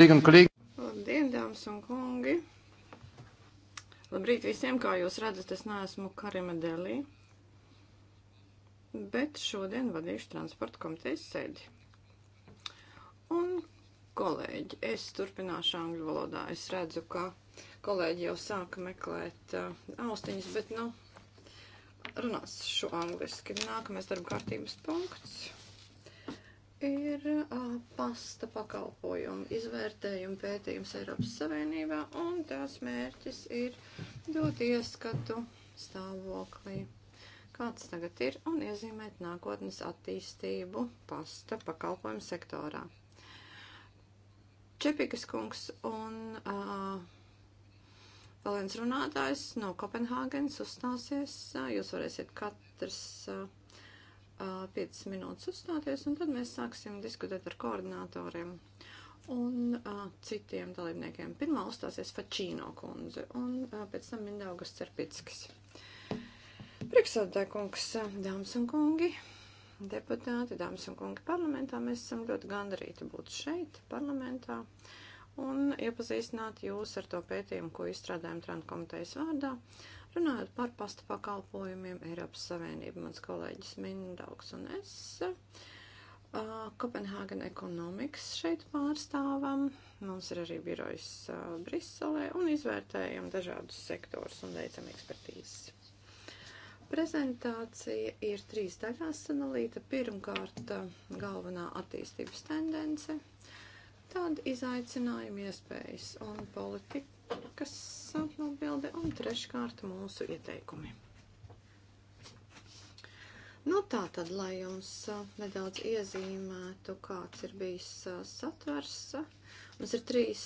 Labdien, dāmas un kungi! Labrīt visiem! Kā jūs redzat, es neesmu Karima Delī, bet šodien vadīšu transporta komitejas sēdi. Un, kolēģi, es turpināšu angļu valodā. Es redzu, ka kolēģi jau sāka meklēt uh, austiņas, bet, nu, runās šo angliski. Nākamais darba kārtības punkts ir uh, pasta pakalpojumu izvērtējumu pētījums Eiropas Savienībā, un tās mērķis ir dot ieskatu stāvoklī, kāds tagad ir, un iezīmēt nākotnes attīstību pasta pakalpojumu sektorā. Čepikas kungs un uh, vēl viens runātājs no Kopenhāgenes uzstāsies. Uh, jūs varēsiet katrs. Uh, 5 minūtes uzstāties, un tad mēs sāksim diskutēt ar koordinatoriem un uh, citiem dalībniekiem. Pirmā uzstāsies Fačīno kundze, un uh, pēc tam Mindaugas Cerpickis. Priekšsādātāja kungs, dāmas un kungi, deputāti, dāmas un kungi parlamentā, mēs esam ļoti gandarīti būt šeit, parlamentā, un iepazīstināt jūs ar to pētījumu, ko izstrādājam Trantkomitejas vārdā. Uh, Runājot par pasta pakalpojumiem, Eiropas Savienība, mans kolēģis Mindaugs un es, Kopenhāgen ekonomikas šeit pārstāvam, mums ir arī birojas Briselē un izvērtējam dažādus sektors un veicam ekspertīzes prezentācija ir trīs daļās sadalīta. Pirmkārt, galvenā attīstības tendence, tad izaicinājumi, iespējas un politika kas atbildi, un treškārt mūsu ieteikumi. Nu, tā tad, lai jums nedaudz iezīmētu, kāds ir bijis satvers, mums ir trīs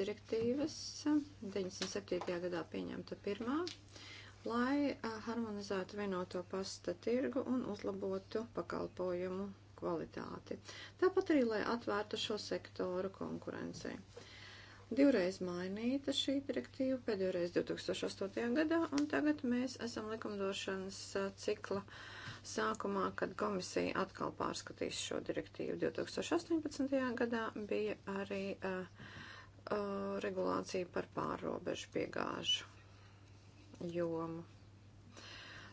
direktīvas. 97. gadā pieņemta pirmā, lai harmonizētu vienoto pasta tirgu un uzlabotu pakalpojumu kvalitāti. Tāpat arī, lai atvērtu šo sektoru konkurencei divreiz mainīta šī direktīva, pēdējoreiz 2008. gadā, un tagad mēs esam likumdošanas cikla sākumā, kad komisija atkal pārskatīs šo direktīvu. 2018. gadā bija arī uh, uh, regulācija par pārrobežu piegāžu jomu.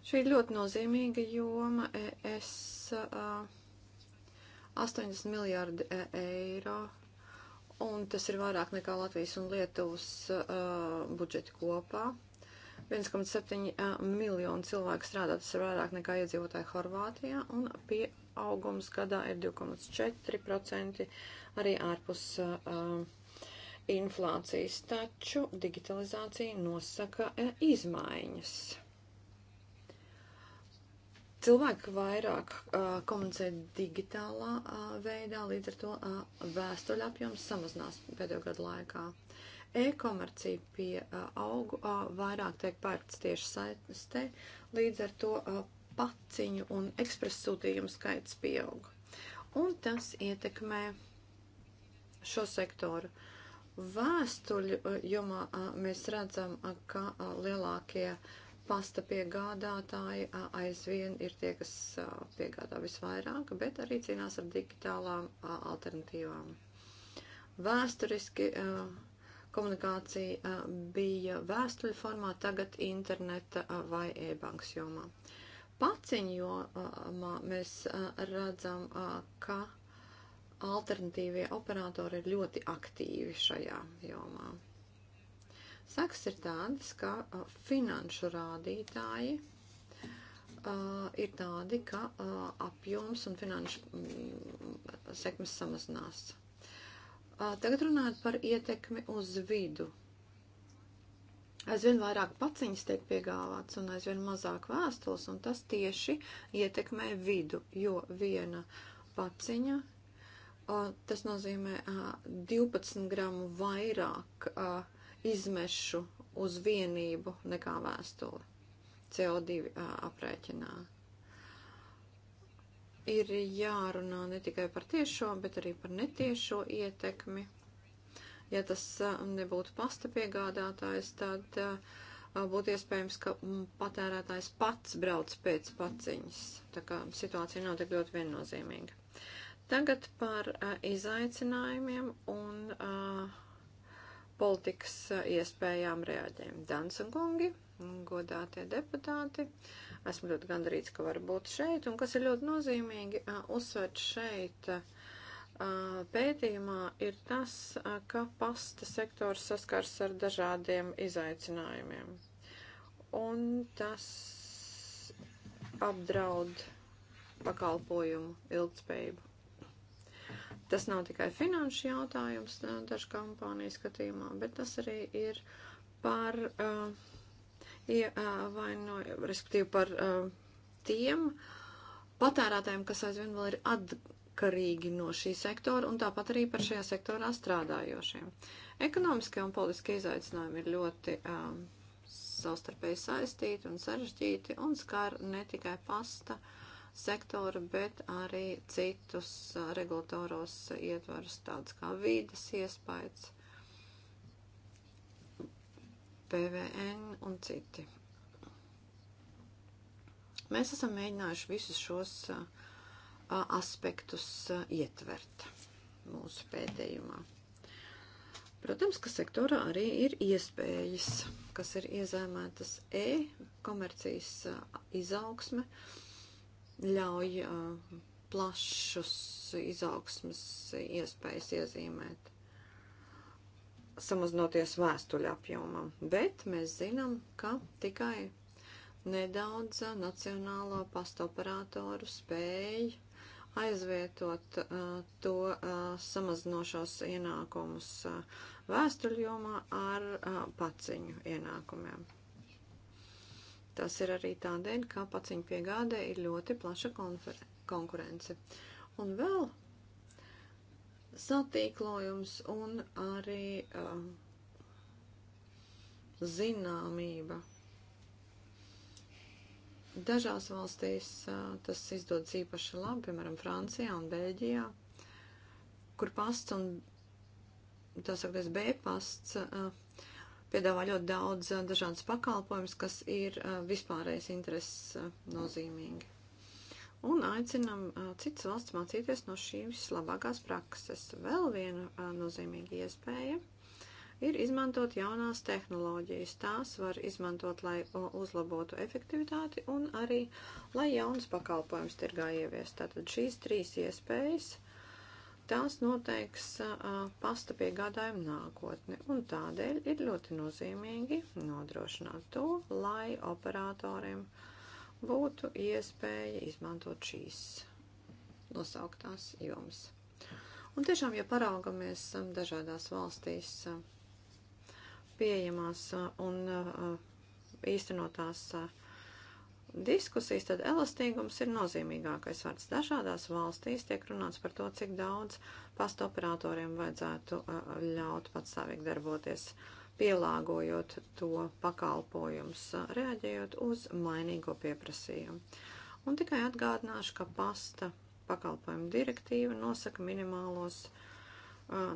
Šī ir ļoti nozīmīga joma. Es uh, 80 miljārdi e, eiro un tas ir vairāk nekā Latvijas un Lietuvas uh, budžeti kopā. 1,7 uh, miljonu cilvēku strādā, tas ir vairāk nekā iedzīvotāji Horvātijā, un pieaugums gadā ir 2,4% arī ārpus uh, uh, inflācijas, taču digitalizācija nosaka uh, izmaiņas. Cilvēki vairāk uh, komunicē digitālā uh, veidā, līdz ar to uh, vēstuļu apjoms samazinās pēdējo gadu laikā. E-komercija pie uh, augu uh, vairāk tiek pērts tieši saistē, līdz ar to uh, paciņu un ekspresu sūtījumu skaits pieaug. Un tas ietekmē šo sektoru. Vēstuļu jomā mēs redzam, ka lielākie uh, pasta piegādātāji aizvien ir tie, kas piegādā visvairāk, bet arī cīnās ar digitālām alternatīvām. Vēsturiski komunikācija bija vēstuļu formā, tagad interneta vai e-bankas jomā. Paciņu jomā mēs redzam, ka alternatīvie operatori ir ļoti aktīvi šajā jomā. Saks ir tādas, ka finanšu rādītāji uh, ir tādi, ka uh, apjoms un finanšu mm, sekmes samazinās. Uh, tagad runājot par ietekmi uz vidu. Aizvien vairāk paciņas tiek piegāvāts un aizvien mazāk vēstules, un tas tieši ietekmē vidu, jo viena paciņa, uh, tas nozīmē uh, 12 gramu vairāk uh, izmešu uz vienību nekā vēstuli CO2 aprēķinā. Ir jārunā ne tikai par tiešo, bet arī par netiešo ietekmi. Ja tas nebūtu pasta piegādātājs, tad uh, būtu iespējams, ka mm, patērētājs pats brauc pēc paciņas. Tā kā situācija nav tik ļoti viennozīmīga. Tagad par uh, izaicinājumiem un uh, politikas iespējām reaģējam. Dans un kungi, godātie deputāti, esmu ļoti gandarīts, ka var būt šeit, un kas ir ļoti nozīmīgi, uzsvērt šeit pētījumā ir tas, ka pasta sektors saskars ar dažādiem izaicinājumiem. Un tas apdraud pakalpojumu ilgspējību Tas nav tikai finanšu jautājums dažu kompāniju skatījumā, bet tas arī ir par, uh, ievaino, uh, respektīvi par uh, tiem patērētājiem, kas aizvien vēl ir atkarīgi no šī sektora un tāpat arī par šajā sektorā strādājošiem. Ekonomiskie un politiskie izaicinājumi ir ļoti uh, savstarpēji saistīti un sarežģīti un skar ne tikai pasta. Uh, sektoru, bet arī citus uh, regulatoros ietvarus, tādus kā vīdes iespējas, PVN un citi. Mēs esam mēģinājuši visus šos uh, aspektus uh, ietvert mūsu pētījumā. Protams, ka sektorā arī ir iespējas, kas ir iezēmētas e-komercijas izaugsme. Uh, ļauj uh, plašus izaugsmas iespējas iezīmēt, samazinoties vēstuļu apjomam. Bet mēs zinām, ka tikai nedaudz nacionālo pastoperātoru spēj aizvietot uh, to uh, samazinošos ienākumus uh, vēstuļjomā ar uh, paciņu ienākumiem. Tas ir arī tādēļ, ka paciņu piegādē ir ļoti plaša konkurence. Un vēl satīklojums un arī uh, zināmība. Dažās valstīs uh, tas izdodas īpaši labi, piemēram, Francijā un Bēļģijā, kur pasts un, tā sakot, B pasts uh, piedāvā ļoti daudz eh, dažādas pakalpojumus, kas ir eh, vispārējais intereses eh, nozīmīgi. Un aicinam citas valsts mācīties no šīs labākās prakses. Vēl viena nozīmīga iespēja ir izmantot jaunās tehnoloģijas. Tās var izmantot, lai uzlabotu efektivitāti un arī, lai jaunas pakalpojumus tirgā ieviest. Tātad šīs trīs iespējas – tās noteiks pasta piegādājumu nākotni. Un tādēļ ir ļoti nozīmīgi nodrošināt to, lai operatoriem būtu iespēja izmantot šīs nosauktās jomas. Un tiešām, ja paraugamies dažādās valstīs pieejamās un īstenotās uh, diskusijas, tad elastīgums ir nozīmīgākais vārds. Dažādās valstīs tiek runāts par to, cik daudz pastoperatoriem vajadzētu ļaut patstāvīgi darboties, pielāgojot to pakalpojums, reaģējot uz mainīgo pieprasījumu. Un tikai atgādināšu, ka pasta pakalpojumu direktīva nosaka minimālos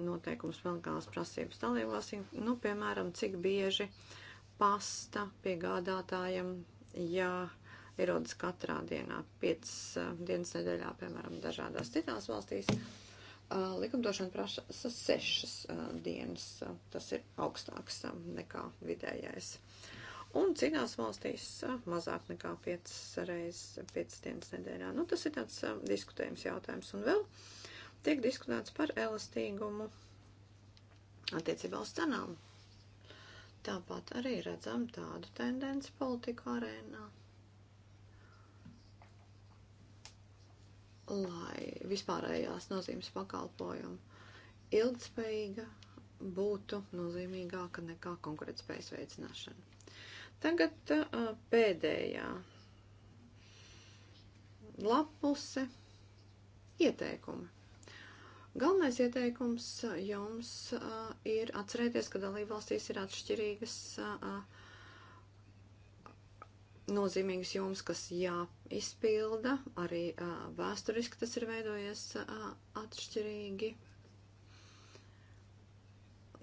noteikums pelnkalnas prasības dalībvalstīm, nu, piemēram, cik bieži pasta piegādātājiem jā. Ja ierodas katrā dienā, 5 eh, dienas nedēļā, piemēram, dažādās citās valstīs. Eh, likumdošana prasa 6 eh, dienas, tas ir augstāks nekā vidējais. Un citās valstīs mazāk nekā 5 reizes, 5 dienas nedēļā. Nu, tas ir tāds diskutējums jautājums. Un vēl tiek diskutēts par elastīgumu attiecībā uz cenām. Tāpat arī redzam tādu tendenci politikā arēnā, lai vispārējās nozīmes pakalpojumu ilgspējīga būtu nozīmīgāka nekā konkurētspējas veicināšana. Tagad uh, pēdējā lapuse ieteikumi. Galvenais ieteikums jums uh, ir atcerēties, ka dalībvalstīs ir atšķirīgas uh, nozīmīgas jomas, kas jāizpilda, arī uh, vēsturiski tas ir veidojies uh, atšķirīgi.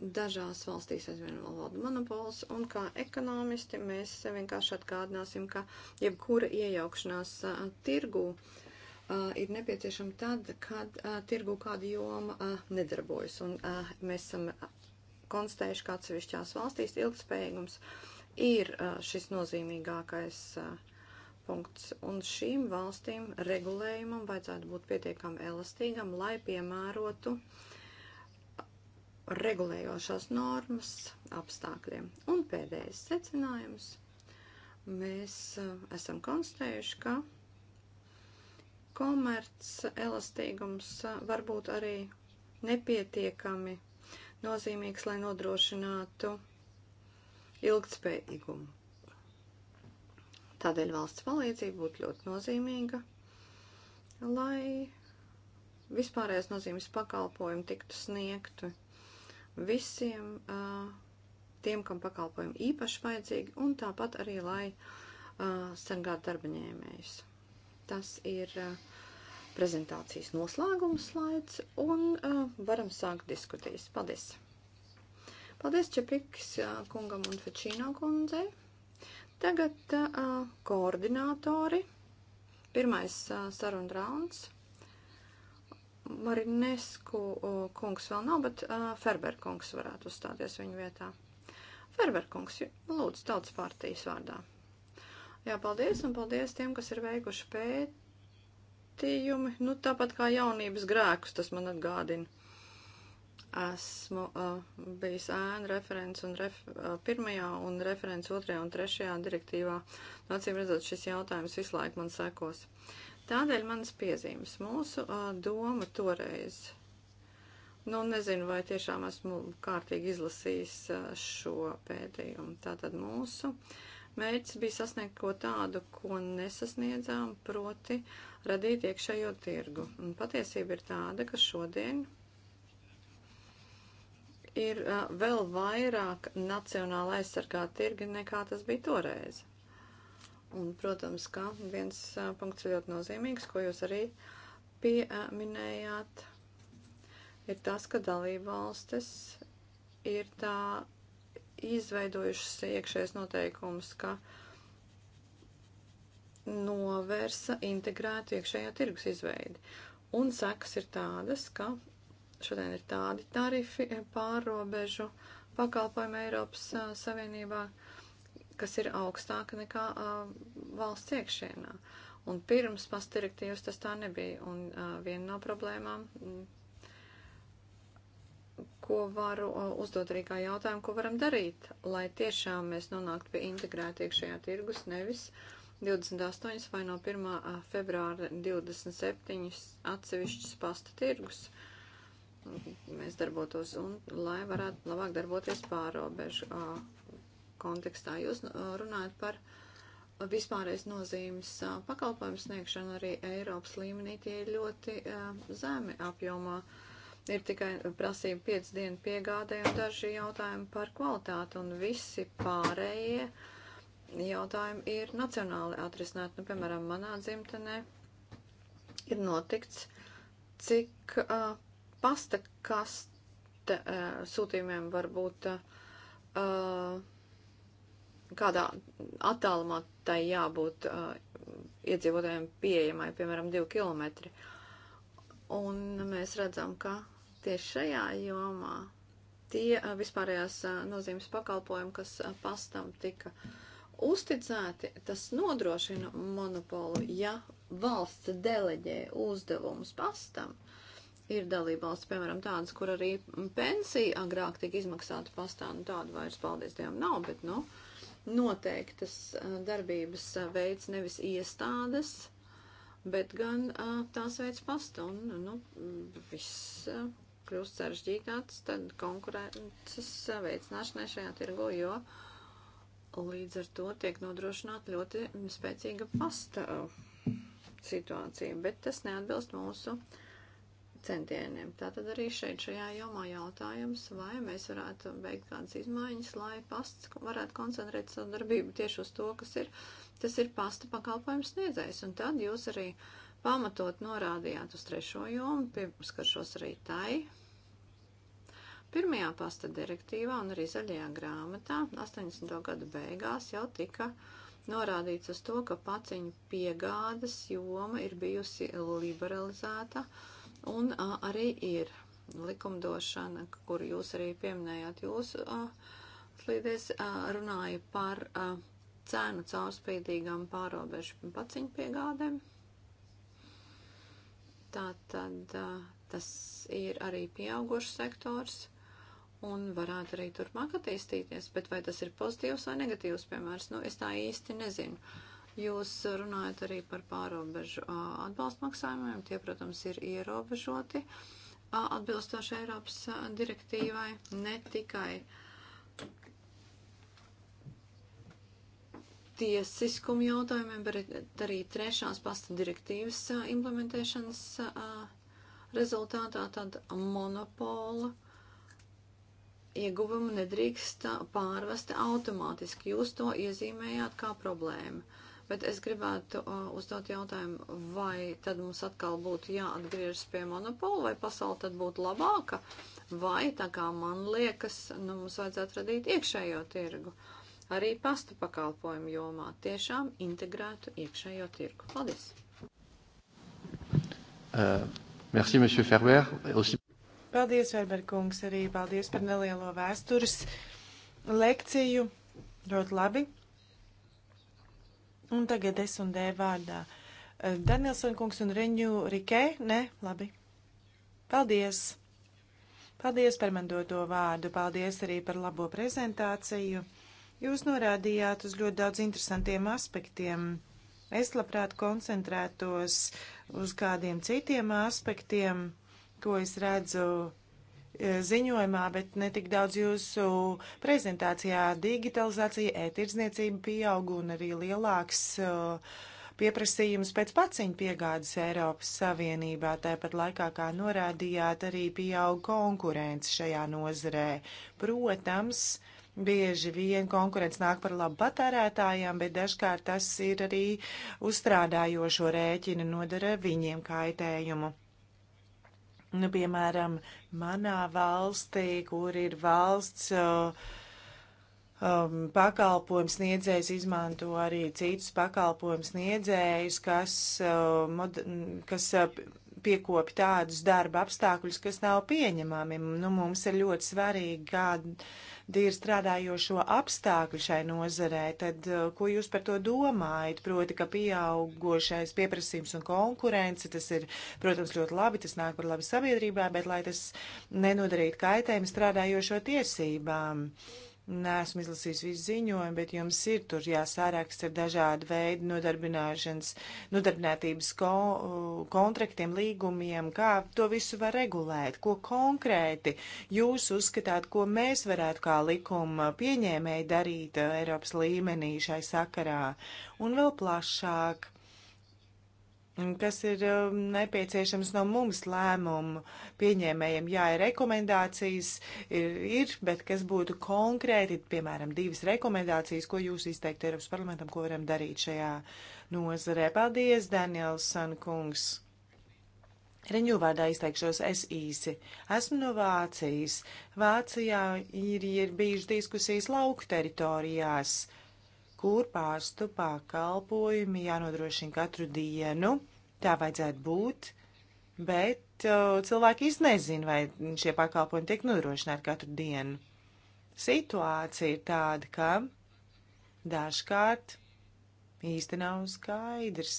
Dažās valstīs aizvien vēl valda monopols, un kā ekonomisti mēs vienkārši atgādināsim, ka jebkura iejaukšanās uh, tirgū uh, ir nepieciešama tad, kad uh, tirgū kāda joma uh, nedarbojas, un uh, mēs esam konstatējuši, ka atsevišķās valstīs ilgspējīgums uh, ir šis nozīmīgākais punkts. Un šīm valstīm regulējumam vajadzētu būt pietiekami elastīgam, lai piemērotu regulējošās normas apstākļiem. Un pēdējais secinājums. Mēs esam konstatējuši, ka komerc elastīgums var būt arī nepietiekami nozīmīgs, lai nodrošinātu uh, ilgtspējīgumu. Tādēļ valsts palīdzība būtu ļoti nozīmīga, lai vispārējais nozīmes pakalpojumi tiktu sniegtu visiem tiem, kam pakalpojumi īpaši vajadzīgi, un tāpat arī, lai sargātu darbaņēmējus. Tas ir prezentācijas noslēguma slaids, un varam sākt diskusijas. Paldies! Paldies Čepiks kungam un Fečīno kundzei. Tagad uh, koordinātori. Pirmais uh, saruna rauns. Marinesku uh, kungs vēl nav, bet uh, Ferber kungs varētu uzstāties viņa vietā. Ferber kungs, lūdzu, tautas partijas vārdā. Jā, paldies un paldies tiem, kas ir veikuši pētījumi. Nu, tāpat kā jaunības grēkus, tas man atgādina. Esmu uh, bijis ēna referents un ref, uh, pirmajā un referents otrajā un trešajā direktīvā. Nu, acīm redzot, šis jautājums visu laiku man sekos. Tādēļ manas piezīmes. Mūsu uh, doma toreiz. Nu, nezinu, vai tiešām esmu kārtīgi izlasījis uh, šo pētījumu. Tātad mūsu mērķis bija sasniegt ko tādu, ko nesasniedzām, proti radīt iekšējo tirgu. Un patiesība ir tāda, ka šodien ir uh, vēl vairāk nacionāli aizsargāti tirgi nekā tas bija toreiz. Un, protams, ka viens uh, punkts ļoti nozīmīgs, ko jūs arī pieminējāt, ir tas, ka dalībvalstis ir tā izveidojušas iekšējais noteikums, ka novērsa integrētu iekšējā tirgus izveidi. Un sekas ir tādas, ka Šodien ir tādi tarifi eh, pārrobežu pakalpojumu Eiropas eh, Savienībā, kas ir augstāka nekā eh, valsts iekšienā. Un pirms pasdirektīvas tas tā nebija. Un viena no problēmām, mm, ko varu uzdot arī kā jautājumu, ko varam darīt, lai tiešām mēs nonāktu pie integrēta iekšējā tirgus, nevis 28 vai no 1. februāra 27 atsevišķas pasta tirgus. Uh, mēs darbotos un lai varētu labāk darboties pārobežu kontekstā. Jūs runājat par vispārreiz nozīmes pakalpojumu sniegšanu arī Eiropas līmenī, tie ir ļoti zemi apjomā. Ir tikai prasība 5 dienu piegādē un daži jautājumi par kvalitāti un visi pārējie jautājumi ir nacionāli atrisināti. Nu, piemēram, manā dzimtenē ir notikts, cik uh, pasta kaste uh, sūtījumiem var būt uh, kādā attālumā tai jābūt uh, iedzīvotājiem pieejamai, piemēram, 2 km. Un mēs redzam, ka tieši šajā jomā tie uh, vispārējās uh, nozīmes pakalpojumi, kas uh, pastam tika uzticēti, tas nodrošina monopolu, ja valsts deleģē uzdevumus pastam Ir dalībvalsts, piemēram, tādas, kur arī pensija agrāk tika izmaksāta pastā, nu tādu vairs paldies Dievam nav, bet, nu, noteiktas darbības veids nevis iestādes, bet gan tās veids pastā, un, nu, viss kļūst sarežģītāks, tad konkurences veicināšanai šajā tirgu, jo līdz ar to tiek nodrošināta ļoti spēcīga pasta situācija, bet tas neatbilst mūsu uh, centieniem. Tātad arī šeit šajā jomā jautājums, vai mēs varētu veikt kādas izmaiņas, lai pasts varētu koncentrēt savu darbību tieši uz to, kas ir, tas ir pasta pakalpojums sniedzējs. Un tad jūs arī pamatot norādījāt uz trešo jomu, pieskaršos arī tai. Pirmajā pasta direktīvā un arī zaļajā grāmatā 80. gadu beigās jau tika norādīts uz to, ka paciņu piegādes joma ir bijusi liberalizēta. Uh, Un a, arī ir likumdošana, kuru jūs arī pieminējāt jūsu slīdēs, runāja par a, cēnu caurspīdīgām pārobežu paciņu piegādēm. Tā tad a, tas ir arī pieaugušs sektors un varētu arī turpmāk attīstīties, bet vai tas ir pozitīvs vai negatīvs piemērs, nu es tā īsti nezinu. Uh, Jūs runājat arī par pārobežu atbalstu maksājumiem. Tie, protams, ir ierobežoti atbilstoši Eiropas direktīvai, ne tikai tiesiskumu jautājumiem, bet arī trešās pasta direktīvas implementēšanas rezultātā tad monopola ieguvumu nedrīkst pārvest automātiski. Jūs to iezīmējāt kā problēmu. Bet es gribētu uh, uzdot jautājumu, vai tad mums atkal būtu jāatgriežas pie monopola, vai pasaule tad būtu labāka, vai tā kā man liekas, nu, mums vajadzētu radīt iekšējo tirgu. Arī pasta pakalpojumu jomā tiešām integrētu iekšējo tirgu. Paldies! Uh, merci, monsieur Ferber. Aussi... Paldies, Ferber kungs, arī paldies par nelielo vēstures lekciju. Ļoti labi. Un tagad es un D vārdā. Eh, Danielson kungs un Reņu Rikē? Nē, labi. Paldies! Paldies par man doto vārdu, paldies arī par labo prezentāciju. Jūs norādījāt uz ļoti daudz interesantiem aspektiem. Es labprāt koncentrētos uz kādiem citiem aspektiem, ko es redzu E, ziņojumā, bet netik daudz jūsu prezentācijā. Digitalizācija, e-tirdzniecība pieaug un arī lielāks e, pieprasījums pēc paciņu piegādes Eiropas Savienībā. Tāpat laikā, kā norādījāt, arī pieaug konkurence šajā nozarē. Protams, Bieži vien konkurence nāk par labu patērētājiem, bet dažkārt tas ir arī uzstrādājošo rēķinu nodara viņiem kaitējumu. Nu, piemēram, manā valstī, kur ir valsts um, pakalpojums sniedzējs, izmanto arī citus pakalpojums sniedzējus, kas, uh, mod, kas uh, piekopi tādus darba apstākļus, kas nav pieņemami. Nu, mums ir ļoti svarīgi, kāda dīri strādājošo apstākļu šai nozarē, tad eh, ko jūs par to domājat? Proti, ka pieaugošais pieprasījums un konkurence, tas ir, protams, ļoti labi, tas nāk par labi sabiedrībā, bet lai tas nenodarītu kaitējumu strādājošo tiesībām. Uh, Nesmu izlasījis visu ziņojumu, bet jums ir tur jāsāraksta ar dažādu veidu nodarbināšanas, nodarbinātības ko, kontraktiem, līgumiem, kā to visu var regulēt, ko konkrēti jūs uzskatāt, ko mēs varētu kā likuma pieņēmēji darīt uh, Eiropas līmenī šai sakarā un vēl plašāk kas ir um, nepieciešams no mums lēmumu pieņēmējiem. Jā, ir rekomendācijas, ir, ir, bet kas būtu konkrēti, piemēram, divas rekomendācijas, ko jūs izteikt Eiropas parlamentam, ko varam darīt šajā nozarē. Paldies, Daniels Sankungs. Riņu vārdā izteikšos es īsi. Esmu no Vācijas. Vācijā ir, ir bijušas diskusijas lauku teritorijās. Uh, kur pārstu pakalpojumi jānodrošina katru dienu. Tā vajadzētu būt, bet uh, cilvēki īsti nezina, vai šie pakalpojumi tiek nodrošināti katru dienu. Situācija ir tāda, ka dažkārt īsti nav skaidrs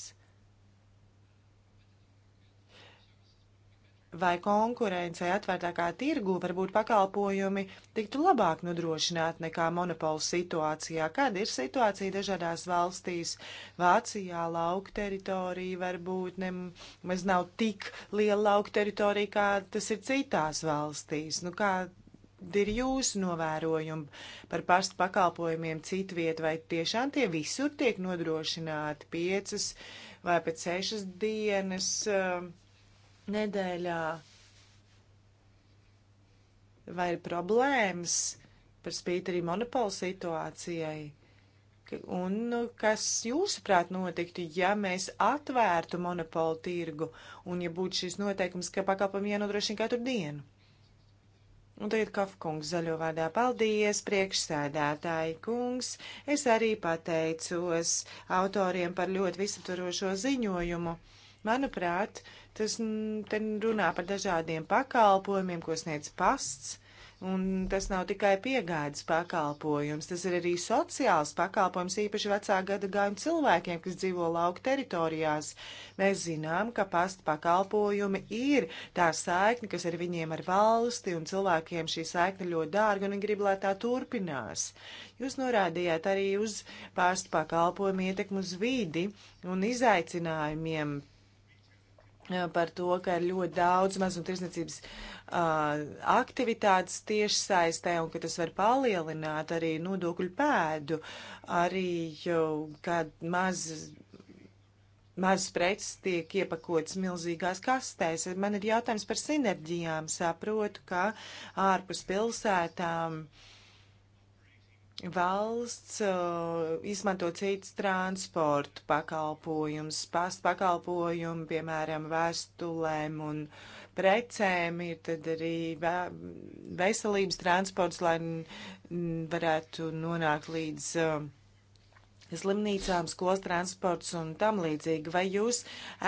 vai konkurencei atvērtākā tirgu varbūt pakalpojumi tiktu labāk nodrošināt nekā monopolu situācijā, kāda ir situācija dažādās valstīs. Vācijā lauka teritorija varbūt nemaz nav tik liela lauka teritorija, kā tas ir citās valstīs. Nu, kā ir jūsu novērojumi par pastu pakalpojumiem citviet, vai tiešām tie visur tiek nodrošināti piecas vai pēc sešas dienas? Uh, nedēļā. Vai ir problēmas par spīti arī monopola situācijai? Un nu, kas jūsuprāt notiktu, ja mēs atvērtu monopolu tirgu un ja būtu šis noteikums, ka pakalpojumi jānodrošina katru dienu? Un tagad Kafkungs zaļo vārdā paldies, priekšsēdētāji kungs. Es arī pateicos autoriem par ļoti visaptvarošo ziņojumu. Manuprāt, uh, Tas te runā par dažādiem pakalpojumiem, ko sniedz pasts, un tas nav tikai piegādes pakalpojums, tas ir arī sociāls pakalpojums īpaši vecā gada gājuma cilvēkiem, kas dzīvo lauku teritorijās. Mēs zinām, ka pasta pakalpojumi ir tā saikne, kas ir viņiem ar valsti, un cilvēkiem šī saikne ļoti dārga, un viņi grib, lai tā turpinās. Jūs norādījāt arī uz pasta pakalpojumu ietekmu uz vidi un izaicinājumiem par to, ka ir ļoti daudz mazumtirdzniecības uh, aktivitātes tieši saistē un ka tas var palielināt arī nodokļu pēdu, arī jau, kad maz, maz preces tiek iepakotas milzīgās kastēs. Man ir jautājums par sinerģijām. Saprotu, ka ārpus pilsētām uh, valsts uh, izmanto citas transportu pakalpojumus, pastu pakalpojumu, piemēram, vēstulēm un precēm, ir tad arī veselības transports, lai varētu nonākt līdz uh, slimnīcām, skolas transports un tam līdzīgi. Vai jūs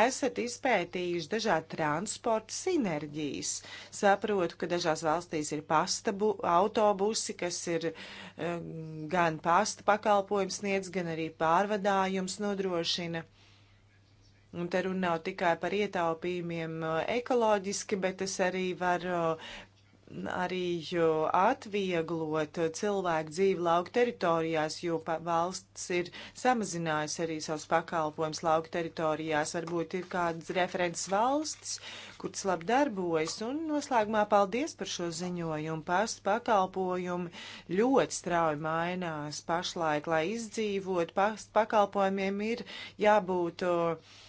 esat izpētījuši dažādu transporta sinerģijas? Saprotu, ka dažās valstīs ir pasta bu, autobusi, kas ir um, gan pasta pakalpojums sniedz, gan arī pārvadājums nodrošina. Un te runa nav tikai par ietaupījumiem eh, ekoloģiski, bet tas arī var arī atvieglot cilvēku dzīvi lauku teritorijās, jo valsts ir samazinājusi arī savus pakalpojumus lauku teritorijās. Varbūt ir kādas references valsts, kur tas labi darbojas. Un noslēgumā paldies par šo ziņojumu. Pastu pakalpojumi ļoti strauji mainās pašlaik, lai izdzīvot. Pastu pakalpojumiem ir jābūt. Uh,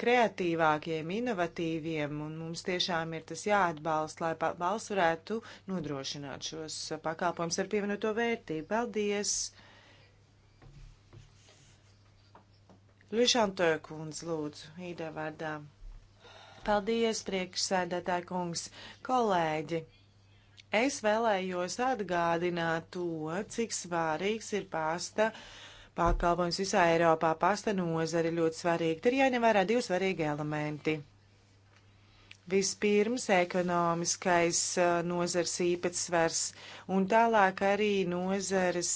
kreatīvākiem, inovatīviem, un mums tiešām ir tas jāatbalsta, lai valsts varētu nodrošināt šos pakalpojumus ar pievienoto vērtību. Paldies! Lišantoja kundz, lūdzu, īdā vārdā. Paldies, priekšsēdētāji kungs, kolēģi! Es vēlējos atgādināt to, cik svārīgs ir pasta uh, pakalpojums visā Eiropā. Pasta nozara ir ļoti svarīga. Tur jāņem vērā divi svarīgi elementi. Vispirms ekonomiskais nozars īpatsvars un tālāk arī nozares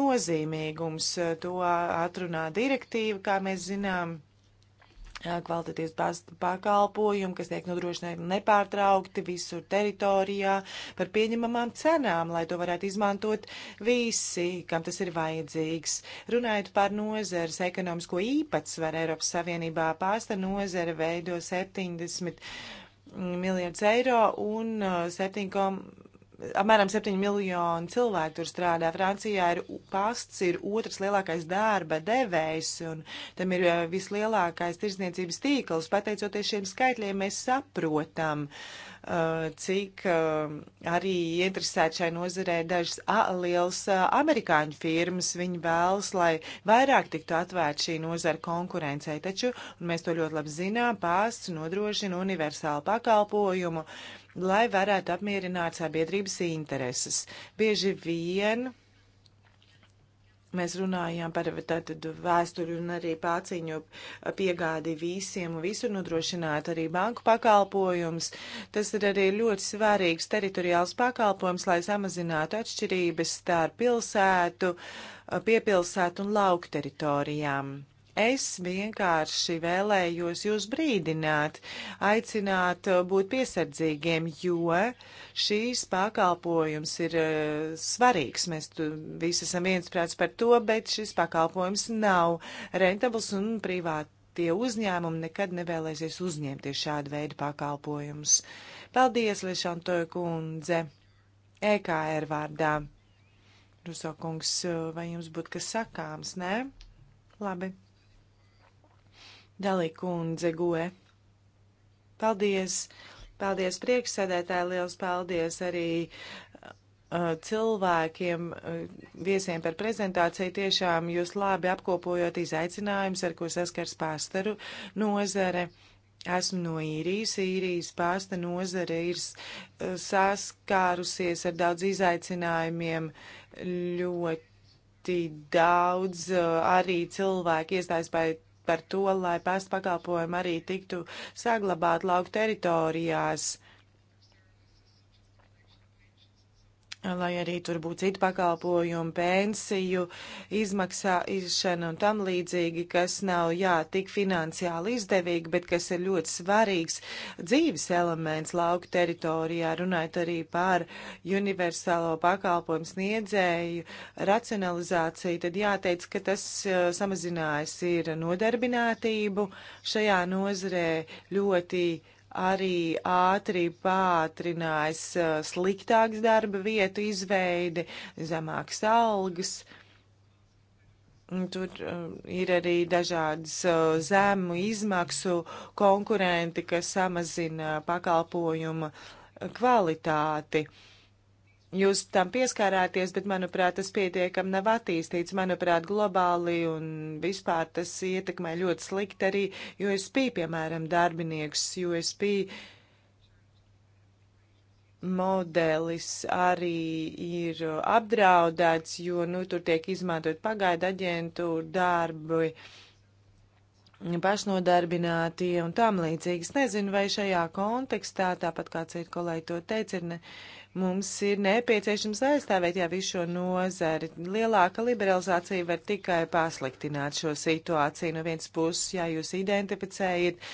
nozīmīgums. To atrunā direktīva, kā mēs zinām kvalitatīvas pakalpojumi, kas tiek nodrošināti nepārtraukti visur teritorijā par pieņemamām cenām, lai to varētu izmantot visi, kam tas ir vajadzīgs. Runājot par nozeres ekonomisko īpatsvaru Eiropas Savienībā, pāsta nozare veido 70 miljardus eiro un 7,5 uh, apmēram 7 miljoni cilvēku tur strādā. Francijā ir pasts, ir otrs lielākais darba devējs, un tam ir eh, vislielākais tirsniecības tīkls. Pateicoties šiem skaitļiem, mēs saprotam, eh, cik eh, arī interesēti šai nozarē dažas liels amerikāņu firmas. Viņi vēlas, lai vairāk tiktu atvērta šī nozara konkurencei, taču, un mēs to ļoti labi zinām, pasts nodrošina universālu pakalpojumu lai varētu apmierināt sabiedrības intereses. Bieži vien mēs runājām par tātad vēsturi un arī pāciņu piegādi visiem un visur nodrošināt arī banku pakalpojums. Tas ir arī ļoti svarīgs teritoriāls pakalpojums, lai samazinātu atšķirības starp pilsētu, piepilsētu un lauku teritorijām. Es vienkārši vēlējos jūs brīdināt, aicināt uh, būt piesardzīgiem, jo šīs pakalpojums ir uh, svarīgs. Mēs visi esam viensprāts par to, bet šis pakalpojums nav rentabls un privāti uzņēmumi nekad nevēlēsies uzņemties šādu veidu pakalpojumus. Paldies, Lešantoja kundze, EKR vārdā. Ruso kungs, uh, vai jums būtu kas sakāms, nē? Labi. Dalī kundze goe. Paldies! Paldies priekšsēdētāji, liels paldies arī uh, cilvēkiem, uh, viesiem par prezentāciju. Tiešām jūs labi apkopojot izaicinājumus, ar ko saskars pārstaru nozare. Esmu no īrijas. Īrijas pāsta nozare ir uh, saskārusies ar daudz izaicinājumiem. Ļoti daudz uh, arī cilvēki iestājas pēc par to, lai pēst pakalpojumi arī tiktu saglabāt lauku teritorijās. lai arī tur būtu citu pakalpojumu, pensiju, izmaksāšana un tam līdzīgi, kas nav, jā, tik finansiāli izdevīgi, bet kas ir ļoti svarīgs dzīves elements lauka teritorijā, runājot arī par universālo pakalpojumu sniedzēju racionalizāciju, tad jāteic, ka tas samazinājis ir nodarbinātību šajā nozarē ļoti arī ātri pātrinājis uh, sliktāks darba vietu izveidi, zemāks algas. Tur uh, ir arī dažādas uh, zemu izmaksu konkurenti, kas samazina pakalpojumu kvalitāti. Uh, Jūs tam pieskārāties, bet, manuprāt, tas pietiekam nav attīstīts. Manuprāt, globāli un vispār tas ietekmē ļoti slikti arī USP, piemēram, darbinieks USP modelis arī ir apdraudēts, jo, nu, tur tiek izmantot pagaida aģentūra darbi, pašnodarbinātie un tam līdzīgas. Nezinu, vai šajā kontekstā, tāpat kā citi kolēģi to teica, ir. Ne, uh, Mums ir nepieciešams aizstāvēt jau visu šo nozari. Lielāka liberalizācija var tikai pasliktināt šo situāciju. No vienas puses, ja jūs identificējat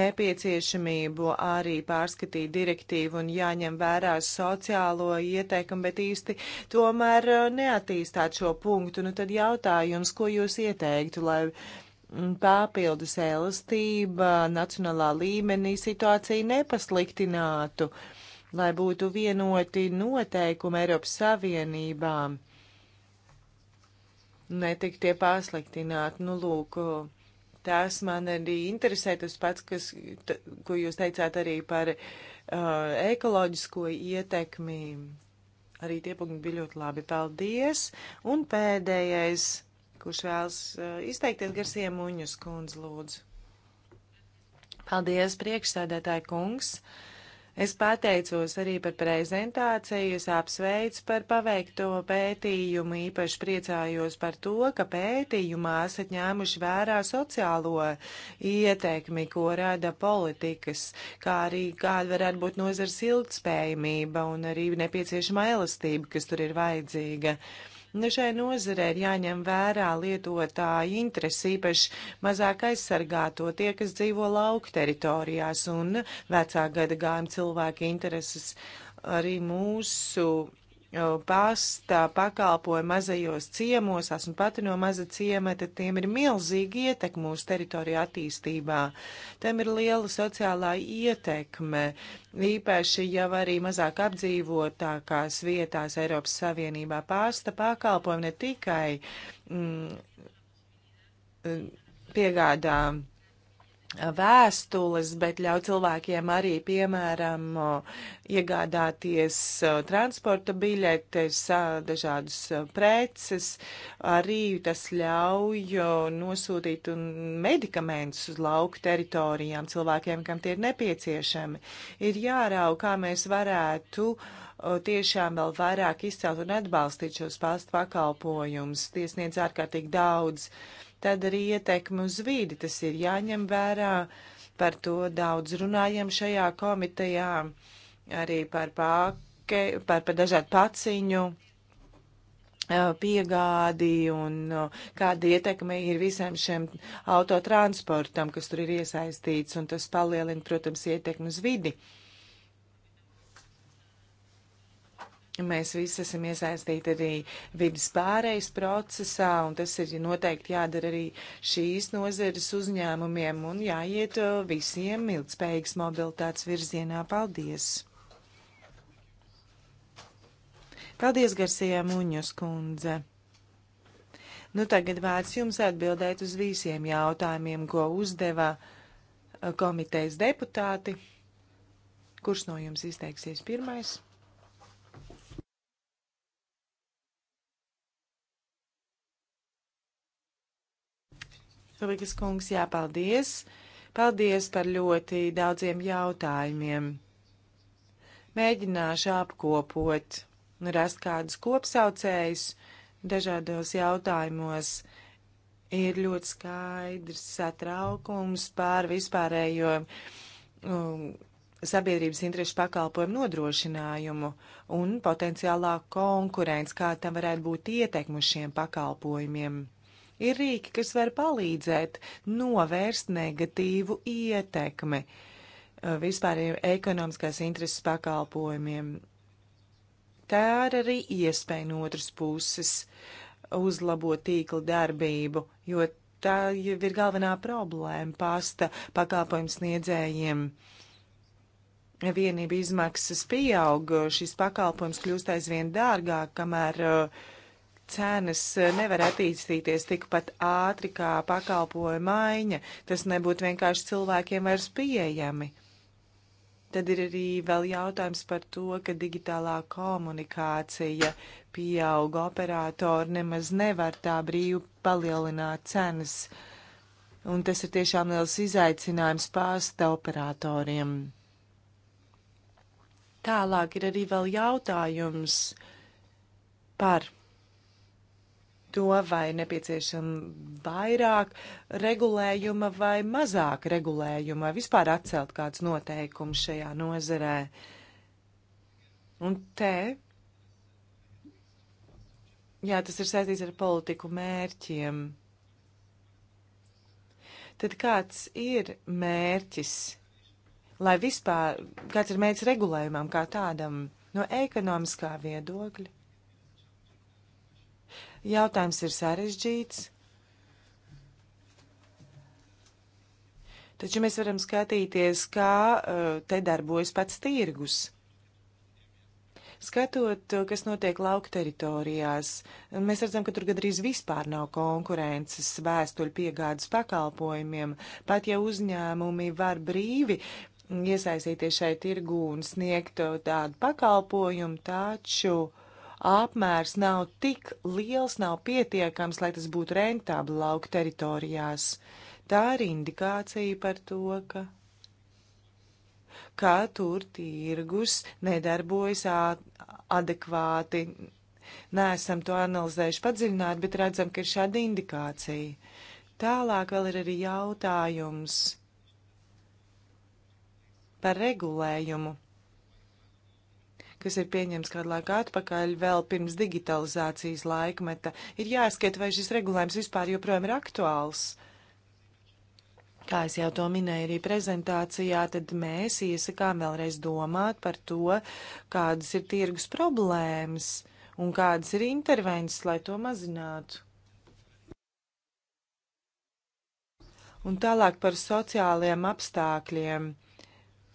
nepieciešamību arī pārskatīt direktīvu un jāņem vērā sociālo ieteikumu, bet īsti tomēr uh, neattīstāt šo punktu, nu tad jautājums, ko jūs ieteiktu, lai mm, papildus elastība nacionālā līmenī situācija nepasliktinātu. Uh, lai būtu vienoti noteikumi Eiropas Savienībām, netik tie pasliktināt. Nu, lūk, tas man arī interesē, tas pats, kas, t, ko jūs teicāt arī par uh, ekoloģisko ietekmi. Arī tie punkti bija ļoti labi. Paldies! Un pēdējais, kurš vēlas uh, izteikties Garsie Muņus kundz, lūdzu. Paldies, priekšsēdētāji kungs! Uh, Es pateicos arī par prezentāciju, es apsveicu par paveikto pētījumu, īpaši priecājos par to, ka pētījumā esat ņēmuši vērā sociālo ietekmi, ko rada politikas, kā arī kāda varētu būt nozars ilgspējamība un arī nepieciešama elastība, kas tur ir vajadzīga. Uh, Nu, šai nozarē ir jāņem vērā lietotāja interesi, īpaši mazāk aizsargāto tie, kas dzīvo lauku teritorijās un vecā gada gājuma cilvēki intereses arī mūsu pasta pakalpoja mazajos ciemos, esmu pati no maza ciemata, tiem ir milzīgi ietekme mūsu teritoriju attīstībā. Tam ir liela sociālā ietekme, īpaši jau arī mazāk apdzīvotākās vietās Eiropas Savienībā. Pasta pakalpoja ne tikai mm, piegādā vēstules, bet ļauj cilvēkiem arī, piemēram, iegādāties transporta biļetes, dažādas preces. Arī tas ļauj nosūtīt medikamentus uz lauku teritorijām cilvēkiem, kam tie ir nepieciešami. Ir jārau, kā mēs varētu tiešām vēl vairāk izcelt un atbalstīt šos pastu pakalpojumus. Tiesniedz ārkārtīgi daudz. Uh, tad arī ietekmi uz vīdi tas ir jāņem vērā. Par to daudz runājam šajā komitejā, arī par, pāke, par, par dažādu paciņu piegādi un kāda ietekme ir visam šiem autotransportam, kas tur ir iesaistīts, un tas palielina, protams, ietekmi uz vidi. Uh, Mēs visi esam iesaistīti arī vidas pārejas procesā, un tas ir noteikti jādara arī šīs nozeres uzņēmumiem un jāiet uh, visiem ilgspējīgas mobilitātes virzienā. Paldies! Paldies, Garsijā Muņas kundze! Nu, tagad vārds jums atbildēt uz visiem jautājumiem, ko uzdeva uh, komitejas deputāti. Kurš no jums izteiksies pirmais? Fabrikas kungs, jāpaldies. Paldies par ļoti daudziem jautājumiem. Mēģināšu apkopot, rast kādus kopsaucējus dažādos jautājumos. Ir ļoti skaidrs satraukums pār vispārējo um, sabiedrības interešu pakalpojumu nodrošinājumu un potenciālā konkurence, kā tam varētu būt ietekmu šiem pakalpojumiem ir rīki, kas var palīdzēt novērst negatīvu ietekmi uh, vispār ekonomiskās intereses pakalpojumiem. Tā ir arī iespēja no otras puses uzlabot tīkla darbību, jo tā jau ir galvenā problēma pasta pakalpojumu sniedzējiem. Vienība izmaksas pieaug, šis pakalpojums kļūst aizvien dārgāk, kamēr uh, cenas e, nevar attīstīties tikpat ātri kā pakalpoja maiņa, tas nebūtu vienkārši cilvēkiem vairs pieejami. Tad ir arī vēl jautājums par to, ka digitālā komunikācija pieauga, operatori nemaz nevar tā brīvi palielināt cenas, un tas ir tiešām liels izaicinājums pārsta operatoriem. Tālāk ir arī vēl jautājums par to, vai nepieciešama vairāk regulējuma vai mazāk regulējuma, vai vispār atcelt kāds noteikums šajā nozerē. Un te, jā, tas ir saistīts ar politiku mērķiem. Tad kāds ir mērķis, lai vispār, kāds ir mērķis regulējumam kā tādam no ekonomiskā viedokļa? Jautājums ir sarežģīts. Taču mēs varam skatīties, kā eh, te darbojas pats tirgus. Skatot, eh, kas notiek lauka teritorijās, mēs redzam, ka tur gadrīz vispār nav konkurences vēstuļu piegādes pakalpojumiem. Pat ja uzņēmumi var brīvi iesaistīties šai tirgū un sniegt eh, tādu pakalpojumu, taču apmērs nav tik liels, nav pietiekams, lai tas būtu rentabli lauka teritorijās. Tā ir indikācija par to, ka kā tur tirgus nedarbojas adekvāti. Nēsam to analizējuši padziļināt, bet redzam, ka ir šāda indikācija. Tālāk vēl ir arī jautājums par regulējumu kas ir pieņemts kādu laiku atpakaļ, vēl pirms digitalizācijas laikmeta. Ir jāskat, vai šis regulējums vispār joprojām ir aktuāls. Kā es jau to minēju arī prezentācijā, tad mēs iesakām vēlreiz domāt par to, kādas ir tirgus problēmas un kādas ir intervences, lai to mazinātu. Un tālāk par sociālajiem apstākļiem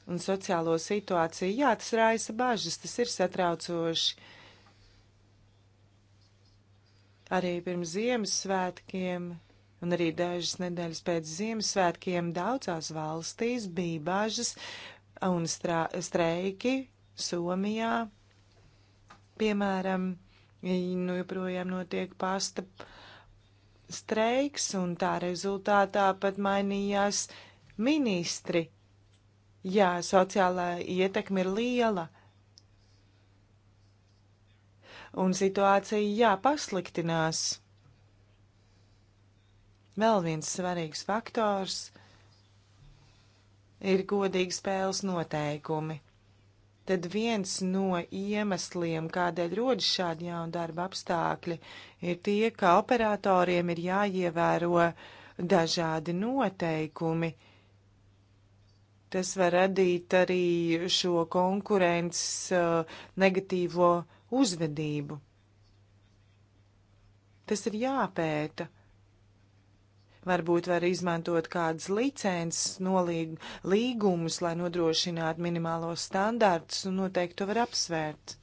un sociālo situāciju. Jā, tas raisa bažas, tas ir satraucoši. Arī pirms Ziemassvētkiem un arī dažas nedēļas pēc Ziemassvētkiem daudzās valstīs bija bažas un streiki Somijā, piemēram, nu joprojām notiek pasta streiks, un tā rezultātā pat mainījās ministri Jā, sociālā ietekme ir liela. Un situācija, jā, pasliktinās. Vēl viens svarīgs faktors ir godīgi spēles noteikumi. Tad viens no iemesliem, kādēļ rodas šādi jauni darba apstākļi, ir tie, ka operatoriem ir jāievēro dažādi noteikumi, uh, Tas var radīt arī šo konkurences uh, negatīvo uzvedību. Tas ir jāpēta. Varbūt var izmantot kādas licences, nolīg, līgumus, lai nodrošinātu minimālos standārtus un noteikti to var apsvērt.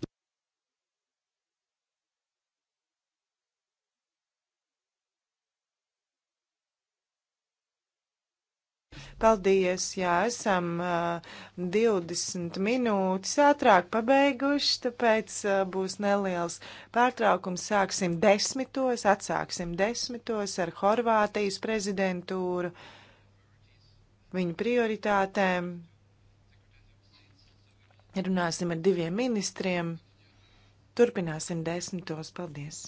Paldies, jā, esam uh, 20 minūtes ātrāk pabeiguši, tāpēc uh, būs neliels pārtraukums. Sāksim desmitos, atsāksim desmitos ar Horvātijas prezidentūru, viņu prioritātēm. Runāsim ar diviem ministriem. Turpināsim desmitos. Paldies!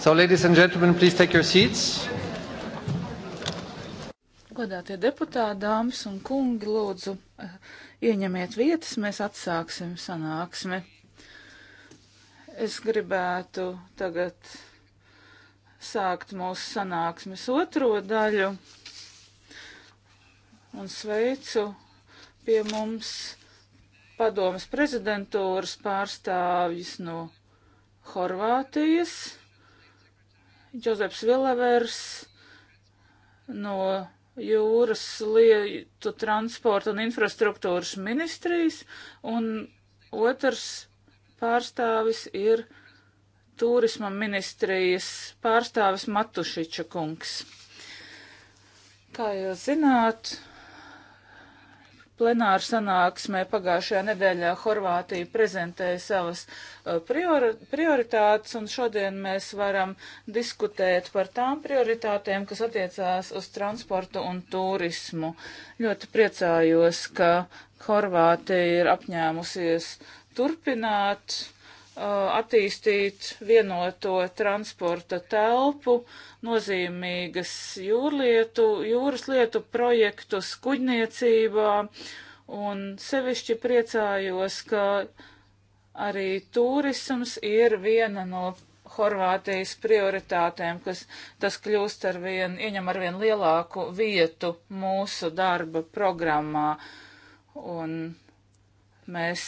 So, ladies and gentlemen, please take your seats. Godātie deputāti, dāmas un kungi, lūdzu, eh, ieņemiet vietas, mēs atsāksim sanāksmi. Es gribētu tagad sākt mūsu sanāksmes otro daļu un sveicu pie mums padomas prezidentūras pārstāvjus no Horvātijas. Džozefs Vilevers no jūras lietu transporta un infrastruktūras ministrijas, un otrs pārstāvis ir turisma ministrijas pārstāvis Matušiča kungs. Kā jūs zināt, plenāru sanāksmē pagājušajā nedēļā Horvātija prezentēja savas uh, priori prioritātes, un šodien mēs varam diskutēt par tām prioritātēm, kas attiecās uz transportu un turismu. Ļoti priecājos, ka Horvātija ir apņēmusies turpināt Uh, attīstīt vienoto transporta telpu, nozīmīgas jūrlietu, jūras lietu projektus kuģniecībā, un sevišķi priecājos, ka arī turisms ir viena no Horvātijas prioritātēm, kas tas kļūst ar vien, ieņem ar vien lielāku vietu mūsu darba programmā. Un mēs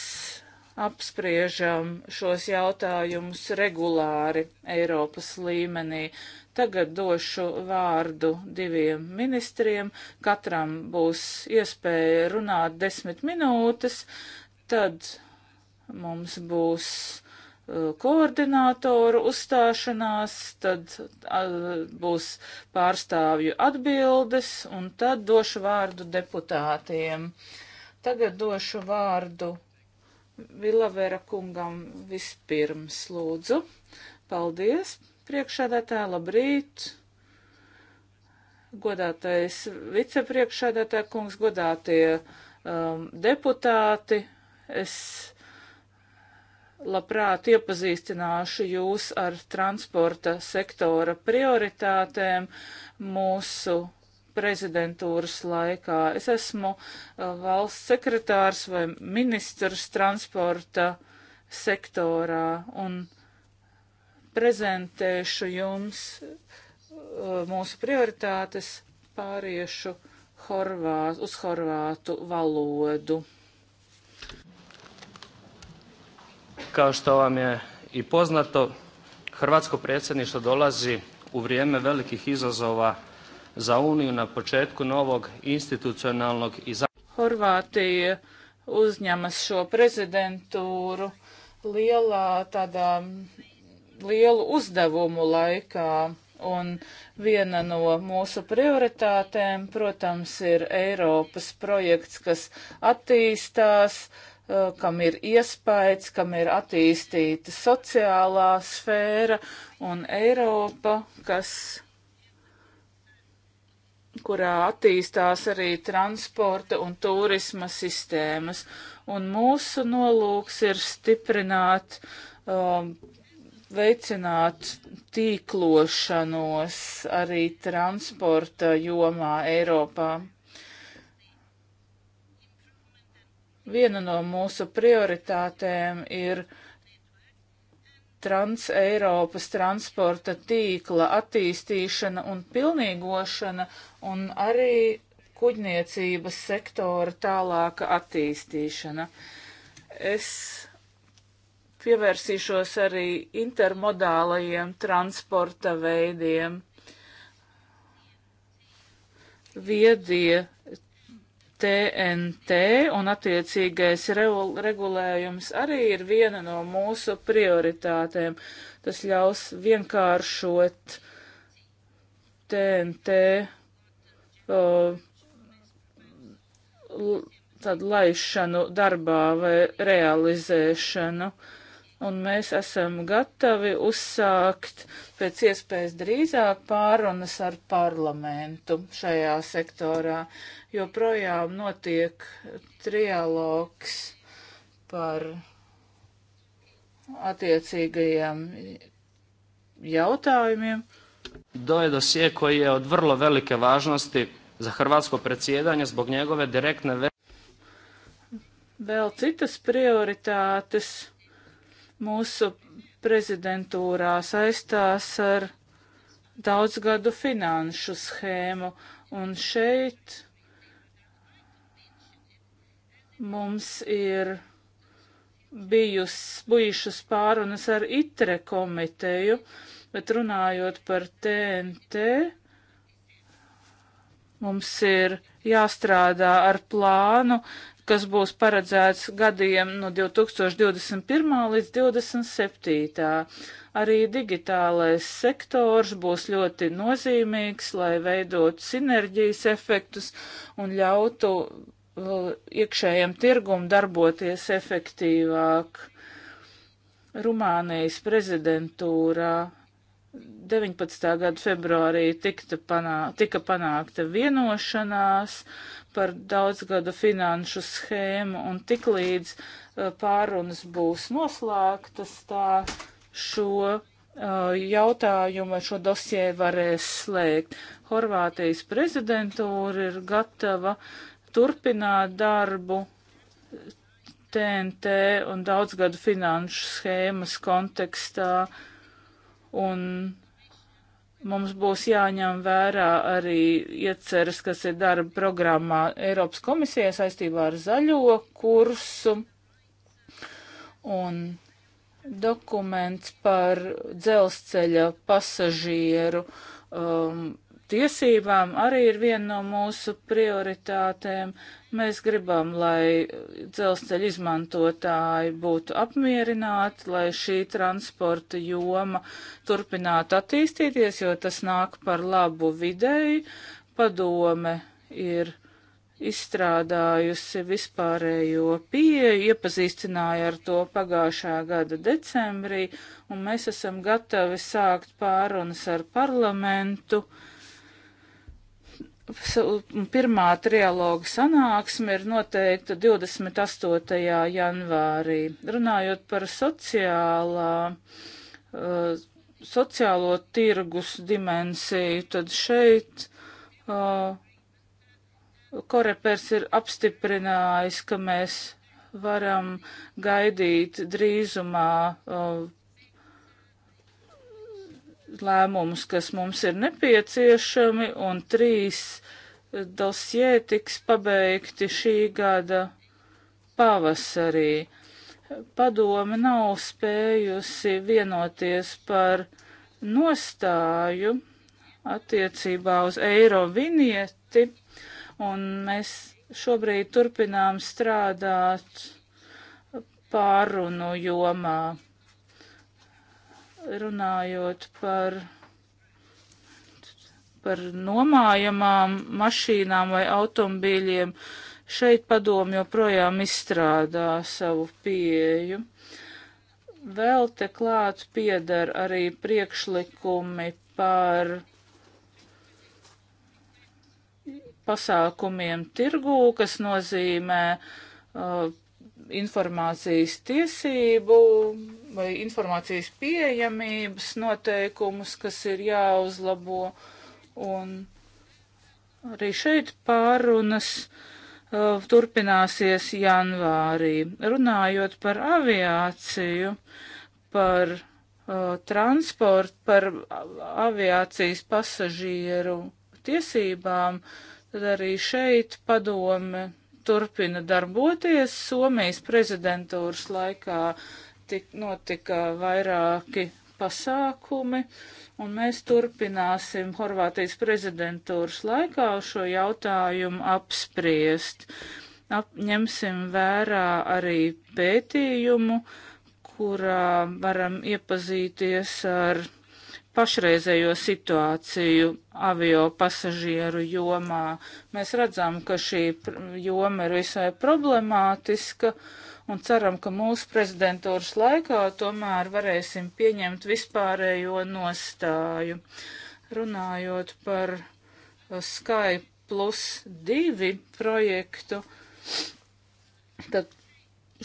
apspriežam šos jautājumus regulāri Eiropas līmenī. Tagad došu vārdu diviem ministriem, katram būs iespēja runāt desmit minūtes, tad mums būs uh, koordinātoru uzstāšanās, tad uh, būs pārstāvju atbildes un tad došu vārdu deputātiem. Tagad došu vārdu Vilavera kungam vispirms lūdzu. Paldies, priekšādātāja, labrīt! Godātais vicepriekšādātāja kungs, godātie um, deputāti, es labprāt iepazīstināšu jūs ar transporta sektora prioritātēm mūsu prezidentūras laikā. Es esmu uh, valsts sekretārs vai ministrs transporta sektorā un prezentēšu jums uh, mūsu prioritātes, pāriešu horvāt, uz horvātu valodu. Kao što vam je i poznato, Hrvatsko predsjedništvo dolazi u vrijeme velikih izazova za Uniju na početku novog institucionalnog i Horvātija uzņemas šo prezidentūru lielā tādā lielu uzdevumu laikā. Un viena no mūsu prioritātēm, protams, ir Eiropas projekts, kas attīstās, eh, kam ir iespējas, kam ir attīstīta sociālā sfēra un Eiropa, kas kurā attīstās arī transporta un turisma sistēmas. Un mūsu nolūks ir stiprināt, um, veicināt tīklošanos arī transporta jomā Eiropā. Viena no mūsu prioritātēm ir Trans-Eiropas transporta tīkla attīstīšana un pilnīgošana un arī kuģniecības sektora tālāka attīstīšana. Es pievērsīšos arī intermodālajiem transporta veidiem. Viedie TNT un attiecīgais regulējums arī ir viena no mūsu prioritātēm. Tas ļaus vienkāršot TNT uh, laišanu darbā vai realizēšanu. Uh, un mēs esam gatavi uzsākt pēc iespējas drīzāk pārunas ar parlamentu šajā sektorā, jo projām notiek trialogs par attiecīgajiem jautājumiem. To je dosje koji je od vrlo velike važnosti za hrvatsko predsjedanje zbog njegove direktne veze. Vēl citas prioritātes mūsu prezidentūrā saistās ar daudzgadu finanšu schēmu, un šeit mums ir bijus, bijušas pārunas ar ITRE komiteju, bet runājot par TNT, mums ir jāstrādā ar plānu kas būs paredzēts gadiem no 2021. līdz 2027. Arī digitālais sektors būs ļoti nozīmīgs, lai veidot sinerģijas efektus un ļautu uh, iekšējiem tirgum darboties efektīvāk. Rumānijas prezidentūrā 19. gada februārī tika, panā, tika panākta vienošanās par daudzgadu finanšu schēmu un tiklīdz uh, pārunas būs noslēgtas, tā šo uh, jautājumu, šo dosie varēs slēgt. Horvātijas prezidentūra ir gatava turpināt darbu TNT un daudzgadu finanšu schēmas kontekstā un Mums būs jāņem vērā arī ieceras, kas ir darba programmā Eiropas komisijai saistībā ar zaļo kursu un dokuments par dzelzceļa pasažieru um, tiesībām arī ir viena no mūsu prioritātēm. Mēs gribam, lai dzelzceļa izmantotāji būtu apmierināti, lai šī transporta joma turpinātu attīstīties, jo tas nāk par labu videi. Padome ir izstrādājusi vispārējo pieeju, iepazīstināja ar to pagājušā gada decembrī, un mēs esam gatavi sākt pārunas ar parlamentu. Uh, pirmā trialoga sanāksme ir noteikta 28. janvārī. Runājot par sociālā, uh, sociālo tirgus dimensiju, tad šeit uh, Korepers ir apstiprinājis, ka mēs varam gaidīt drīzumā uh, lēmumus, kas mums ir nepieciešami, un trīs dosie tiks pabeigti šī gada pavasarī. Padome nav spējusi vienoties par nostāju attiecībā uz eiro vinieti, un mēs šobrīd turpinām strādāt pārunu jomā runājot par, par nomājamām mašīnām vai automobīļiem, šeit padomu joprojām izstrādā savu pieeju. Vēl te klāt piedar arī priekšlikumi par pasākumiem tirgū, kas nozīmē uh, informācijas tiesību vai informācijas pieejamības noteikumus, kas ir jāuzlabo. Un arī šeit pārunas uh, turpināsies janvārī. Runājot par aviāciju, par uh, transportu, par aviācijas pasažieru tiesībām, tad arī šeit padome turpina darboties Somijas prezidentūras laikā tik, notika vairāki pasākumi, un mēs turpināsim Horvātijas prezidentūras laikā šo jautājumu apspriest. Apņemsim vērā arī pētījumu, kurā varam iepazīties ar pašreizējo situāciju avio pasažieru jomā. Mēs redzam, ka šī joma ir visai problemātiska. Uh, un ceram, ka mūsu prezidentūras laikā tomēr varēsim pieņemt vispārējo nostāju. Runājot par uh, Skype plus divi projektu, tad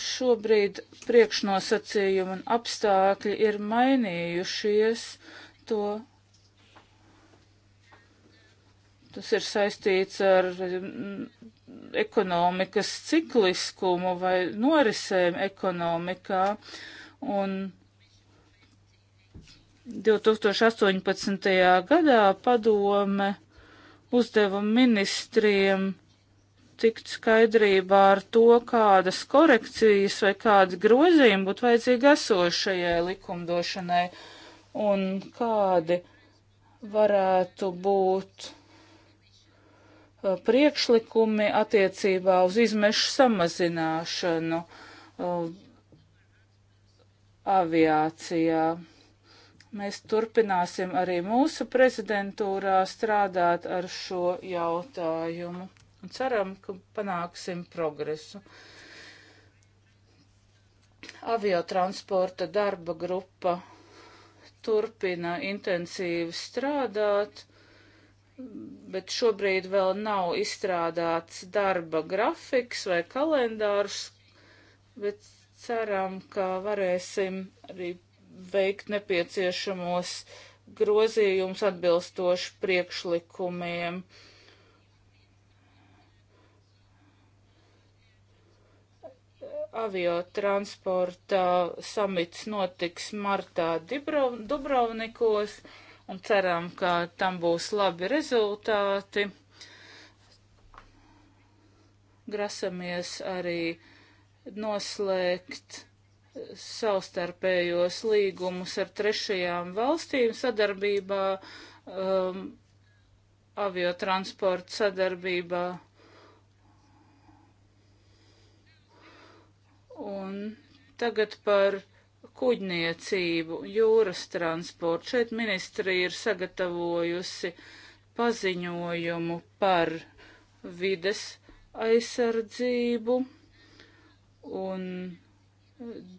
šobrīd priekšnosacījumi un apstākļi ir mainījušies. To tas ir saistīts ar mm, ekonomikas cikliskumu vai norisēm ekonomikā. Un 2018. gadā padome uzdeva ministriem tikt skaidrībā ar to, kādas korekcijas vai kādi grozījumi būtu vajadzīgi esošajai likumdošanai un kādi varētu būt Uh, priekšlikumi attiecībā uz izmešu samazināšanu uh, aviācijā. Mēs turpināsim arī mūsu prezidentūrā strādāt ar šo jautājumu un ceram, ka panāksim progresu. Aviotransporta darba grupa turpina intensīvi strādāt bet šobrīd vēl nav izstrādāts darba grafiks vai kalendārs, bet ceram, ka varēsim arī veikt nepieciešamos grozījumus atbilstoši priekšlikumiem. Aviotransporta samits notiks martā Dubrovnikos. Dibrov un ceram, ka tam būs labi rezultāti. Grasamies arī noslēgt savstarpējos līgumus ar trešajām valstīm sadarbībā, um, aviotransporta sadarbībā. Un tagad par kuģniecību, jūras transportu. Šeit ministrija ir sagatavojusi paziņojumu par vides aizsardzību un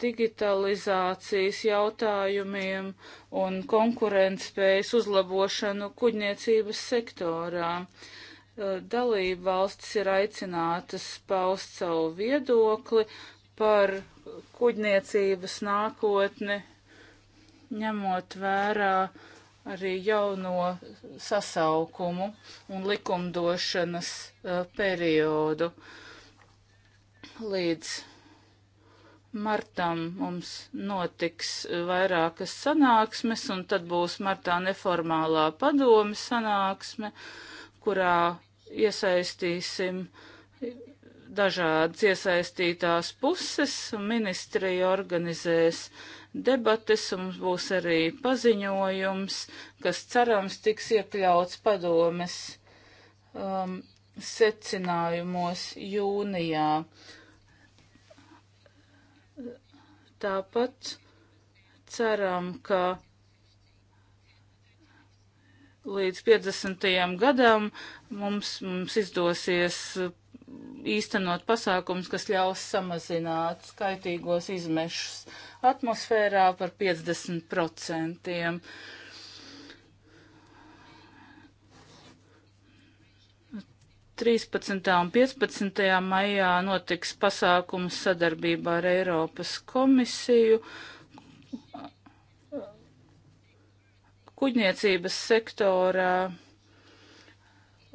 digitalizācijas jautājumiem un konkurentspējas uzlabošanu kuģniecības sektorā. Dalība valstis ir aicinātas paust savu viedokli par kuģniecības nākotni, ņemot vērā arī jauno sasaukumu un likumdošanas uh, periodu. Līdz martam mums notiks vairākas sanāksmes, un tad būs martā neformālā padome sanāksme, kurā iesaistīsim dažādas iesaistītās puses, ministrija organizēs debates, un mums būs arī paziņojums, kas cerams tiks iekļauts padomes um, secinājumos jūnijā. Tāpat ceram, ka līdz 50. gadam mums, mums izdosies īstenot pasākums, kas ļaus samazināt skaitīgos izmešus atmosfērā par 50%. Trīspadsmitā un piecpadsmitajā maijā notiks pasākums sadarbībā ar Eiropas komisiju. Kuģniecības sektorā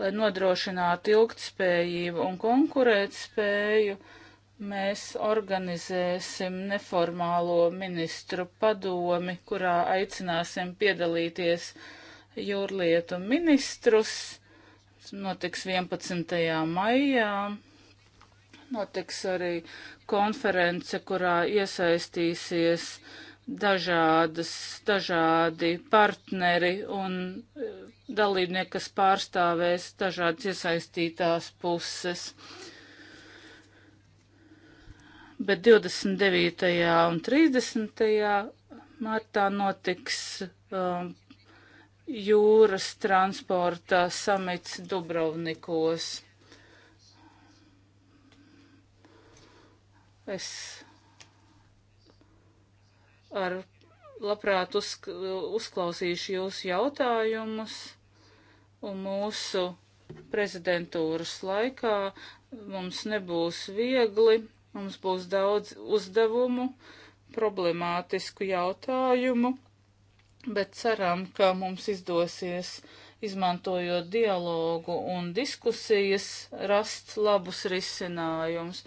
lai nodrošinātu ilgtspējību un konkurētspēju, mēs organizēsim neformālo ministru padomi, kurā aicināsim piedalīties jūrlietu ministrus. Tas notiks 11. maijā. Notiks arī konference, kurā iesaistīsies uh, dažādas, dažādi partneri un e, dalībnieki, kas pārstāvēs dažādas iesaistītās puses. Bet 29. un 30. martā notiks um, jūras transporta samits Dubrovnikos. Es ar labprāt uzk uzklausīšu jūsu jautājumus un mūsu prezidentūras laikā mums nebūs viegli, mums būs daudz uzdevumu, problemātisku jautājumu, bet ceram, ka mums izdosies, izmantojot dialogu un diskusijas, rast labus risinājumus.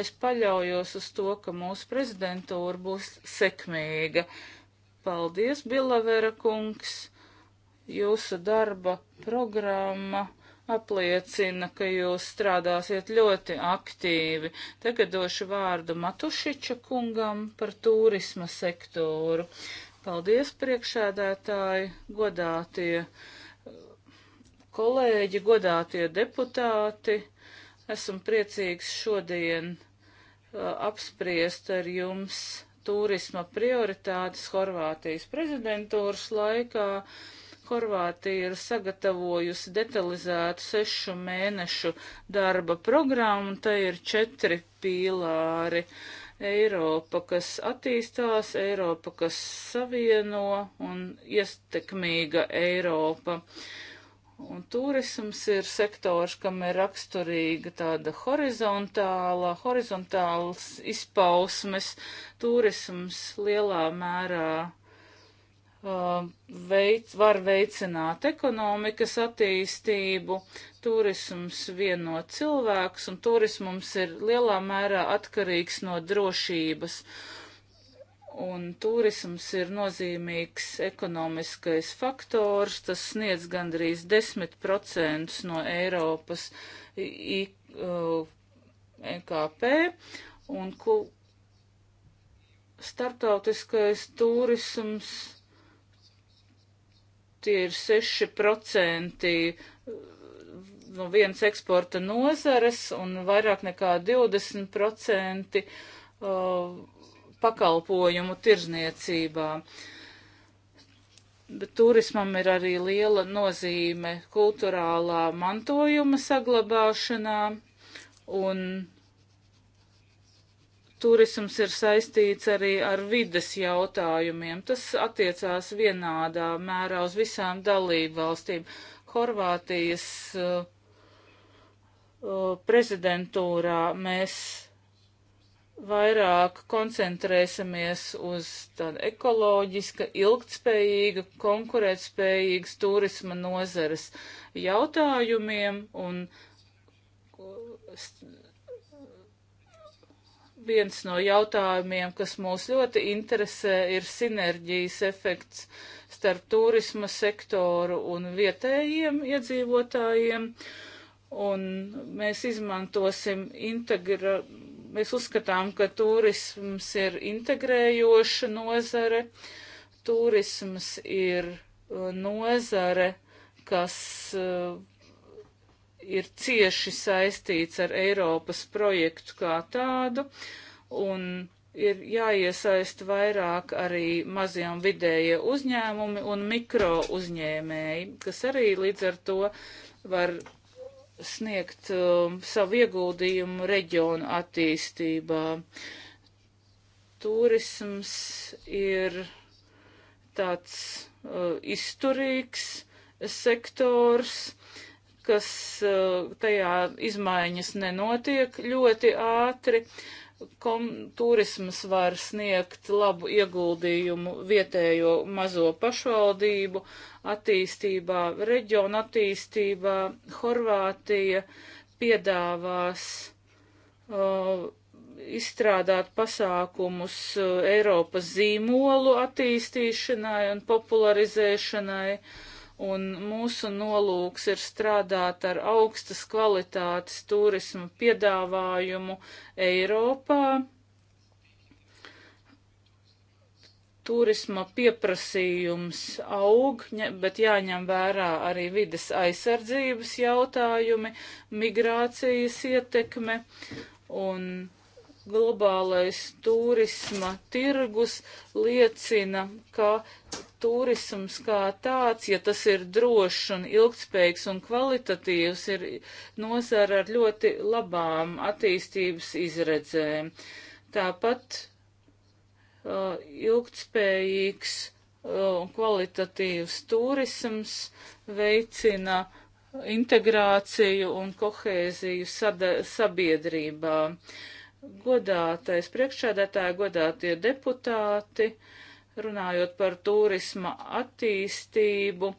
Es paļaujos uz to, ka mūsu prezidentūra būs sekmīga. Paldies, Bilavera kungs! Jūsu darba programma apliecina, ka jūs strādāsiet ļoti aktīvi. Tagad došu vārdu Matušiča kungam par turisma sektoru. Paldies, priekšēdētāji, godātie kolēģi, godātie deputāti. Esmu priecīgs šodien Uh, apspriest ar jums turisma prioritātes Horvātijas prezidentūras laikā. Horvātija ir sagatavojusi detalizētu sešu mēnešu darba programmu, tai ir četri pīlāri. Eiropa, kas attīstās, Eiropa, kas savieno un iestekmīga Eiropa. Uh, Un turisms ir sektors, kam ir raksturīga tāda horizontāla, horizontāls izpausmes. Turisms lielā mērā uh, veic, var veicināt ekonomikas attīstību. Turisms vieno cilvēks, un turisms ir lielā mērā atkarīgs no drošības. Uh, un turisms ir nozīmīgs ekonomiskais faktors. Tas sniedz gandrīz 10% no Eiropas I, uh, EKP, un ku startautiskais turisms tie ir 6% no vienas eksporta nozares un vairāk nekā 20% uh, pakalpojumu tirzniecībā. Bet turismam ir arī liela nozīme kulturālā mantojuma saglabāšanā, un turisms ir saistīts arī ar vides jautājumiem. Tas attiecās vienādā mērā uz visām dalību valstīm. Horvātijas uh, uh prezidentūrā mēs vairāk koncentrēsimies uz tādu ekoloģiska, ilgtspējīga, konkurētspējīgas turisma nozares jautājumiem un viens no jautājumiem, kas mūs ļoti interesē, ir sinerģijas efekts starp turisma sektoru un vietējiem iedzīvotājiem. Un mēs izmantosim integra mēs uzskatām, ka turisms ir integrējoša nozare, turisms ir uh, nozare, kas uh, ir cieši saistīts ar Eiropas projektu kā tādu, un ir jāiesaist vairāk arī mazie un vidējie uzņēmumi un mikro uzņēmēji, kas arī līdz ar to var sniegt um, savu ieguldījumu reģionu attīstībā. Turisms ir tāds uh, izturīgs sektors, kas uh, tajā izmaiņas nenotiek ļoti ātri. Uh, kom, turismas var sniegt labu ieguldījumu vietējo mazo pašvaldību attīstībā, reģionu attīstībā. Horvātija piedāvās uh, izstrādāt pasākumus uh, Eiropas zīmolu attīstīšanai un popularizēšanai. Uh, un mūsu nolūks ir strādāt ar augstas kvalitātes turismu piedāvājumu Eiropā. Turisma pieprasījums aug, bet jāņem vērā arī vides aizsardzības jautājumi, migrācijas ietekme un globālais turisma tirgus liecina, ka turisms kā tāds, ja tas ir drošs un ilgspējīgs un kvalitatīvs, ir nozara ar ļoti labām attīstības izredzēm. Tāpat uh, ilgspējīgs un uh, kvalitatīvs turisms veicina integrāciju un kohēziju sabiedrībā. Uh, Godātais priekšsēdētāji, godātie deputāti, runājot par turisma attīstību,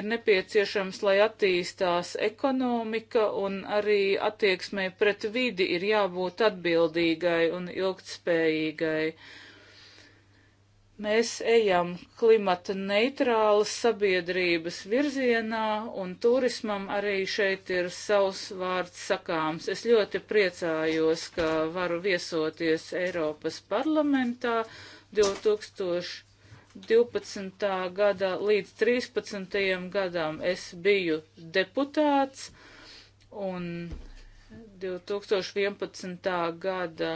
ir nepieciešams, lai attīstās ekonomika un arī attieksmē pret vidi ir jābūt atbildīgai un ilgtspējīgai. Uh, Mēs ejam klimata neitrālas sabiedrības virzienā, un turismam arī šeit ir savs vārds sakāms. Es ļoti priecājos, ka varu viesoties Eiropas parlamentā 2000. 12. gada līdz 13. gadam es biju deputāts un 2011. gada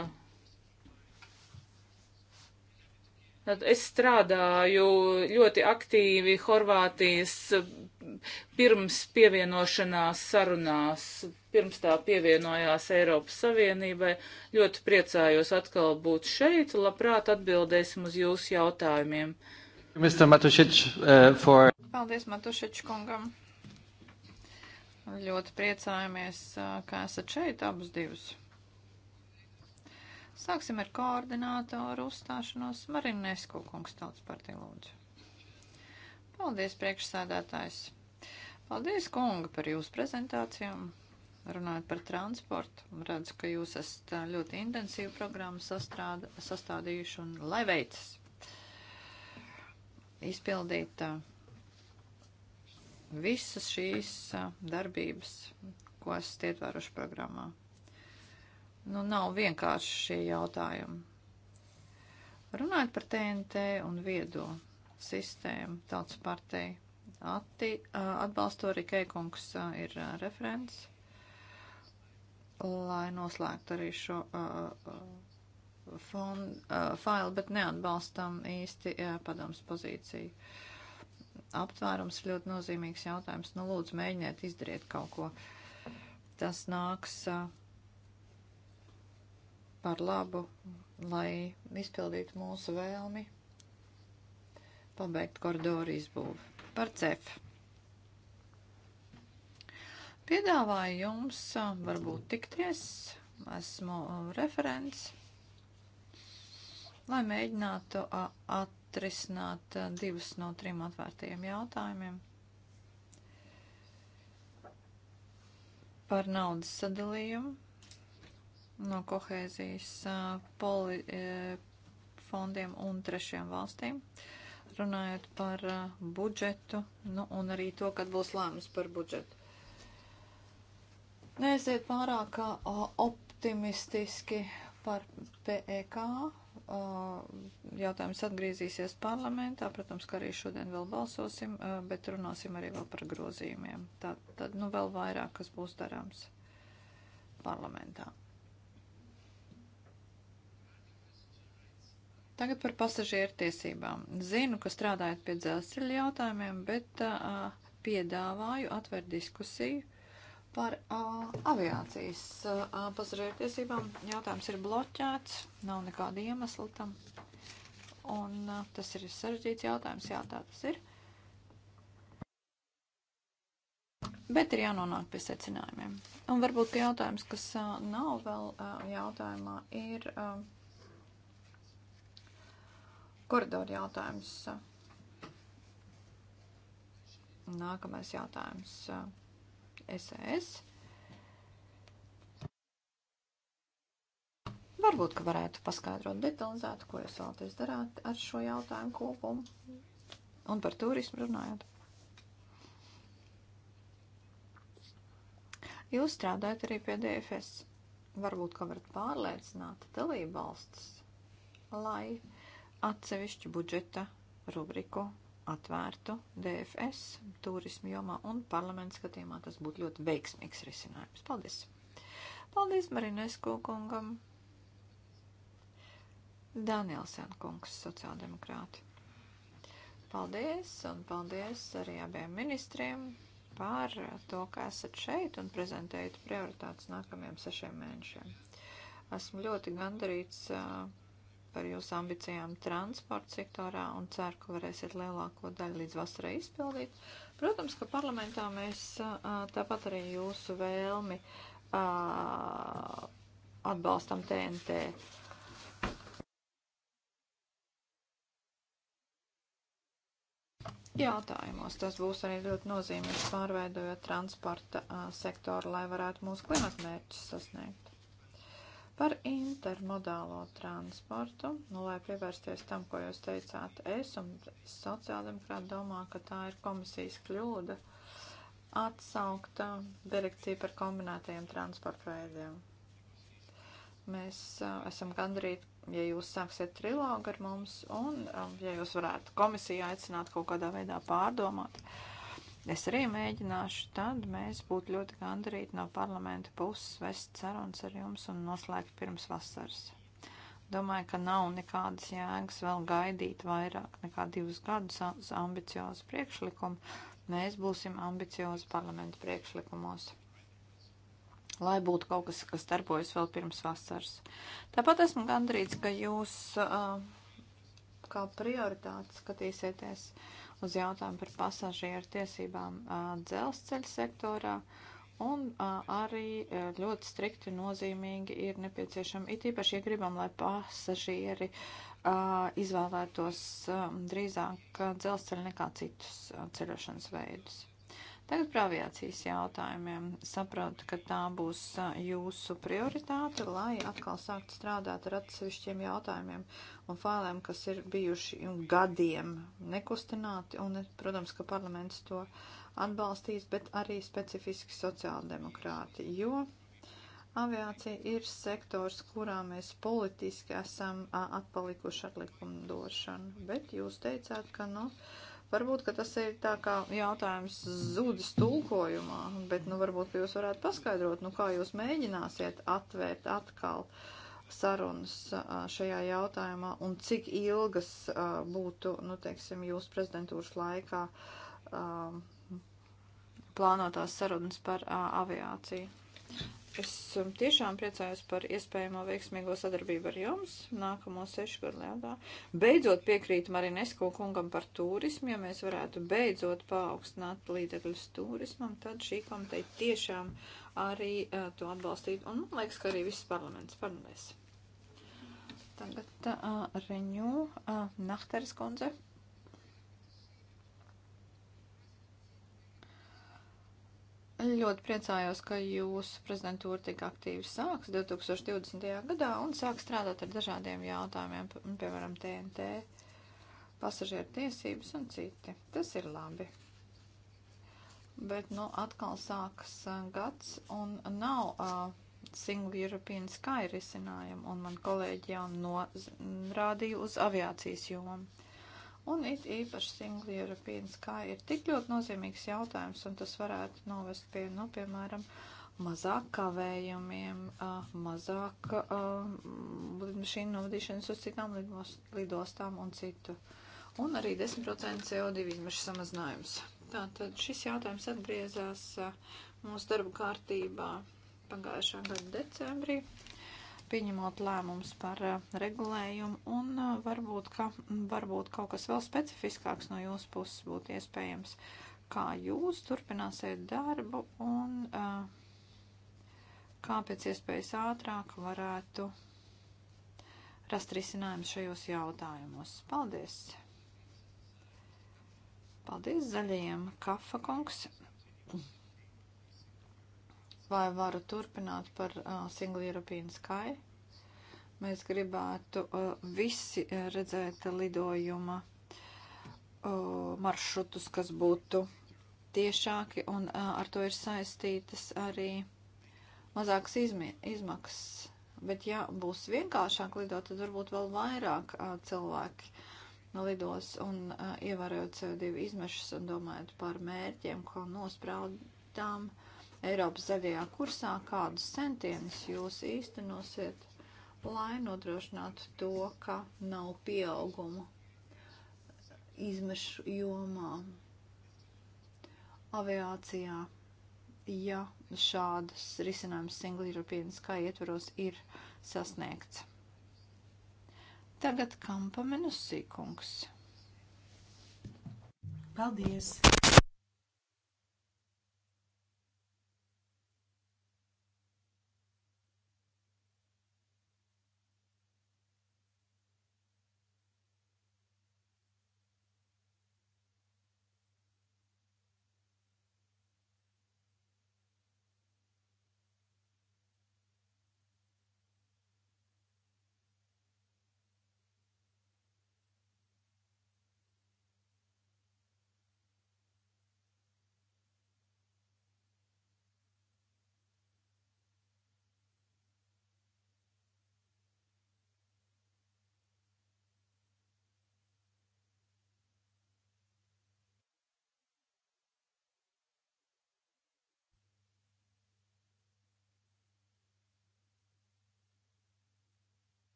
Es strādāju ļoti aktīvi Horvātijas eh, pirms pievienošanās sarunās, pirms tā pievienojās Eiropas Savienībai. Ļoti priecājos atkal būt šeit, labprāt atbildēsim uz jūsu jautājumiem. Mr. Matušič, uh, eh, for... Paldies Matušič kungam. Ļoti priecājamies, eh, ka esat šeit abus divus. Sāksim ar koordinātoru uzstāšanos Marinesku kungs tautas partija lūdzu. Paldies, priekšsēdētājs. Paldies, kunga, par jūsu prezentācijām. Runājot par transportu, redzu, ka jūs esat ļoti intensīvu programmu sastrāda, sastādījuši un lai veicas izpildīt visas šīs darbības, ko esat ietvēruši programmā. Nu, nav vienkārši šie jautājumi. Runājot par TNT un viedo sistēmu, tautas partija atti, atbalsto arī Keikungs ir referents, lai noslēgtu arī šo uh, fond, uh, failu, bet neatbalstam īsti uh, padoms pozīciju. Aptvērums ļoti nozīmīgs jautājums. Nu, lūdzu, mēģiniet izdariet kaut ko. Tas nāks. Uh, par labu, lai izpildītu mūsu vēlmi pabeigt koridoru izbūvi. Par CEF. Piedāvāju jums varbūt tikties, esmu uh, referents, lai mēģinātu uh, atrisināt uh, divus no trim atvērtajiem jautājumiem. Par naudas sadalījumu no kohēzijas poli, fondiem un trešiem valstīm. Runājot par budžetu nu, un arī to, kad būs lēmums par budžetu. Neesiet pārāk optimistiski par PEK. Jautājums atgriezīsies parlamentā, protams, ka arī šodien vēl balsosim, bet runāsim arī vēl par grozījumiem. Tad, tad nu, vēl vairāk, kas būs darāms parlamentā. Tagad par pasažieru tiesībām. Zinu, ka strādājat pie dzelzceļa jautājumiem, bet uh, piedāvāju atvērt diskusiju par uh, aviācijas uh, pasažieru tiesībām. Jautājums ir bloķēts, nav nekāda iemesla tam. Un uh, tas ir sarežģīts jautājums, jā, tā tas ir. Bet ir jānonāk pie secinājumiem. Un varbūt jautājums, kas uh, nav vēl uh, jautājumā, ir. Uh, Koridoru jautājums. Nākamais jautājums. SES. Varbūt, ka varētu paskaidrot detalizēt, ko jūs vēlaties darāt ar šo jautājumu kopumu un par turismu runājot. Jūs strādājat arī pie DFS. Varbūt, ka varat pārliecināt dalību valstis, lai uh, atsevišķu budžeta rubriku atvērtu DFS turismu jomā un parlamentu skatījumā tas būtu ļoti veiksmīgs risinājums. Paldies! Paldies Marinesko kungam! Danielsen kungs, sociāldemokrāti. Paldies un paldies arī abiem ministriem par to, ka esat šeit un prezentējat prioritātes nākamajiem sešiem mēnešiem. Esmu ļoti gandarīts uh, par jūsu ambicijām transporta sektorā un ceru, ka varēsiet lielāko daļu līdz vasarai izpildīt. Protams, ka parlamentā mēs tāpat arī jūsu vēlmi atbalstam TNT. Jautājumos tas būs arī ļoti nozīmīgs pārveidojot transporta sektoru, lai varētu mūsu klimata mērķus sasniegt. Par intermodālo transportu, nu, lai pievērsties tam, ko jūs teicāt, es un sociāldemokrāti domā, ka tā ir komisijas kļūda atsaukt uh, direktīvu par kombinētajiem transporta veidiem. Mēs uh, esam gandrīz, ja jūs sāksiet trilogu ar mums un, um, ja jūs varētu komisiju aicināt kaut kādā veidā pārdomāt, uh, Es arī mēģināšu, tad mēs būtu ļoti gandarīti no parlamenta puses vest sarunas ar jums un noslēgt pirms vasaras. Domāju, ka nav nekādas jēgas vēl gaidīt vairāk nekā divus gadus uz ambiciozu priekšlikumu. Mēs būsim ambiciozi parlamenta priekšlikumos. Lai būtu kaut kas, kas darbojas vēl pirms vasaras. Tāpat esmu gandrīz, ka jūs uh, kā prioritāti skatīsieties uh, uz jautājumu par pasažieru tiesībām dzelzceļa sektorā. Un arī ļoti strikti nozīmīgi ir nepieciešama, it īpaši, ja gribam, lai pasažieri izvēlētos drīzāk dzelzceļu nekā citus ceļošanas veidus. Tagad par aviācijas jautājumiem. Saprotu, ka tā būs jūsu prioritāte, lai atkal sākt strādāt ar atsevišķiem jautājumiem un failiem, kas ir bijuši gadiem nekustināti. Un, e, protams, ka parlaments to atbalstīs, bet arī specifiski sociāldemokrāti, jo aviācija ir sektors, kurā mēs politiski esam atpalikuši ar likumdošanu. Bet jūs teicāt, ka, nu, no Varbūt, ka tas ir tā kā jautājums zudis tulkojumā, bet, nu, varbūt, ka jūs varētu paskaidrot, nu, kā jūs mēģināsiet atvērt atkal sarunas šajā jautājumā un cik ilgas būtu, nu, teiksim, jūsu prezidentūras laikā plānotās sarunas par aviāciju. Es um, tiešām priecājos par iespējamo veiksmīgo sadarbību ar jums nākamo sešu gadu lēdā. Beidzot piekrītu Marinesko kungam par turismu, ja mēs varētu beidzot paaugstināt līdzekļus turismam, tad šī komiteja tiešām arī uh, to atbalstītu. Un man liekas, ka arī viss parlaments parunēs. Tagad uh, Reņū uh, Nahteres koncepts. Ļoti priecājos, ka jūsu prezidentūra tik aktīvi sāks 2020. gadā un sāk strādāt ar dažādiem jautājumiem, piemēram, TNT, pasažieru tiesības un citi. Tas ir labi bet nu, atkal sākas gads un nav uh, Single European Sky risinājuma, un man kolēģi jau norādīja uz aviācijas jomu. Un it īpaši Single European Sky ir tik ļoti nozīmīgs jautājums, un tas varētu novest pie, nu, piemēram, mazāk kavējumiem, mazāk lidmašīnu novadīšanas uz citām lidostām un citu. Un arī 10% CO2 izmešu samazinājums. Tātad šis jautājums atgriezās mūsu darba kārtībā pagājušā gada decembrī pieņemot lēmumus par eh, regulējumu, un eh, varbūt, ka, varbūt kaut kas vēl specifiskāks no jūsu puses būtu iespējams, kā jūs turpināsiet darbu un eh, kā pēc iespējas ātrāk varētu rast risinājumus šajos jautājumos. Paldies! Paldies zaļajiem, kafa kungs! vai varu turpināt par uh, Single European Sky. Mēs gribētu uh, visi redzēt lidojuma uh, maršrutus, kas būtu tiešāki, un uh, ar to ir saistītas arī mazākas izmaksas. Bet, ja būs vienkāršāk lidot, tad varbūt vēl vairāk uh, cilvēki lidos un uh, ievērojot CO2 izmešas un domājot par mērķiem, ko nospraudām. Uh, Eiropas zaļajā kursā, kādus centienus jūs īstenosiet, lai nodrošinātu to, ka nav pieauguma izmešu jomā, aviācijā, ja šādas risinājums Single European Sky ietvaros ir sasniegts. Tagad kampa minusīkungs. Paldies!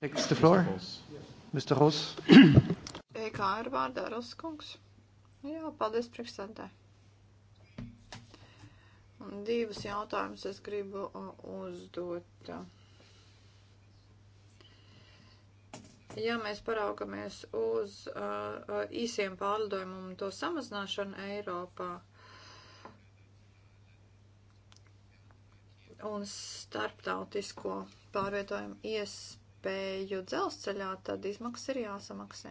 Takes the floor. Mr. Ross. EKR vārdā Roskungs. Nu jā, paldies priekšsēdē. Divas jautājumas es gribu uh, uzdot. Ja mēs paraugamies uz uh, uh, īsiem pārlidojumiem un to samazināšanu Eiropā, un starptautisko pārvietojumu iespēju iespēju dzelzceļā, tad izmaksas ir jāsamaksā.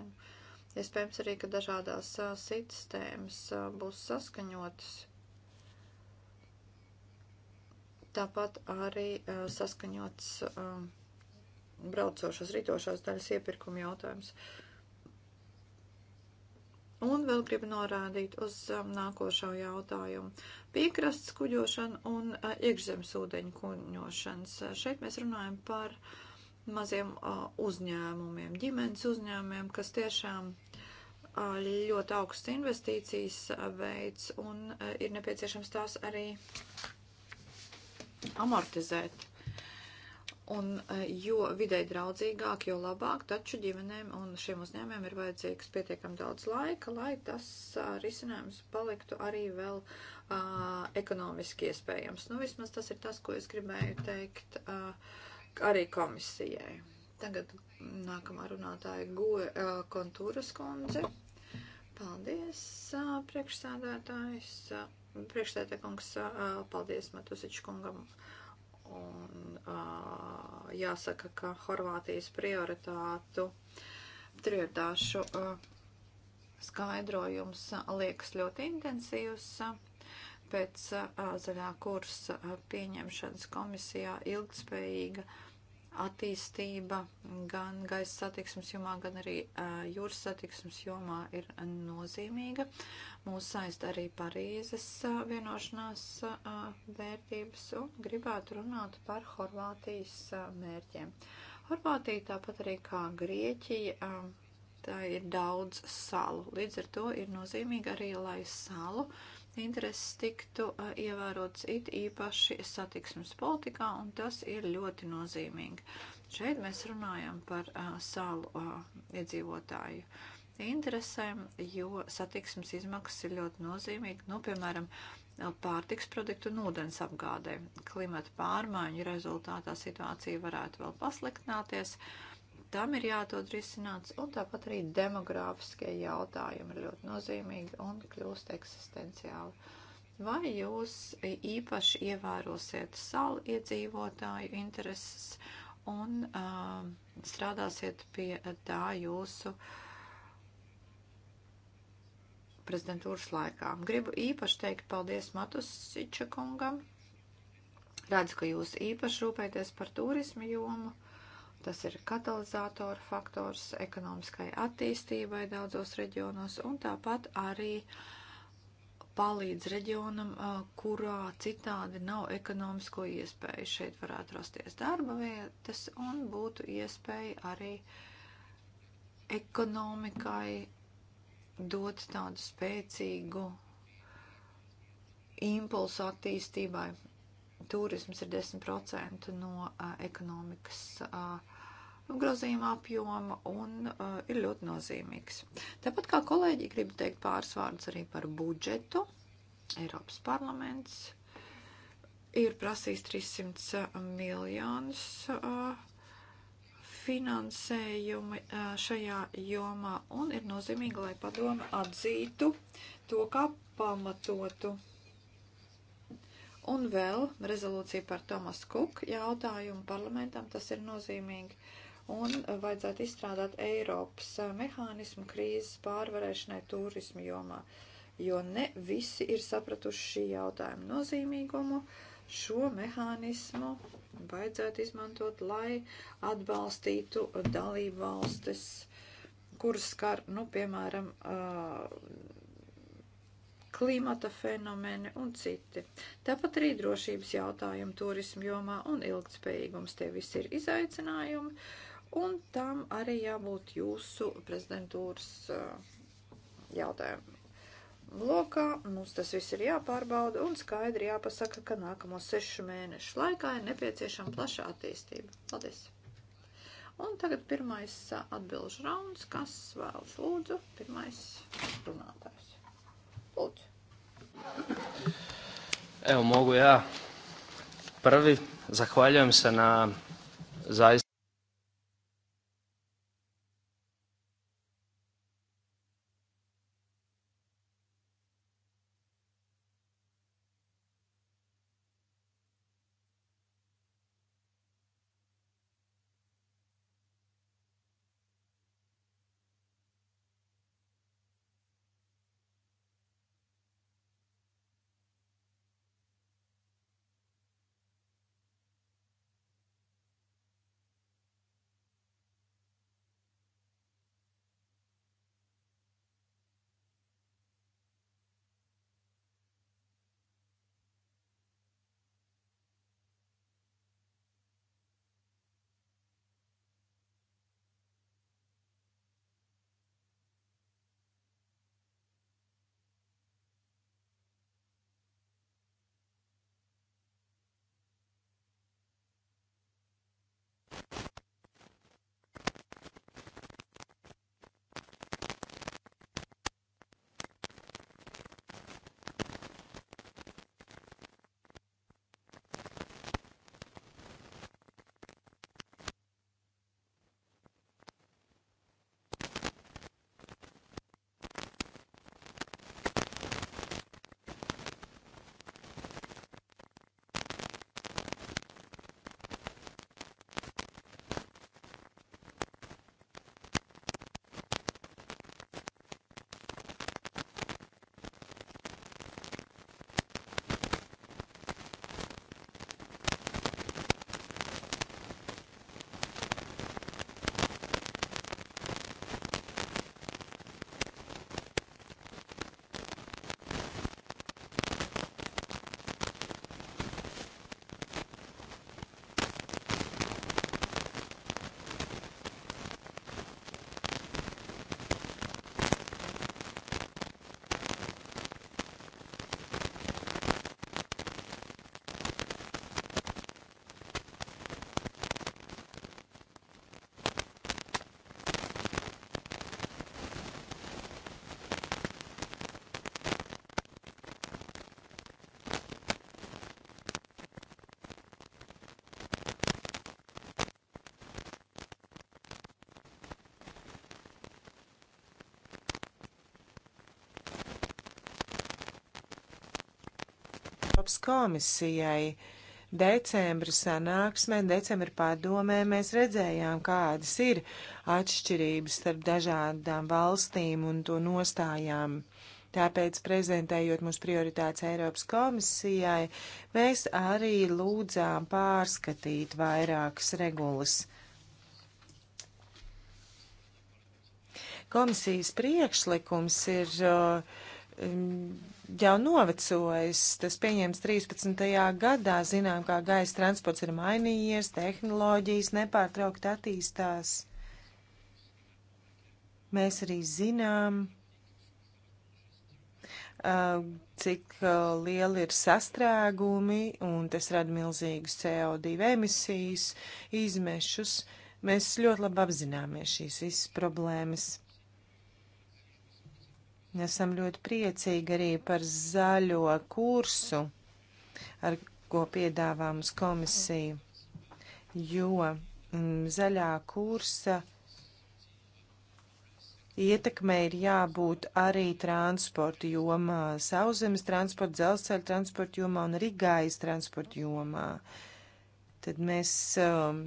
Iespējams arī, ka dažādās sistēmas būs saskaņotas. Tāpat arī saskaņots braucošās rītošās daļas iepirkuma jautājums. Un vēl gribu norādīt uz um, nākošo jautājumu. Piekrasts kuģošana un uh, iekšzemes ūdeņu kuģošanas. Šeit mēs runājam par uh, maziem uzņēmumiem, ģimenes uzņēmumiem, kas tiešām ļoti augstas investīcijas veids un ir nepieciešams tās arī amortizēt. Un jo vidē draudzīgāk, jo labāk, taču ģimenēm un šiem uzņēmiem ir vajadzīgs pietiekam daudz laika, lai tas risinājums paliktu arī vēl uh, ekonomiski iespējams. Nu, vismaz tas ir tas, ko es gribēju teikt. Uh, arī komisijai. Tagad nākamā runātāja Goe uh, Kontūras kundze. Paldies, uh, priekšsādātājs. Uh, priekšsēdētāja kungs, uh, paldies Matusiču kungam. Un uh, jāsaka, ka Horvātijas prioritātu, prioritāšu uh, skaidrojums uh, liekas ļoti intensīvs. Uh, pēc uh, zaļā kursa uh, pieņemšanas komisijā ilgspējīga uh, attīstība gan gaisa satiksmes jomā, gan arī jūras satiksmes jomā ir nozīmīga. Mūs saist arī Parīzes vienošanās vērtības un gribētu runāt par Horvātijas mērķiem. Horvātija tāpat arī kā Grieķija, tā ir daudz salu. Līdz ar to ir nozīmīgi arī, lai salu uh, intereses tiktu uh, ievērots it īpaši satiksmes politikā, un tas ir ļoti nozīmīgi. Šeit mēs runājam par uh, salu uh, iedzīvotāju interesēm, jo satiksmes izmaksas ir ļoti nozīmīgi. Nu, piemēram, uh, pārtiks produktu un ūdens apgādē. Klimata pārmaiņu rezultātā situācija varētu vēl pasliktināties. Uh, tam ir jādod risināts, un tāpat arī demogrāfiskie jautājumi ir ļoti nozīmīgi un kļūst eksistenciāli. Vai jūs īpaši ievērosiet salu iedzīvotāju intereses un uh, strādāsiet pie tā jūsu prezidentūras laikā? Gribu īpaši teikt paldies Matusiča kungam. Redzu, ka jūs īpaši rūpēties par turismu jomu Tas ir katalizātora faktors ekonomiskai attīstībai daudzos reģionos un tāpat arī palīdz reģionam, kurā citādi nav ekonomisko iespēju. Šeit varētu rasties darba vietas un būtu iespēja arī ekonomikai dot tādu spēcīgu impulsu attīstībai. Turisms ir 10% no uh, ekonomikas uh, grozījuma apjoma un uh, ir ļoti nozīmīgs. Tāpat kā kolēģi gribu teikt pāris vārdus arī par budžetu. Eiropas parlaments ir prasījis 300 uh, miljonus uh, finansējumi uh, šajā jomā un ir nozīmīgi, lai padome atzītu to kā pamatotu. Un vēl rezolūcija par Tomas Kuk jautājumu parlamentam, tas ir nozīmīgi. Uh, un vajadzētu izstrādāt Eiropas mehānismu krīzes pārvarēšanai turismu jomā, jo ne visi ir sapratuši šī jautājuma nozīmīgumu. Šo mehānismu vajadzētu izmantot, lai atbalstītu dalību valstis, kuras skar, nu, piemēram, klimata fenomeni un citi. Tāpat arī drošības jautājumi turismu jomā un ilgtspējīgums tie visi ir izaicinājumi un tam arī jābūt jūsu prezidentūras jautājumu lokā. Mums tas viss ir jāpārbauda un skaidri jāpasaka, ka nākamo sešu mēnešu laikā ir nepieciešama plaša attīstība. Paldies! Un tagad pirmais atbilžu rauns, kas vēlas lūdzu, pirmais runātājs. Lūdzu. Evo, mogu ja prvi, zahvaljujem se na zaista Eiropas komisijai. Decembra sanāksmē, decembra padomē mēs redzējām, kādas ir atšķirības starp dažādām valstīm un to nostājām. Tāpēc, prezentējot mūsu prioritātes Eiropas komisijai, mēs arī lūdzām pārskatīt vairākas regulas. Komisijas priekšlikums ir um, jau novecojis. Tas pieņēmis 13. gadā. Zinām, kā gaisa transports ir mainījies, tehnoloģijas nepārtraukt attīstās. Mēs arī zinām, cik lieli ir sastrēgumi, un tas rada milzīgas CO2 emisijas, izmešus. Mēs ļoti labi apzināmies šīs visas problēmas. Esam ļoti priecīgi arī par zaļo kursu, ar ko piedāvā mums komisija, jo mm, zaļā kursa ietekmē ir jābūt arī transporta jomā, sauszemes transporta, dzelzceļa transporta jomā un arī gaisa transporta jomā. Tad mēs um,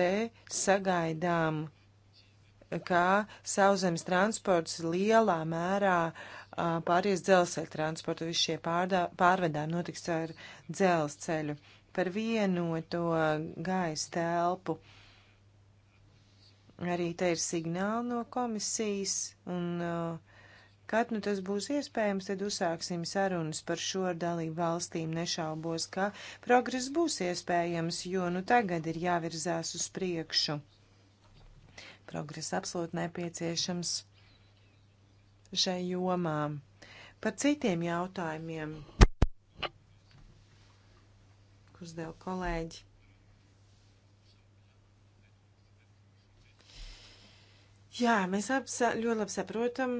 te sagaidām ka sauszemes transports lielā mērā uh, pāries dzelzceļa transportu. Visi šie pārdā, pārvedājumi notiks ar dzelzceļu par vienoto gaisa telpu. Arī te ir signāli no komisijas, un uh, Kad nu tas būs iespējams, tad uzsāksim sarunas par šo dalību valstīm. Nešaubos, ka progress būs iespējams, jo nu tagad ir jāvirzās uz priekšu. Progress absolūti nepieciešams šai jomā. Par citiem jautājumiem, kurus deva kolēģi. Jā, mēs apsa, ļoti labi saprotam,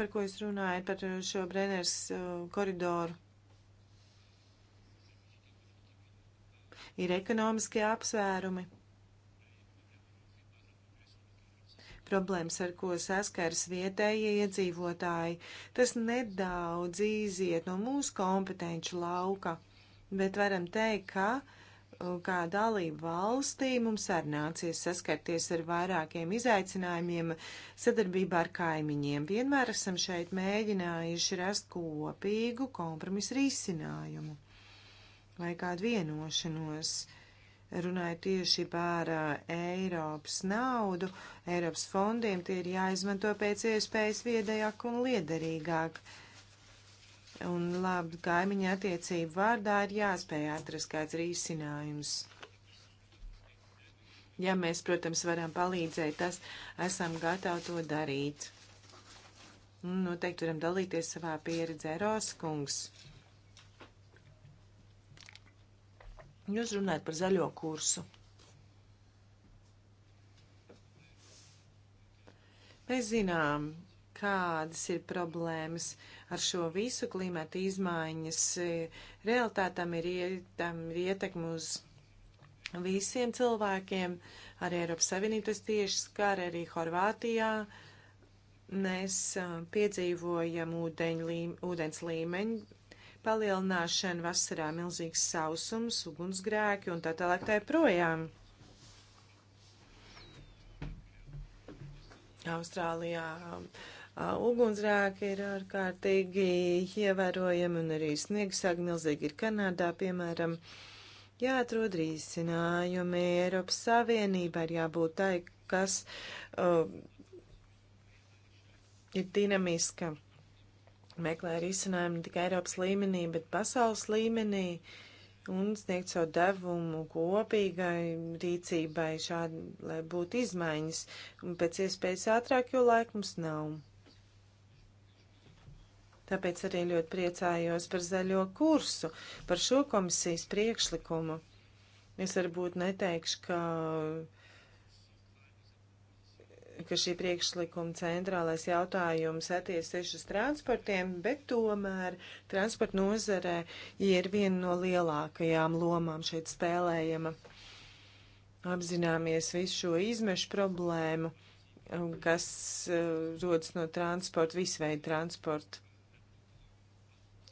par ko jūs runājat, par šo Brenners uh, koridoru. Ir ekonomiskie apsvērumi. problēmas, ar ko saskars vietējie iedzīvotāji. Tas nedaudz iziet no mūsu kompetenču lauka, bet varam teikt, ka uh, kā dalību valstī mums arī nācies saskarties ar vairākiem izaicinājumiem sadarbībā ar kaimiņiem. Vienmēr esam šeit mēģinājuši rast kopīgu kompromisu risinājumu vai kādu vienošanos. Uh, runāja tieši par Eiropas naudu, Eiropas fondiem, tie ir jāizmanto pēc iespējas viedajāk un liederīgāk. Un labi, kaimiņa attiecību vārdā ir jāspēj atrast kāds risinājums. Ja mēs, protams, varam palīdzēt, tas esam gatavi to darīt. Nu, noteikti varam dalīties savā pieredzē, Roskungs. Jūs runājat par zaļo kursu. Mēs zinām, kādas ir problēmas ar šo visu klimata izmaiņas. E, Realtātam ir, tam ir ietekmi uz visiem cilvēkiem, arī Eiropas Savienības tieši skar arī Horvātijā. Mēs e, piedzīvojam ūdeņ, līme, ūdens līmeņu palielināšana vasarā, milzīgs sausums, ugunsgrēki un tā tālāk tā projām. Austrālijā um, uh, ugunsgrēki ir ārkārtīgi ievērojami un arī sniegsāgi milzīgi ir Kanādā, piemēram. Jāatrod risinājumi Eiropas Savienībai ir jābūt tai, kas uh, ir dinamiska meklē risinājumu ne tikai Eiropas līmenī, bet pasaules līmenī un sniegt savu devumu kopīgai rīcībai, šādi, lai būtu izmaiņas, un pēc iespējas ātrāk, jo laika mums nav. Tāpēc arī ļoti priecājos par zaļo kursu, par šo komisijas priekšlikumu. Es varbūt neteikšu, ka uh, ka šī priekšlikuma centrālais jautājums attiecas uz transportiem, bet tomēr transporta nozarē ir viena no lielākajām lomām šeit spēlējama. Apzināmies visu šo izmešu problēmu, um, kas uh, rodas no transporta, visveida transporta.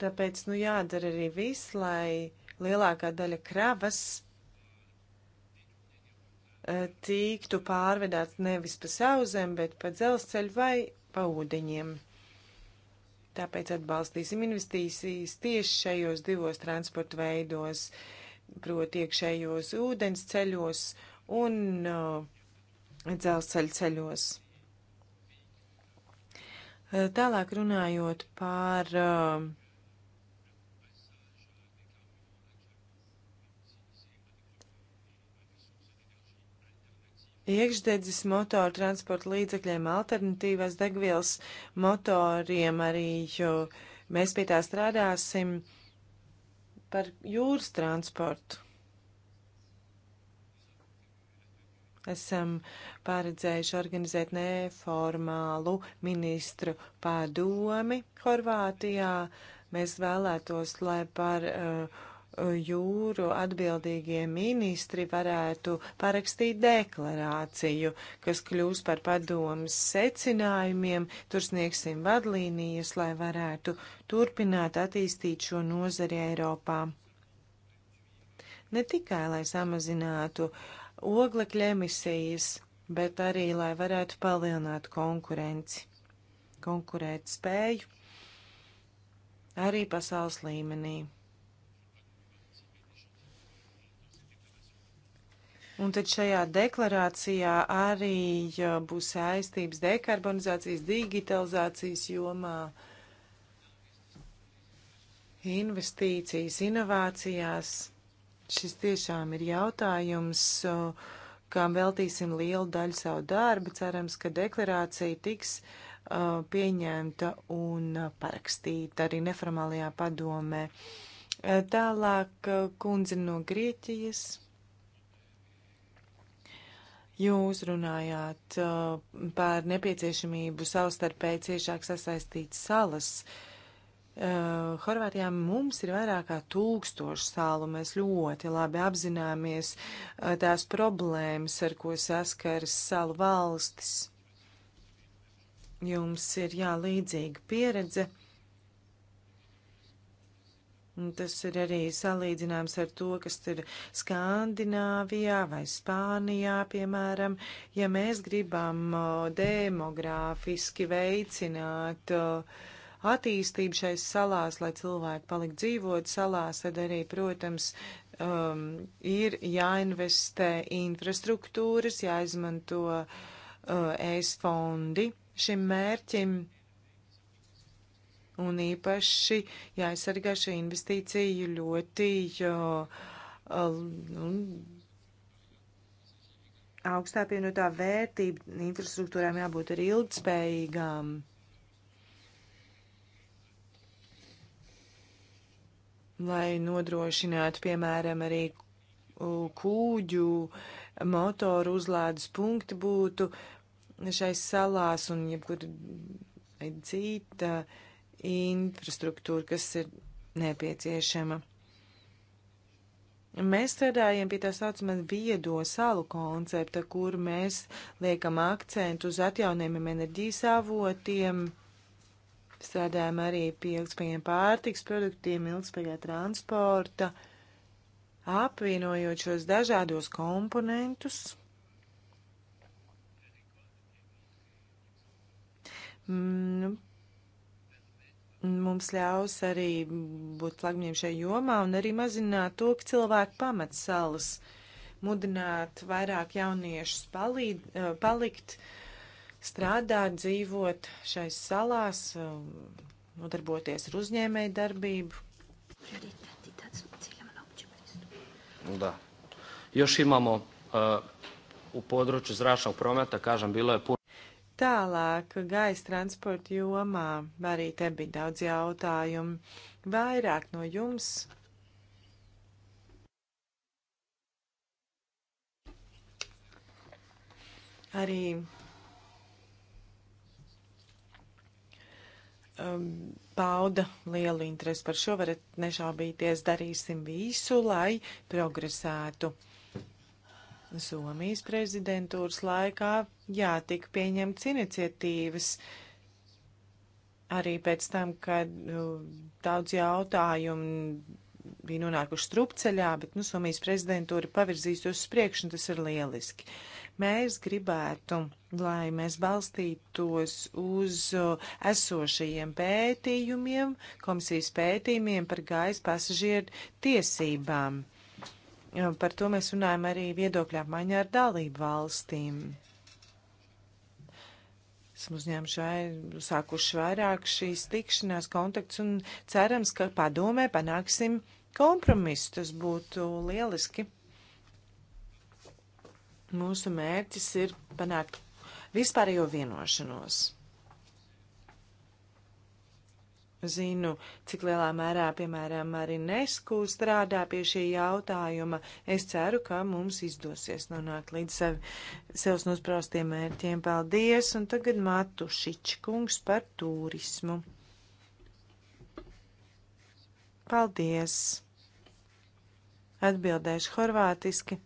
Tāpēc, nu, jādara arī viss, lai lielākā daļa kravas tiktu pārvedāts nevis pa sauzem, bet pa dzelzceļu vai pa ūdeņiem. Tāpēc atbalstīsim investīcijas tieši šajos divos transporta veidos, proti iekšējos ūdens ceļos un uh, dzelzceļa ceļos. Uh, tālāk runājot par uh, iekšdedzes motoru transporta līdzekļiem, alternatīvās degvielas motoriem arī, jo mēs pie tā strādāsim par jūras transportu. Esam paredzējuši organizēt neformālu ministru padomi Horvātijā. Mēs vēlētos, lai par uh, jūru atbildīgie ministri varētu parakstīt deklarāciju, kas kļūs par padomas secinājumiem, tur sniegsim vadlīnijas, lai varētu turpināt attīstīt šo nozari Eiropā. Ne tikai, lai samazinātu oglekļa emisijas, bet arī, lai varētu palielināt konkurenci, konkurēt spēju arī pasaules līmenī. Un tad šajā deklarācijā arī būs saistības dekarbonizācijas, digitalizācijas jomā, investīcijas, inovācijās. Šis tiešām ir jautājums, kam veltīsim lielu daļu savu darbu. Cerams, ka deklarācija tiks pieņemta un parakstīta arī neformālajā padomē. Tālāk kundze no Grieķijas. Jūs runājāt uh, par nepieciešamību savstarpēji ciešāk sasaistīt salas. Uh, Horvātijā mums ir vairāk kā tūkstoši salu. Mēs ļoti labi apzināmies uh, tās problēmas, ar ko saskaras salu valstis. Jums ir jā, līdzīga pieredze. Uh, Tas ir arī salīdzināms ar to, kas ir Skandināvijā vai Spānijā, piemēram. Ja mēs gribam demogrāfiski veicināt attīstību šais salās, lai cilvēki palikt dzīvot salās, tad arī, protams, um, ir jāinvestē infrastruktūras, jāizmanto uh, es fondi šim mērķim Un īpaši jāaizsargā šī investīcija ļoti jo, uh, un, augstā pievienotā vērtība infrastruktūrām jābūt arī ilgtspējīgām. lai nodrošinātu, piemēram, arī kūģu motoru uzlādes punkti būtu šais salās un jebkur cita infrastruktūru, kas ir nepieciešama. Mēs strādājam pie tā saucamā viedo salu koncepta, kur mēs liekam akcentu uz atjaunējumiem enerģijas avotiem. Strādājam arī pie ilgspējiem pārtiks produktiem, ilgspējā transporta, apvienojot šos dažādos komponentus. Mm, nu, mums ļaus arī būt flagmiem šajā jomā un arī mazināt to, ka cilvēki pamet salas, mudināt vairāk jauniešus palīd, eh, palikt, strādāt, dzīvot šais salās, eh, nodarboties ar uzņēmēju darbību. Da. Još imamo uh, u području zračnog prometa, kažem, bilo je puno Tālāk, gaisa transporta jomā arī te bija daudz jautājumu. Vairāk no jums. Arī um, pauda lielu interesi par šo, varat nešaubīties, darīsim visu, lai progresētu. Somijas prezidentūras laikā, jā, tika pieņemts iniciatīvas. Arī pēc tam, kad nu, daudz jautājumu bija nonākuši strupceļā, bet, nu, Somijas prezidentūra pavirzīsies uz priekšu, un tas ir lieliski. Mēs gribētu, lai mēs balstītos uz esošajiem pētījumiem, komisijas pētījumiem par gaisa pasažieru tiesībām. Par to mēs runājam arī viedokļa apmaiņā ar dalību valstīm. Esmu uzņēmuši vai, sākuši vairāk šīs tikšanās kontakts un cerams, ka padomē panāksim kompromisu. Tas būtu lieliski. Mūsu mērķis ir panākt vispārējo vienošanos. Zinu, cik lielā mērā, piemēram, arī Nesku strādā pie šī jautājuma. Es ceru, ka mums izdosies nonākt līdz sev, sevs nospraustiem mērķiem. Paldies! Un tagad Matušič kungs par turismu. Paldies! Atbildēšu horvātiski.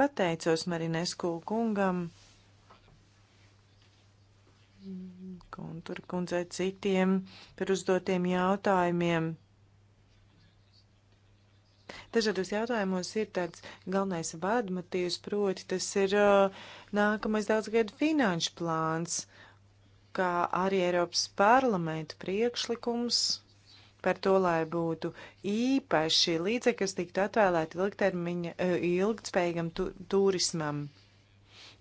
Pateicos Marinesku kungam. Mm. Kontura kundzei citiem par uzdotiem jautājumiem. Dažādos jautājumos ir tāds galvenais vadmatīvs, proti tas ir uh, nākamais daudzgadu finanšu plāns, kā arī Eiropas parlamenta priekšlikums par to, lai būtu īpaši līdzekļi, kas tiktu atvēlēti ilgtermiņa, uh, ilgtspējīgam tu, turismam.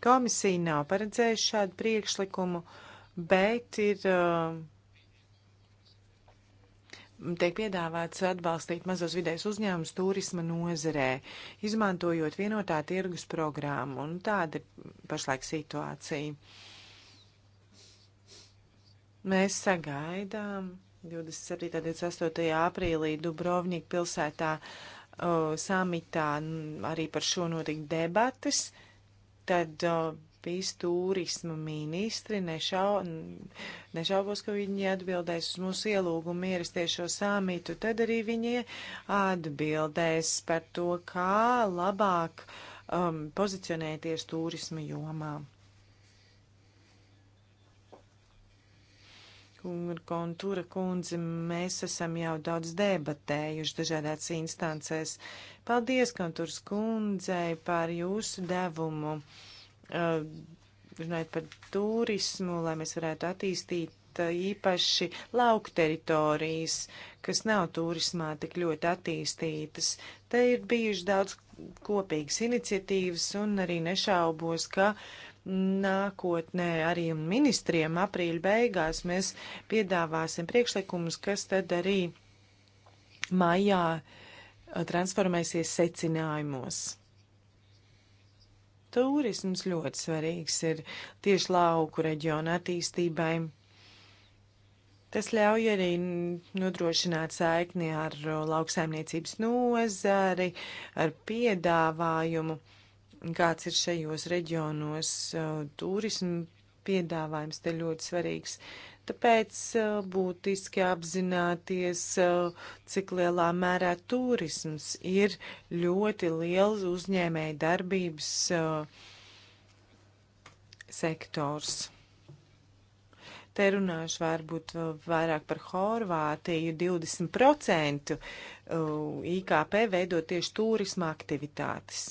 Komisija nav paredzējusi šādu priekšlikumu. Uh, bet ir. Um, tiek piedāvāts atbalstīt mazos vidējos uzņēmumus turisma nozerē, izmantojot vienotā tirgus programmu, un tāda ir pašlaik situācija. Mēs sagaidām 27. un 28. aprīlī Dubrovnika pilsētā uh, samitā arī par šo notika debatas. Tad uh, Latvijas turisma ministri. Nešau, nešaubos, ka viņi atbildēs uz mūsu ielūgumu ierasties šo samitu. Tad arī viņi atbildēs par to, kā labāk um, pozicionēties turisma jomā. Kontūra kundze, mēs esam jau daudz debatējuši dažādās instancēs. Paldies, Kontūras kundzei, par jūsu devumu. Uh, runājot par turismu, lai mēs varētu attīstīt īpaši lauku teritorijas, kas nav turismā tik ļoti attīstītas. Te ir bijuši daudz kopīgas iniciatīvas un arī nešaubos, ka nākotnē arī ministriem aprīļa beigās mēs piedāvāsim priekšlikumus, kas tad arī maijā transformēsies secinājumos. Turisms ļoti svarīgs ir tieši lauku reģionu attīstībai. Tas ļauj arī nodrošināt saikni ar lauksaimniecības nozari, ar piedāvājumu, kāds ir šajos reģionos. Uh, turismu piedāvājums te ļoti svarīgs. Tāpēc būtiski apzināties, cik lielā mērā turisms ir ļoti liels uzņēmēja darbības sektors. Te runāšu varbūt vairāk par Horvātiju. 20% IKP veido tieši turisma aktivitātes.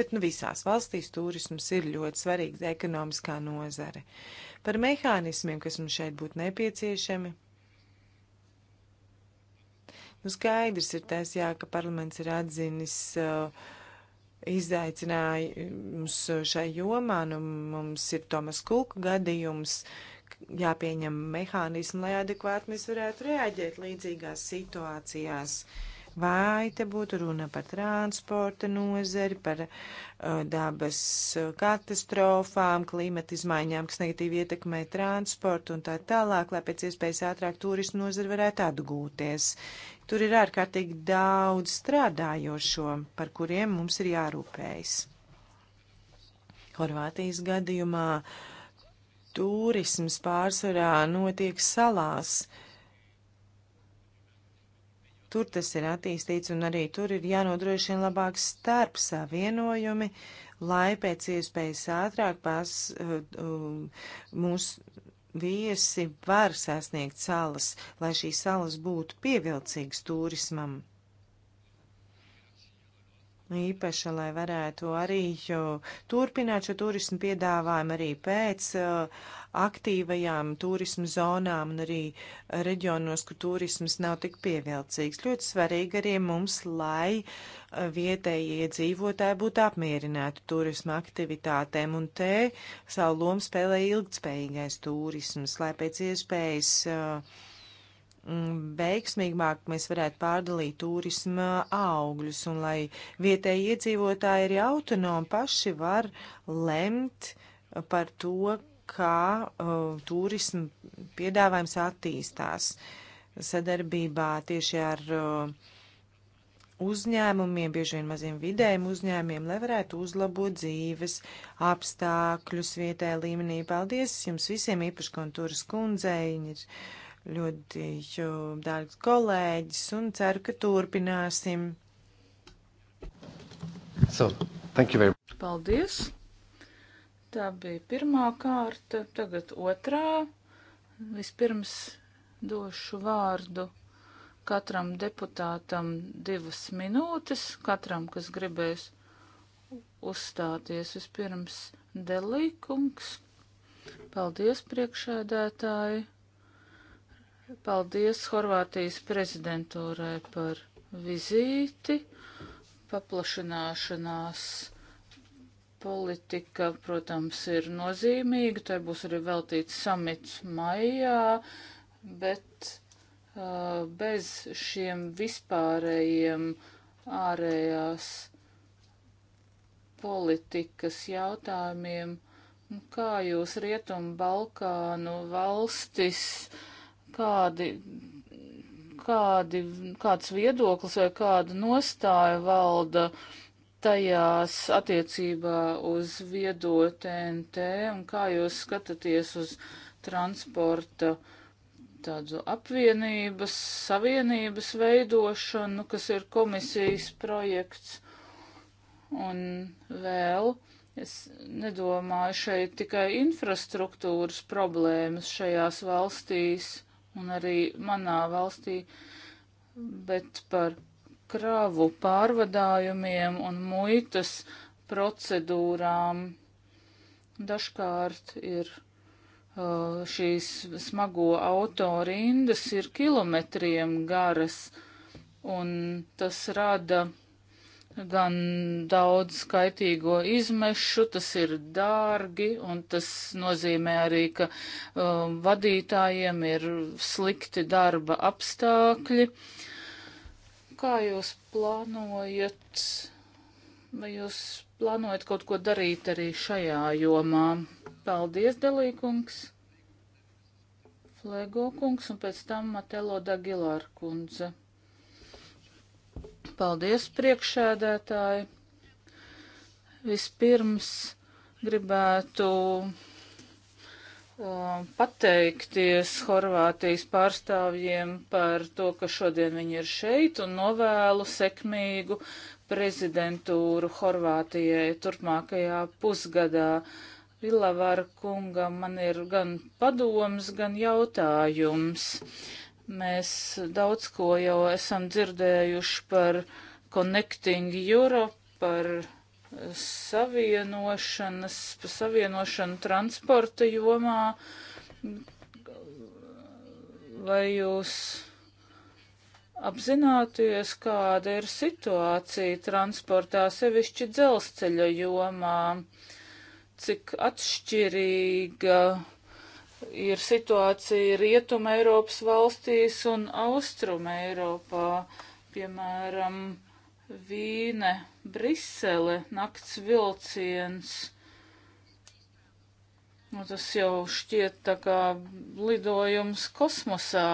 Bet nu, visās valstīs turisms ir ļoti svarīgs ekonomiskā nozare. Uh, par mehānismiem, kas mums šeit būtu nepieciešami. Nu, skaidrs ir tas, jā, ka parlaments ir atzinis uh, izaicinājums uh, šai jomā. Nu, mums ir Tomas Kulka gadījums, jāpieņem mehānismi, lai adekvāti mēs varētu reaģēt līdzīgās situācijās. Uh, Vai te būtu runa par transporta nozari, par uh, dabas uh, katastrofām, klimata izmaiņām, kas negatīvi ietekmē transportu un tā tālāk, lai pēc iespējas ātrāk turismu nozari varētu atgūties. Tur ir ārkārtīgi daudz strādājošo, par kuriem mums ir jārūpējas. Horvātijas gadījumā turisms pārsvarā notiek salās. Uh, Tur tas ir attīstīts un arī tur ir jānodrošina labāks starp savienojumi, lai pēc iespējas ātrāk pas, uh, um, mūsu viesi var sasniegt salas, lai šīs salas būtu pievilcīgas turismam. Īpaši, lai varētu arī turpināt šo turismu piedāvājumu arī pēc uh, aktīvajām turismu zonām un arī reģionos, kur turisms nav tik pievilcīgs. Ļoti svarīgi arī mums, lai uh, vietējie iedzīvotāji būtu apmierināti turisma aktivitātēm, un te savu lomu spēlē ilgtspējīgais turisms, lai pēc iespējas uh, mm, veiksmīgāk mēs varētu pārdalīt turisma augļus un lai vietēji iedzīvotāji arī autonomi paši var lemt uh, par to, kā uh, turismu piedāvājums attīstās sadarbībā tieši ar uh, uzņēmumiem, bieži vien maziem vidējiem uzņēmumiem, lai varētu uzlabot dzīves apstākļus vietējā līmenī. Paldies jums visiem, īpaši kontūras kundzei, ir ļoti dārgs kolēģis un ceru, ka turpināsim. So, thank you very much. Paldies! Tā bija pirmā kārta, tagad otrā. Vispirms došu vārdu katram deputātam divas minūtes, katram, kas gribēs uzstāties vispirms delīkums. Paldies, priekšēdētāji! Paldies Horvātijas prezidentūrai par vizīti, paplašināšanās politika, protams, ir nozīmīga. Tai būs arī veltīts samits maijā, bet uh, bez šiem vispārējiem ārējās politikas jautājumiem, nu, kā jūs Rietumu Balkānu valstis, kādi, kādi, kāds viedoklis vai kāda nostāja valda tajās attiecībā uz viedo TNT un kā jūs skatāties uz transporta tādu apvienības, savienības veidošanu, kas ir komisijas projekts. Un vēl es nedomāju šeit tikai infrastruktūras problēmas šajās valstīs un arī manā valstī, bet par kravu pārvadājumiem un muitas procedūrām. Dažkārt ir šīs smago auto rindas ir kilometriem garas, un tas rada gan daudz skaitīgo izmešu, tas ir dārgi, un tas nozīmē arī, ka um, vadītājiem ir slikti darba apstākļi. Uh, kā jūs plānojat, vai jūs plānojat kaut ko darīt arī šajā jomā? Paldies, Delīkungs, Flego kungs un pēc tam Matelo Dagilār kundze. Paldies, priekšēdētāji. Vispirms gribētu Um, pateikties Horvātijas pārstāvjiem par to, ka šodien viņi ir šeit un novēlu sekmīgu prezidentūru Horvātijai turpmākajā pusgadā. Vilavara kungam man ir gan padoms, gan jautājums. Mēs daudz ko jau esam dzirdējuši par Connecting Europe, par savienošanas, pa savienošanu transporta jomā, vai jūs apzināties, kāda ir situācija transportā, sevišķi dzelzceļa jomā, cik atšķirīga ir situācija Rietuma Eiropas valstīs un Austruma Eiropā, piemēram, uh, Vīne, Brisele, nakts vilciens. Nu, tas jau šķiet tā kā lidojums kosmosā.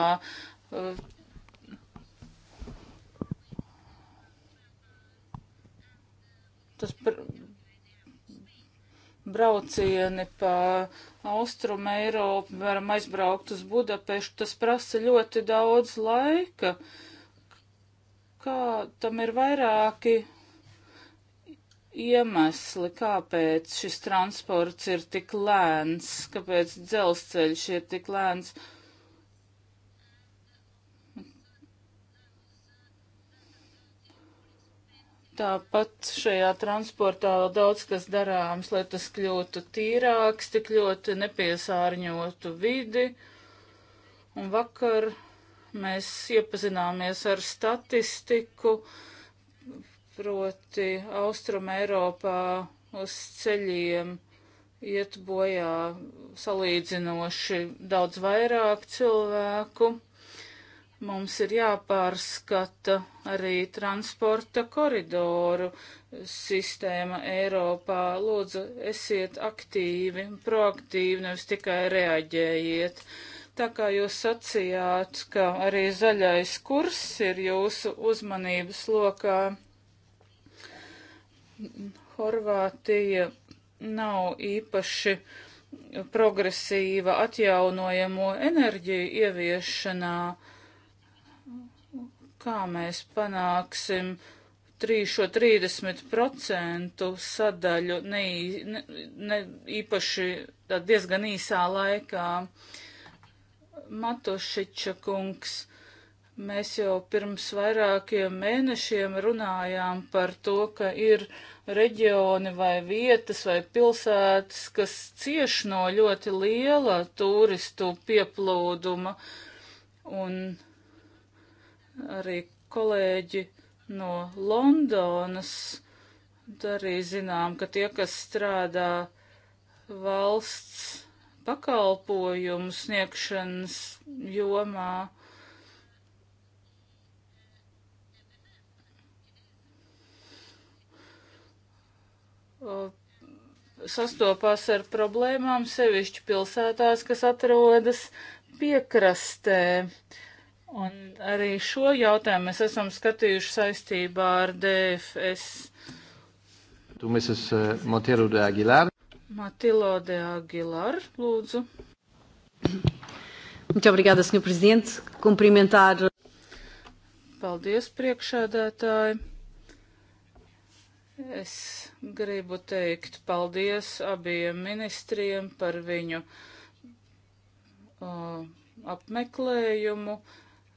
Tas braucieni pa Austrumu Eiropu, varam aizbraukt uz Budapeštu, tas prasa ļoti daudz laika. Uh, kā tam ir vairāki iemesli, kāpēc šis transports ir tik lēns, kāpēc dzelzceļš ir tik lēns. Tāpat šajā transportā vēl daudz kas darāms, lai tas kļūtu tīrāks, tik ļoti nepiesārņotu vidi. Un vakar Mēs iepazināmies ar statistiku, proti Austrum Eiropā uz ceļiem iet bojā salīdzinoši daudz vairāk cilvēku. Mums ir jāpārskata arī transporta koridoru sistēma Eiropā. Lūdzu, esiet aktīvi, proaktīvi, nevis tikai reaģējiet. Uh, Tā kā jūs sacījāt, ka arī zaļais kurs ir jūsu uzmanības lokā, Horvātija nav īpaši progresīva atjaunojamo enerģiju ieviešanā. Kā mēs panāksim 3, šo 30% sadaļu ne, ne, ne īpaši diezgan īsā laikā? Uh, Matošiča kungs. Mēs jau pirms vairākiem mēnešiem runājām par to, ka ir reģioni vai vietas vai pilsētas, kas cieš no ļoti liela turistu pieplūduma. Un arī kolēģi no Londonas arī zinām, ka tie, kas strādā valsts pakalpojumu sniegšanas jomā. Sastopās ar problēmām sevišķi pilsētās, kas atrodas piekrastē. Un arī šo jautājumu mēs esam skatījuši saistībā ar DFS. Tu, Mrs. Eh, Montero de Aguilar. Matilo de Aguilar, lūdzu. Muito obrigada, Sr. Presidente. Cumprimentar. Paldies, priekšēdētāji. Es gribu teikt paldies abiem ministriem par viņu uh, apmeklējumu.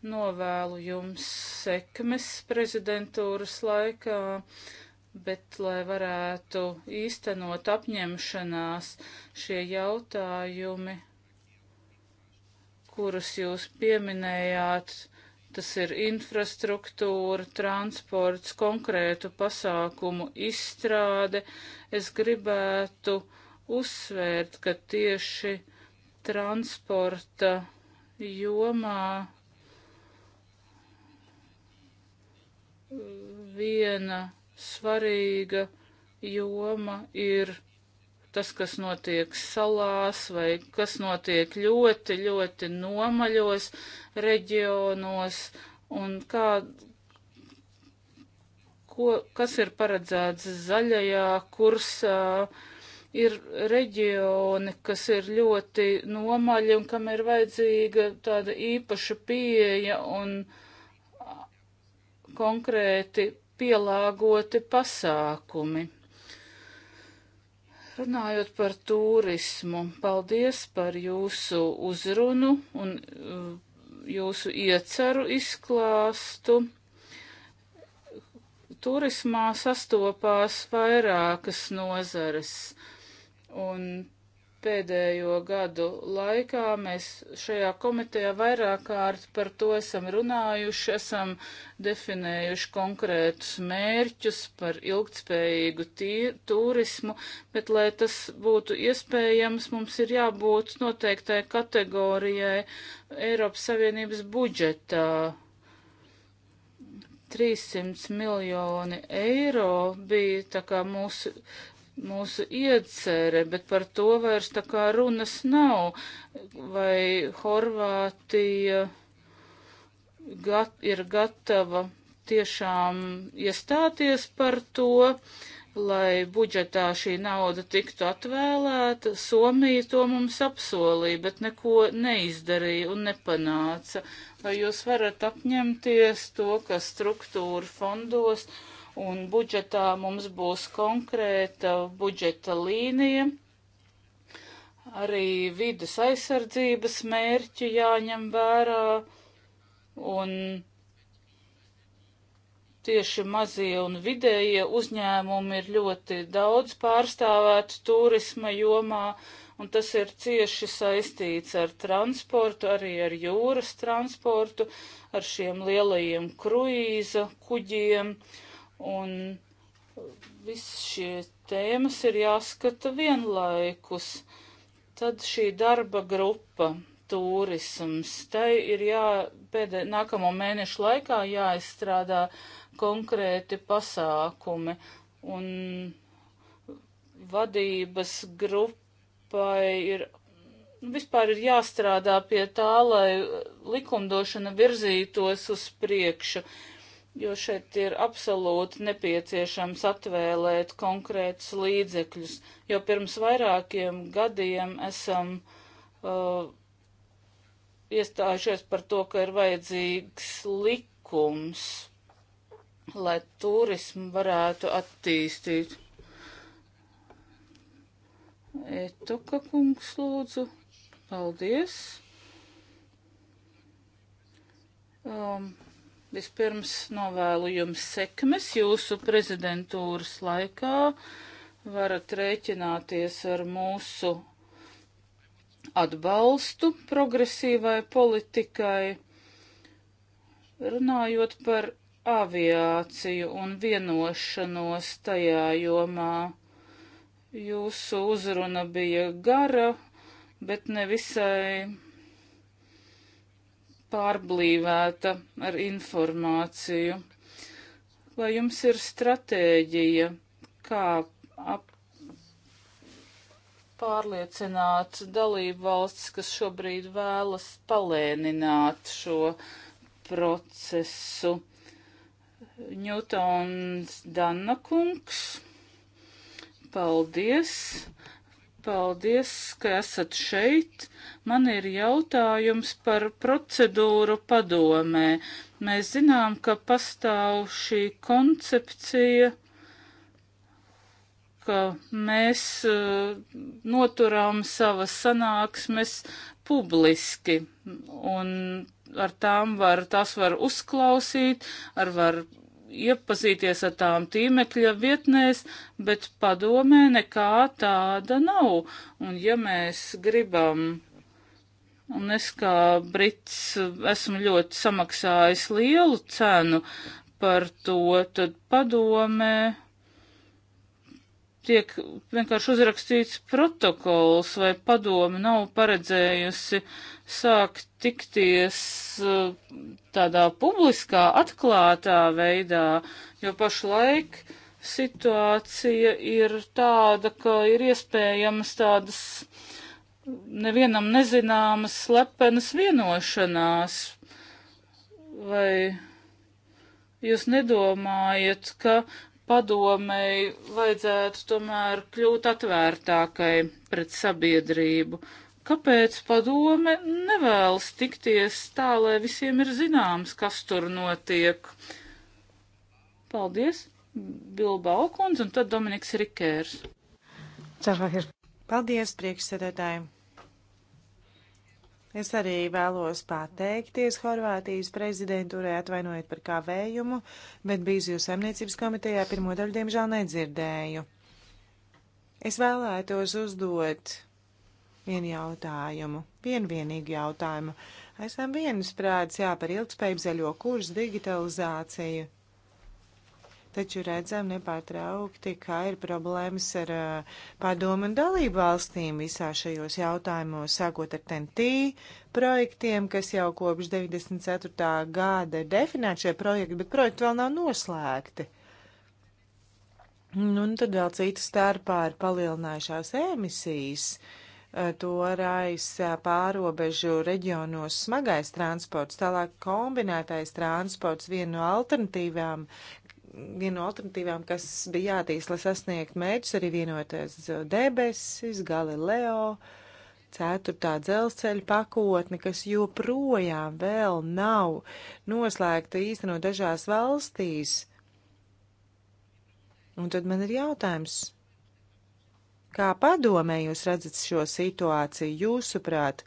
Novēlu jums sekmes prezidentūras laikā. Uh, bet lai varētu īstenot apņemšanās šie jautājumi, kurus jūs pieminējāt, tas ir infrastruktūra, transports, konkrētu pasākumu izstrāde, es gribētu uzsvērt, ka tieši transporta jomā viena svarīga joma ir tas, kas notiek salās vai kas notiek ļoti, ļoti nomaļos reģionos un kā, ko, kas ir paredzēts zaļajā kursā. Ir reģioni, kas ir ļoti nomaļi un kam ir vajadzīga tāda īpaša pieeja un konkrēti pielāgoti pasākumi. Runājot par turismu, paldies par jūsu uzrunu un uh, jūsu ieceru izklāstu. Turismā sastopās vairākas nozares, un Pēdējo gadu laikā mēs šajā komitejā vairāk kārt par to esam runājuši, esam definējuši konkrētus mērķus par ilgtspējīgu tīr, turismu, bet, lai tas būtu iespējams, mums ir jābūt noteiktai kategorijai Eiropas Savienības budžetā. 300 miljoni eiro bija tā kā mūsu mūsu iedzere, bet par to vairs tā kā runas nav. Vai Horvātija gat, ir gatava tiešām iestāties par to, lai budžetā šī nauda tiktu atvēlēta? Somija to mums apsolīja, bet neko neizdarīja un nepanāca. Vai jūs varat apņemties to, ka struktūra fondos un budžetā mums būs konkrēta budžeta līnija. Arī vidas aizsardzības mērķi jāņem vērā un tieši mazie un vidējie uzņēmumi ir ļoti daudz pārstāvēti turisma jomā, un tas ir cieši saistīts ar transportu, arī ar jūras transportu, ar šiem lielajiem kruīza kuģiem. Uh, Un viss šie tēmas ir jāskata vienlaikus. Tad šī darba grupa turisms. Tai ir jā, pēdē, nākamo mēnešu laikā jāizstrādā konkrēti pasākumi. Un vadības grupai ir vispār ir jāstrādā pie tā, lai likumdošana virzītos uz priekšu jo šeit ir absolūti nepieciešams atvēlēt konkrētus līdzekļus, jo pirms vairākiem gadiem esam uh, iestājušies par to, ka ir vajadzīgs likums, lai turismu varētu attīstīt. Etuka kungs lūdzu, paldies. Um, Vispirms novēlu jums sekmes jūsu prezidentūras laikā. Varat rēķināties ar mūsu atbalstu progresīvai politikai. Runājot par aviāciju un vienošanos tajā jomā, jūsu uzruna bija gara, bet nevisai pārblīvēta ar informāciju. Vai jums ir stratēģija, kā ap, pārliecināt dalību valsts, kas šobrīd vēlas palēnināt šo procesu? Ņūtons Danna kungs, paldies! Paldies, ka esat šeit. Man ir jautājums par procedūru padomē. Mēs zinām, ka pastāv šī koncepcija ka mēs uh, noturām savas sanāksmes publiski un ar tām var, tās var uzklausīt, ar var iepazīties ar tām tīmekļa vietnēs, bet padomē nekā tāda nav. Un ja mēs gribam, un es kā brits esmu ļoti samaksājis lielu cenu par to, tad padomē tiek vienkārši uzrakstīts protokols, vai padomi nav paredzējusi sākt tikties eh, tādā publiskā, atklātā veidā, jo pašlaik situācija ir tāda, ka ir iespējams tādas nevienam nezināmas slepenas vienošanās. Vai jūs nedomājat, ka padomei vajadzētu tomēr kļūt atvērtākai pret sabiedrību. Kāpēc padome nevēlas tikties tā, lai visiem ir zināms, kas tur notiek? Paldies, Bilbao kundze, un tad Dominiks Rikērs. Paldies, priekšsēdētāji! Es arī vēlos pateikties Horvātijas prezidentūrai, atvainojiet par kavējumu, bet bīzu saimniecības komitejā pirmo daļu diemžēl nedzirdēju. Es vēlētos uzdot vienu jautājumu, vienu vienīgu jautājumu. Esam vienas prāts, jā, par ilgspējību zaļo kursu, digitalizāciju, taču redzam nepārtraukti, kā ir problēmas ar uh, padomu un dalību valstīm visā šajos jautājumos, sākot ar TNT projektiem, kas jau kopš 94. gada ir definēti šie projekti, bet projekti vēl nav noslēgti. Nu, un tad vēl citu starpā ir palielinājušās emisijas. Uh, Toreiz uh, pārobežu reģionos smagais transports, tālāk kombinētais transports, viena no alternatīvām, viena no alternatīvām, kas bija jātīst, lai sasniegtu mērķus, arī vienoties debesis, Galileo, ceturtā dzelzceļa pakotni, kas joprojām vēl nav noslēgta īstenot dažās valstīs. Un tad man ir jautājums, kā padomē jūs redzat šo situāciju, jūsuprāt,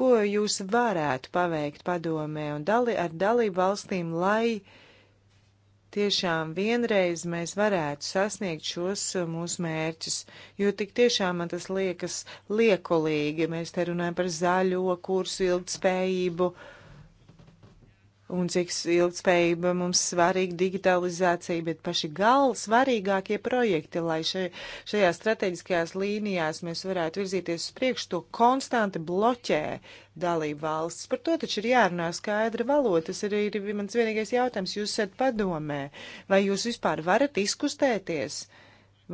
ko jūs varētu paveikt padomē un dali, ar dalību valstīm, lai uh, tiešām vienreiz mēs varētu sasniegt šos eh, mūsu mērķus, jo tik tiešām man tas liekas liekolīgi. Mēs te runājam par zaļo kursu, ilgtspējību. Uh, un cik ilgspējība mums svarīga digitalizācija, bet paši gal svarīgākie projekti, lai še, šajā strateģiskajās līnijās mēs varētu virzīties uz priekšu, to konstanti bloķē dalību valsts. Par to taču ir jārunā skaidra valoda. Tas arī ir mans vienīgais jautājums. Jūs esat padomē, vai jūs vispār varat izkustēties,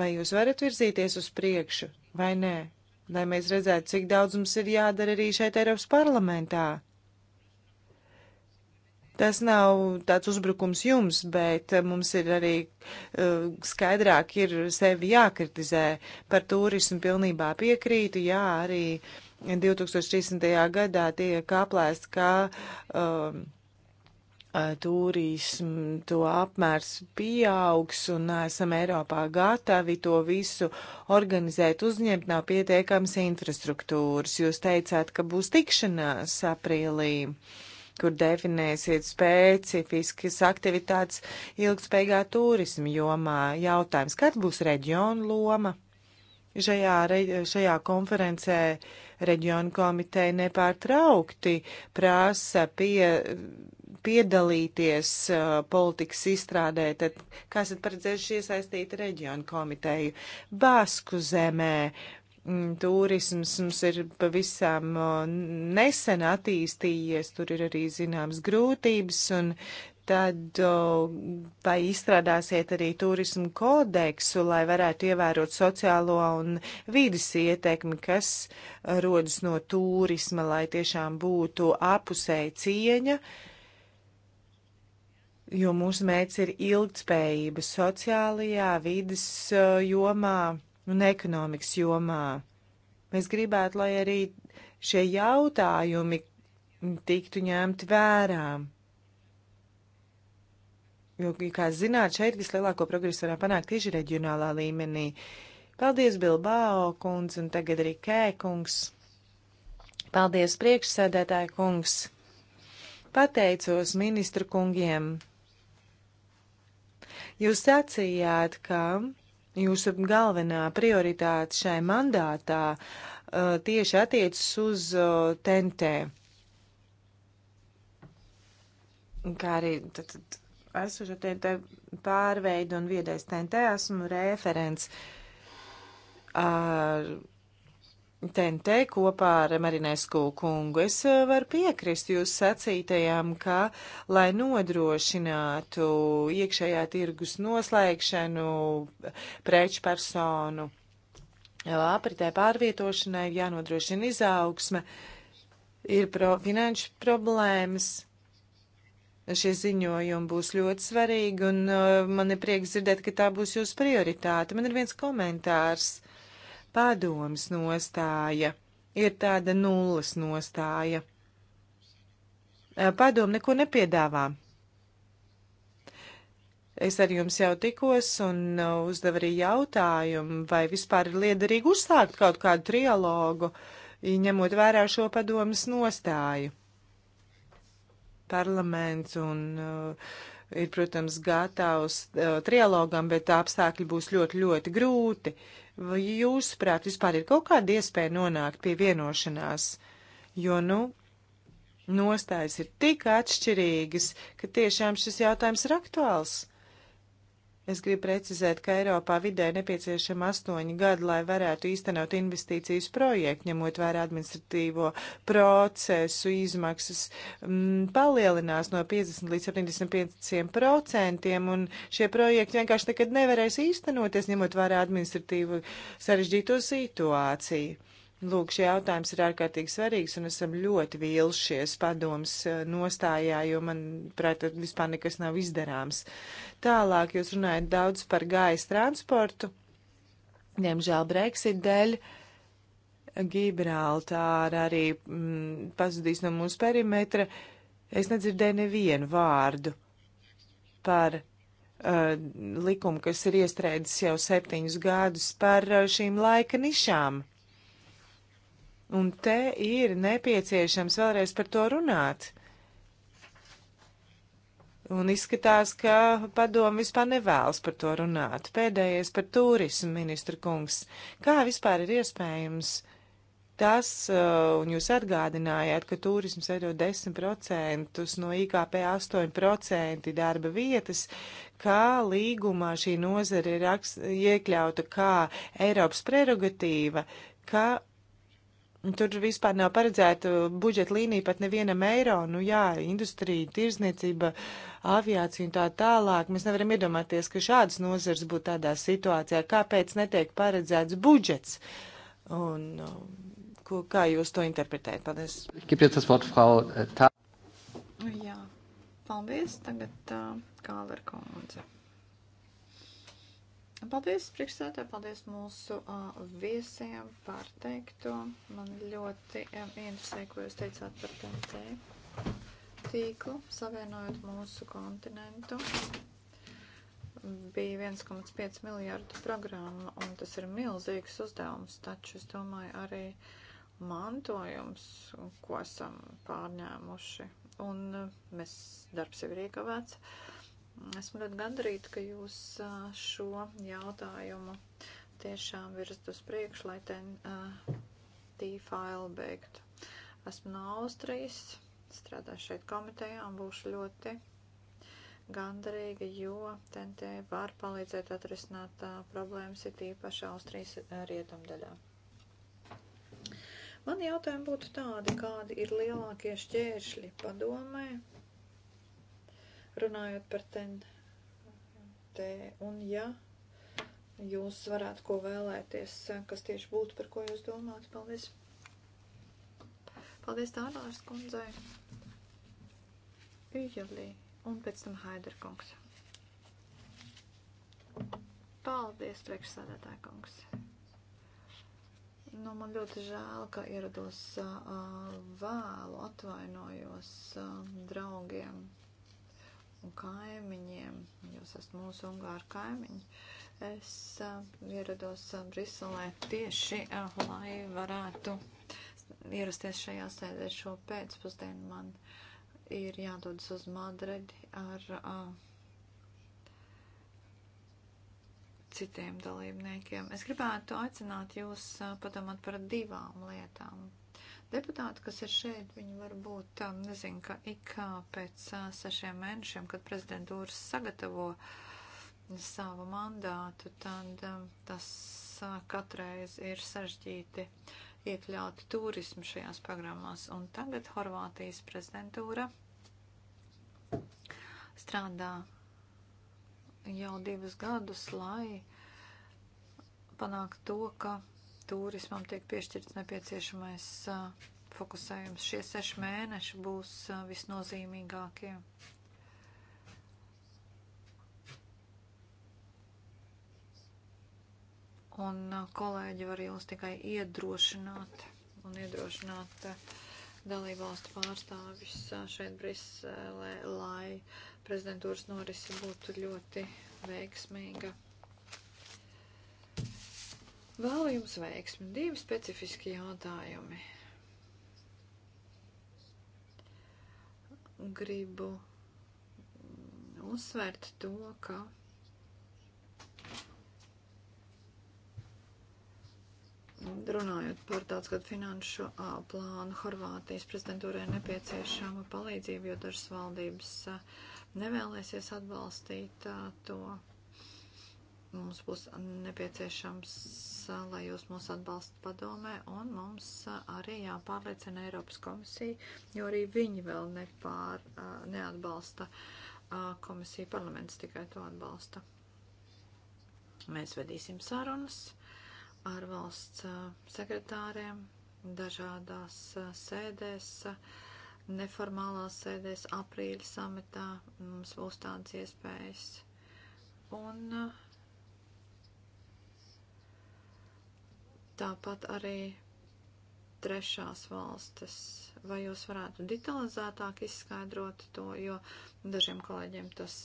vai jūs varat virzīties uz priekšu vai nē? Lai mēs redzētu, cik daudz mums ir jādara arī šeit Eiropas parlamentā. Tas nav tāds uzbrukums jums, bet mums ir arī uh, skaidrāk ir sevi jākritizē par turismu pilnībā piekrītu, jā, arī 2030. gadā tiek aplēsts, ka uh, um, turismu to apmērs pieaugs un esam Eiropā gatavi to visu organizēt, uzņemt, nav pietiekams infrastruktūras. Jūs teicāt, ka būs tikšanās aprīlī. Uh, kur definēsiet specifiskas aktivitātes ilgspējīgā turisma jomā. Jautājums, kad būs reģiona loma? Šajā, re, šajā konferencē reģiona komiteja nepārtraukti prasa pie, piedalīties uh, politikas izstrādē, tad kā esat paredzējuši iesaistīt reģiona komiteju? Basku zemē Mm, turisms mums ir pavisam nesen attīstījies, tur ir arī zināmas grūtības, un tad vai izstrādāsiet arī turismu kodeksu, lai varētu ievērot sociālo un vīdes ietekmi, kas rodas no turisma, lai tiešām būtu apusēja cieņa, jo mūsu mērķis ir ilgtspējība sociālajā vīdes jomā un ekonomikas jomā. Mēs gribētu, lai arī šie jautājumi tiktu ņemti vērā. Jo, kā zināt, šeit vislielāko progresu varam panākt tieši reģionālā līmenī. Paldies, Bilbao kungs, un tagad arī Kēkungs. Paldies, priekšsēdētāja kungs. Pateicos ministru kungiem. Jūs sacījāt, ka Jūsu galvenā prioritāte šai mandātā uh, tieši attiecas uz uh, TNT. Kā arī tad, tad, esošo TNT pārveidu un viedais TNT esmu referents. Uh, TNT kopā ar Marinesku kungu. Es eh, varu piekrist jūs sacītajām, ka, lai nodrošinātu iekšējā tirgus noslēgšanu preču personu eh, apritē pārvietošanai, jānodrošina izaugsme, ir pro, finanšu problēmas šie ziņojumi būs ļoti svarīgi, un uh, man ir prieks dzirdēt, ka tā būs jūsu prioritāte. Man ir viens komentārs padomas nostāja ir tāda nulles nostāja. Padomu neko nepiedāvā. Es ar jums jau tikos un uzdevu arī jautājumu, vai vispār ir liederīgi uzsākt kaut kādu trialogu, ņemot vērā šo padomas nostāju. Parlaments un uh, ir, protams, gatavs uh, trialogam, bet apstākļi būs ļoti, ļoti grūti. Uh, Vai jūsuprāt, vispār ir kaut kāda iespēja nonākt pie vienošanās? Jo, nu, nostājas ir tik atšķirīgas, ka tiešām šis jautājums ir aktuāls. Es gribu precizēt, ka Eiropā vidē nepieciešama astoņi gadi, lai varētu īstenot investīcijas projektu, ņemot vērā administratīvo procesu izmaksas m, mm, palielinās no 50 līdz 75 procentiem, un šie projekti vienkārši nekad nevarēs īstenoties, ņemot vērā administratīvu sarežģīto situāciju. Lūk, šie jautājums ir ārkārtīgi svarīgs, un esam ļoti vīlušies padoms eh, nostājā, jo, manuprāt, vispār nekas nav izdarāms. Tālāk jūs runājat daudz par gaisa transportu, diemžēl Brexit dēļ. Gibraltāra arī mm, pazudīs no mūsu perimetra. Es nedzirdēju nevienu vārdu par uh, likumu, kas ir iestrēdzis jau septiņus gadus par uh, šīm laika nišām. Uh, Un te ir nepieciešams vēlreiz par to runāt. Un izskatās, ka padomu vispār nevēlas par to runāt. Pēdējais par turismu ministru kungs. Kā vispār ir iespējams tas, uh, un jūs atgādinājāt, ka turisms veido 10% no IKP 8% darba vietas, kā līgumā šī nozara ir iekļauta kā Eiropas prerogatīva, ka Tur vispār nav paredzēta budžeta līnija pat nevienam eiro. Nu jā, industrija, tirzniecība, aviācija un tā tālāk. Mēs nevaram iedomāties, ka šādas nozars būtu tādā situācijā. Kāpēc netiek paredzēts budžets? Un um, ko, kā jūs to interpretējat? Paldies. Kipiet tas vārds, Frau äh, Tā. Jā, paldies. Tagad uh, Kāler kundze. Paldies, priekšsētā, paldies mūsu uh, viesiem par teikto. Man ļoti um, interesē, ko jūs teicāt par TNT tīklu, savienojot mūsu kontinentu. Bija 1,5 miljārdu programma, un tas ir milzīgs uzdevums, taču es domāju arī mantojums, ko esam pārņēmuši, un uh, mēs darbs jau ir iekavēts. Uh, Esmu ļoti gandarīta, ka jūs šo jautājumu tiešām virzat uz priekšu, lai ten tīfailu beigtu. Esmu no Austrijas, strādāju šeit komitejā un būšu ļoti gandarīga, jo TNT var palīdzēt atrisināt uh, problēmas, ir tīpaši Austrijas rietumdaļā. Man jautājumi būtu tādi, kādi ir lielākie šķēršļi padomē, runājot par TNT. Un ja jūs varētu ko vēlēties, kas tieši būtu, par ko jūs domājat, paldies. Paldies Tārlārs kundzei. Ujalī un pēc tam Haiderkungs. Paldies, priekšsēdētāja kungs. Nu, man ļoti žēl, ka ierados uh, vēlu, atvainojos uh, draugiem kaimiņiem, jūs esat mūsu Ungāru kaimiņi. Es uh, ierados uh, Briselē tieši, uh, lai varētu ierasties šajā sēdē šo pēcpusdienu. Man ir jādodas uz Madridi ar uh, citiem dalībniekiem. Es gribētu aicināt jūs padomāt par divām lietām. Deputāti, kas ir šeit, viņi varbūt um, nezin, ka ik uh, pēc uh, sešiem mēnešiem, kad prezidentūras sagatavo savu mandātu, tad um, tas uh, katreiz ir sažģīti iekļaut turismu šajās programmās. Un tagad Horvātijas prezidentūra strādā jau divus gadus, lai panāktu to, ka turismam tiek piešķirts nepieciešamais fokusējums. Šie seši mēneši būs visnozīmīgākie. Un kolēģi var jūs tikai iedrošināt un iedrošināt dalībvalstu pārstāvis šeit Briselē, lai prezidentūras norise būtu ļoti veiksmīga. Vēlu jums veiksmi. Divi specifiski jautājumi. Gribu uzsvērt to, ka runājot par tāds kādu finanšu plānu, Horvātijas prezidentūrai nepieciešama palīdzība, jo dažas valdības nevēlēsies atbalstīt to mums būs nepieciešams, lai jūs mūs atbalstat padomē, un mums arī jāpārliecina Eiropas komisija, jo arī viņi vēl nepār, neatbalsta komisiju, parlaments tikai to atbalsta. Mēs vedīsim sarunas ar valsts sekretāriem dažādās sēdēs, neformālās sēdēs, aprīļa sametā mums būs tādas iespējas. Un uh, Tāpat arī trešās valstis. Vai jūs varētu detalizētāk izskaidrot to, jo dažiem kolēģiem tas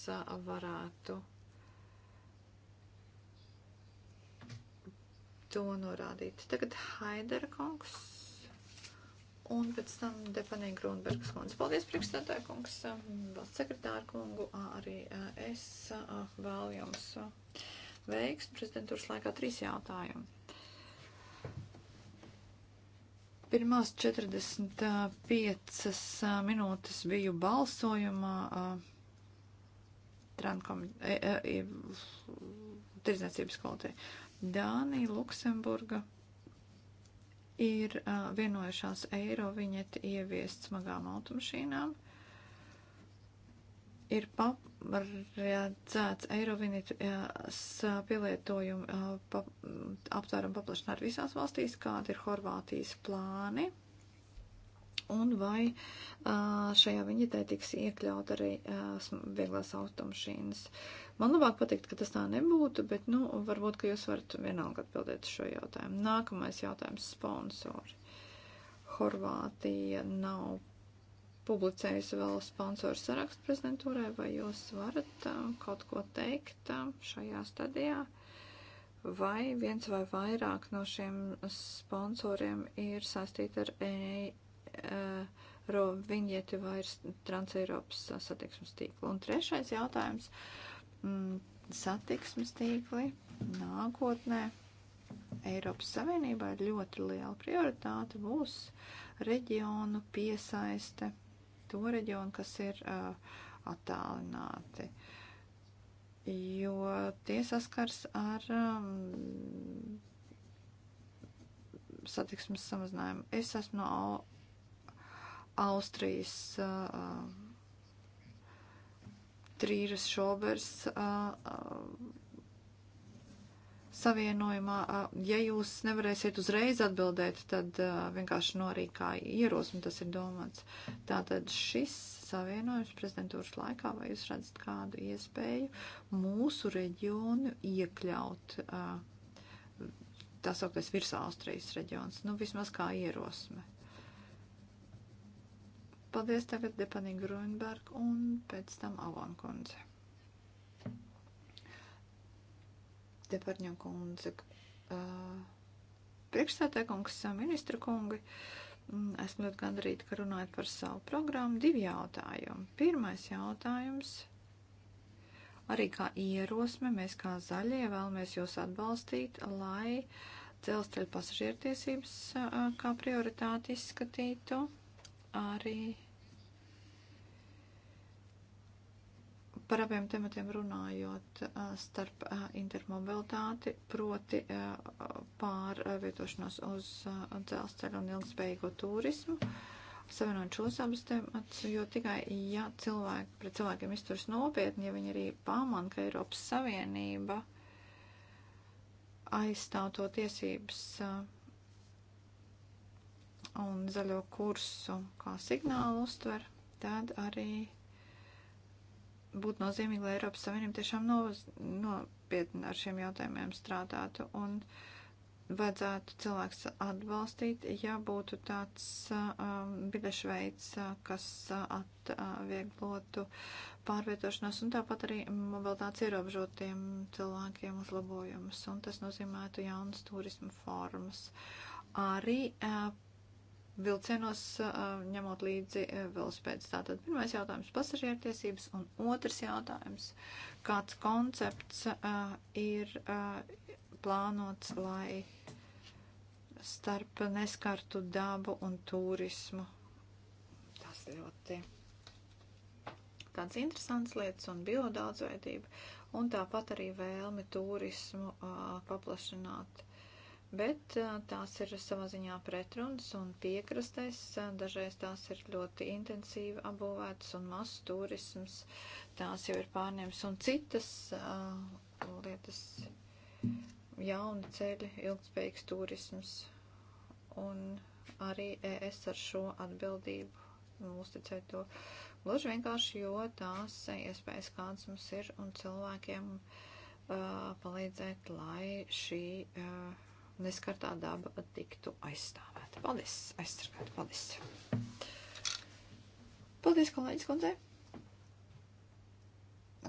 varētu to norādīt. Tagad Haidera kungs un pēc tam Depanīna Grunbergs kundze. Paldies, priekšstādāja kungs, valsts sekretāra kungu, arī es vēlu jums veiksmu prezidentūras laikā trīs jautājumu. Pirmās 45 minūtes biju balsojumā e, e, e, Tirdzniecības komitē. Dānija, Luksemburga ir vienojušās eiro viņeti ieviest smagām automašīnām. Uh, ir paredzēts eirovinītas pielietojumu pa, aptvērumu paplašināt visās valstīs, kāda ir Horvātijas plāni, un vai šajā viņitē tiks iekļaut arī vieglās automašīnas. Man labāk patikt, ka tas tā nebūtu, bet, nu, varbūt, ka jūs varat vienalga atbildēt šo jautājumu. Nākamais jautājums - sponsori. Horvātija nav publicējusi vēl sponsoru sarakstu prezidentūrai, vai jūs varat kaut ko teikt šajā stadijā? Vai viens vai vairāk no šiem sponsoriem ir saistīti ar eiro viņieti vai Transeiropas satiksmes tīklu? Un trešais jautājums mm, - satiksmes tīkli nākotnē. Eiropas Savienībā ir ļoti liela prioritāte būs reģionu piesaiste to reģionu, kas ir uh, attālināti. Jo tie saskars ar um, satiksmes samazinājumu. Es esmu no Austrijas. Uh, Trīras Šobers uh, uh, savienojumā. Ja jūs nevarēsiet uzreiz atbildēt, tad vienkārši norīt kā ierosmi tas ir domāts. Tātad šis savienojums prezidentūras laikā, vai jūs redzat kādu iespēju mūsu reģionu iekļaut tā sauktais virs Austrijas reģions, nu vismaz kā ierosme. Paldies tagad Depanī Grunberg un pēc tam Avankundze. Deparņo kundze, priekšstādākungs, ministra kungi. Mm, esmu ļoti gandarīta, ka runājat par savu programmu. Divi jautājumi. Pirmais jautājums. Arī kā ierosme mēs kā zaļie vēlamies jūs atbalstīt, lai dzelzceļa pasažiertiesības kā prioritāti izskatītu arī Par abiem tematiem runājot starp intermobilitāti, proti pārvietošanos uz dzelzceļu un ilgspējīgo turismu savienot šos abus tematus, jo tikai, ja cilvēki pret cilvēkiem izturas nopietni, ja viņi arī pamana, ka Eiropas Savienība aizstāv to tiesības un zaļo kursu kā signālu uztver, tad arī būtu nozīmīgi, lai Eiropas Savienība tiešām nopietni ar šiem jautājumiem strādātu un vajadzētu cilvēks atbalstīt, ja būtu tāds um, biļešu veids, kas atvieglotu pārvietošanos un tāpat arī mobilitātes ierobežotiem cilvēkiem uzlabojumus. Un tas nozīmētu jaunas turisma formas. Arī uh, vilcienos, uh, ņemot līdzi uh, velospēdas. Tātad pirmais jautājums - pasažiertiesības, un otrs jautājums - kāds koncepts uh, ir plānots, lai starp neskartu dabu un turismu. Tas ļoti tāds interesants lietas un biodaudzveidība, un tāpat arī vēlme turismu uh, paplašināt bet tās ir savā ziņā pretrunas un piekrastais. Dažreiz tās ir ļoti intensīvi apbūvētas un mazs turisms. Tās jau ir pārņemts un citas uh, lietas, jauni ceļi, ilgspējīgs turisms un arī es ar šo atbildību uzticēju to gluži vienkārši, jo tās iespējas kādas mums ir un cilvēkiem uh, palīdzēt, lai šī uh, neskartā daba tiktu aizstāvēta. Paldies, aizsargāt, paldies. Paldies, kolēģis kundze.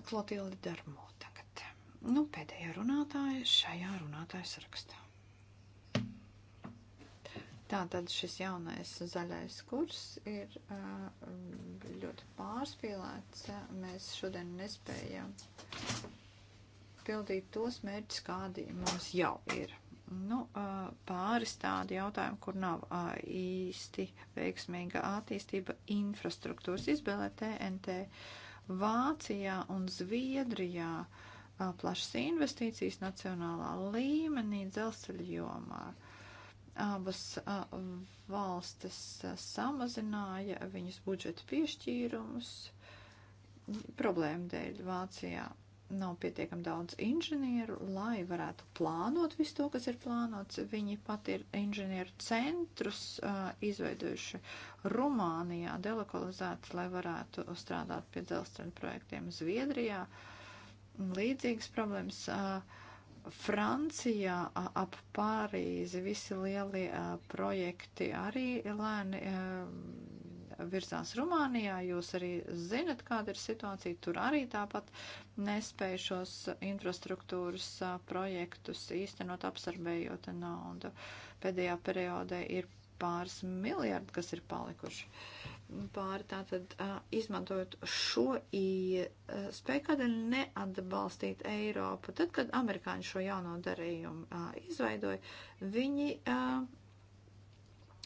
Klotildi Darmo tagad. Nu, pēdējā runātāja šajā runātāja sarakstā. Tātad šis jaunais zaļais kurs ir ļoti pārspīlēts. Mēs šodien nespējam pildīt tos mērķus, kādi mums jau ir. Nu, pāris tādi jautājumi, kur nav īsti veiksmīga attīstība infrastruktūras izbēlē TNT. Vācijā un Zviedrijā plašas investīcijas nacionālā līmenī dzelzceļa jomā. Abas valstis samazināja viņas budžeta piešķīrumus problēmu dēļ Vācijā nav pietiekam daudz inženieru, lai varētu plānot visu to, kas ir plānots. Viņi pat ir inženieru centrus uh, izveidojuši Rumānijā, delokalizēts, lai varētu strādāt pie dzelzceļa projektiem Zviedrijā. Līdzīgas problēmas uh, Francijā uh, ap Pārīzi visi lielie uh, projekti arī lēni. Uh, virzās Rumānijā. Jūs arī zinat, kāda ir situācija. Tur arī tāpat nespēja šos infrastruktūras projektus īstenot apsarbējot naudu. Pēdējā periodē ir pāris miljardi, kas ir palikuši pāri. Tātad, izmantojot šo iespēju, kādēļ neatbalstīt Eiropu? Tad, kad amerikāņi šo jauno darījumu izveidoja, viņi. Uh,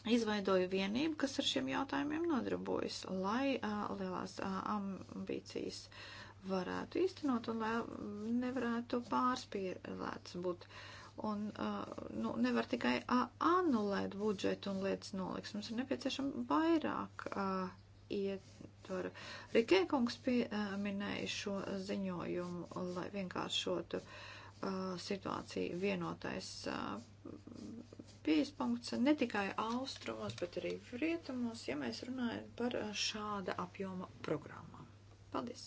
izveidoju vienību, kas ar šiem jautājumiem nodarbojas, lai uh, lielās uh, ambīcijas varētu īstenot un lai nevarētu pārspīlēts būt. Un uh, nu, nevar tikai uh, anulēt budžetu un lietas noliks. Mums ir nepieciešama vairāk uh, ietvaru. Rikē kungs pieminēja uh, šo ziņojumu, lai vienkāršotu uh, situāciju vienotais. Uh, pieejas punkts ne tikai austrumos, bet arī rietumos, ja mēs runājam par eh, šāda apjoma programmām. Paldies!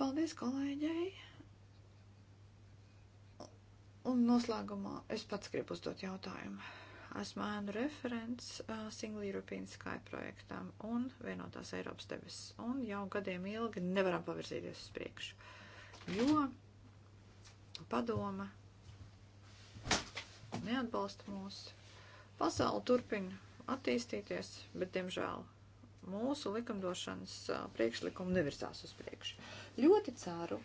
Paldies kolēģei! Un noslēgumā es pats gribu uzdot jautājumu. Esmu ēnu referents uh, Single European Sky projektām un vienotās Eiropas debesis. Un jau gadiem ilgi nevaram pavirzīties uz priekšu, jo padoma neatbalsta mūs. Pasauli turpina attīstīties, bet, diemžēl, mūsu likumdošanas priekšlikumi nevirzās uz priekšu. Ļoti ceru,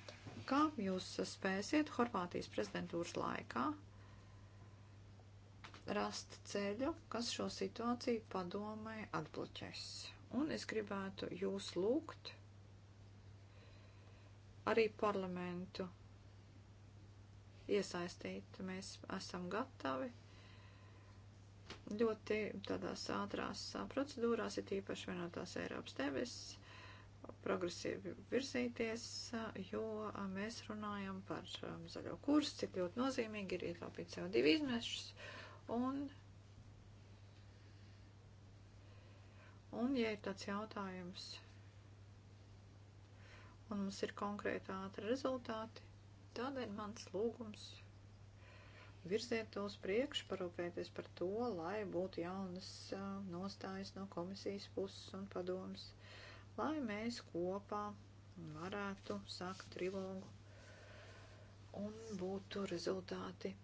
ka jūs spēsiet Horvātijas prezidentūras laikā rast ceļu, kas šo situāciju padomē atbloķēs. Un es gribētu jūs lūgt arī parlamentu iesaistīt. Mēs esam gatavi ļoti tādās ātrās procedūrās, ir tīpaši vienotās Eiropas tevis, progresīvi virzīties, jo mēs runājam par um, zaļo kursu, cik ļoti nozīmīgi ir ietaupīt CO2 izmešus un Un, ja ir tāds jautājums, un mums ir konkrēti ātri rezultāti, Tādēļ mans lūgums virziet to uz priekšu, parūpēties par to, lai būtu jaunas nostājas no komisijas puses un padomas, lai mēs kopā varētu sākt trilogu un būtu rezultāti.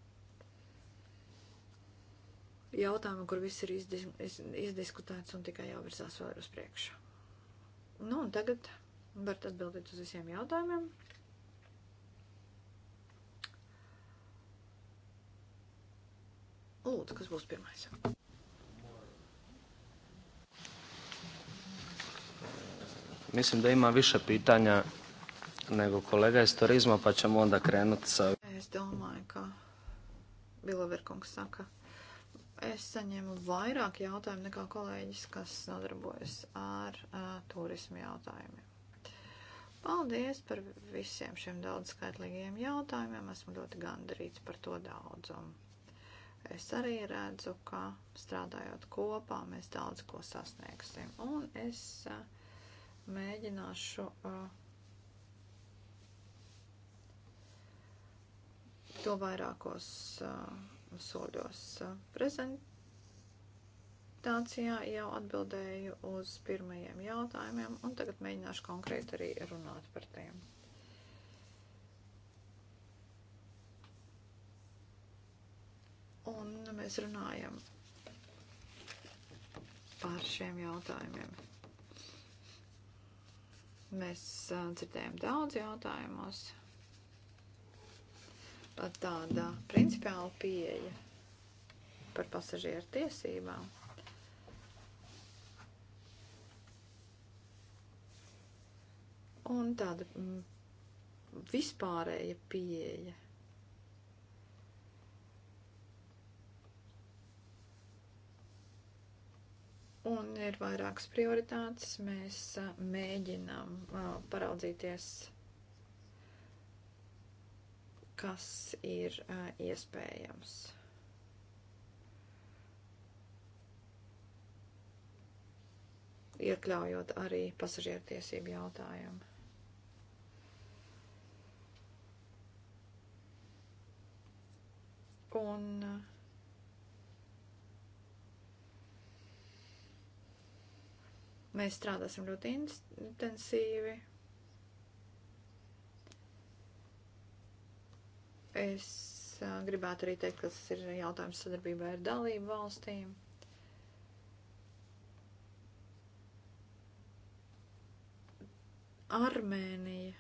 Jautājumi, kur viss ir izdis, izdiskutēts un tikai jau virzās vēl uz priekšu. Nu, un tagad varat atbildēt uz visiem jautājumiem. Lūdzu, kas būs pirmais? Mislim da ima više pitanja nego kolega iz turizma, pa ćemo onda krenuti sa... Es domāju, ka Biloverkungs saka, es saņēmu vairāk jautājumu nekā kolēģis, kas nodarbojas ar uh, turismu jautājumiem. Paldies par visiem šiem daudzskaitlīgiem jautājumiem. Esmu ļoti gandarīts par to daudzumu es arī redzu, ka strādājot kopā, mēs daudz ko sasniegsim. Un es mēģināšu to vairākos soļos prezentēt prezentācijā jau atbildēju uz pirmajiem jautājumiem, un tagad mēģināšu konkrēti arī runāt par tiem. un mēs runājam par šiem jautājumiem. Mēs dzirdējam daudz jautājumos. Pat tāda principiāla pieeja par pasažieru tiesībām. Un tāda mm, vispārēja pieeja Un ir vairākas prioritātes. Mēs mēģinām paraudzīties, kas ir iespējams. Iekļaujot arī pasažieru tiesību jautājumu. Un uh, Mēs strādāsim ļoti intensīvi. Es gribētu arī teikt, ka tas ir jautājums sadarbībā ar dalību valstīm. Armēnija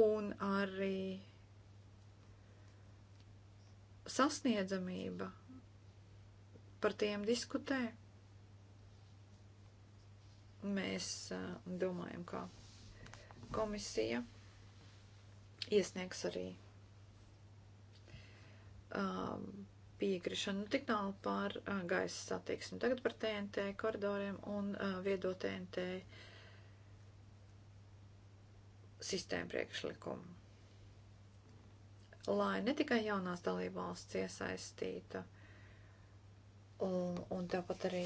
un arī sasniedzamība par tiem diskutē mēs domājam, kā komisija iesniegs arī piekrišanu nu, tik tālu par gaisa satiksmi. Tagad par TNT koridoriem un viedo TNT sistēmu priekšlikumu. Lai ne tikai jaunās dalībvalsts iesaistīta un, un tāpat arī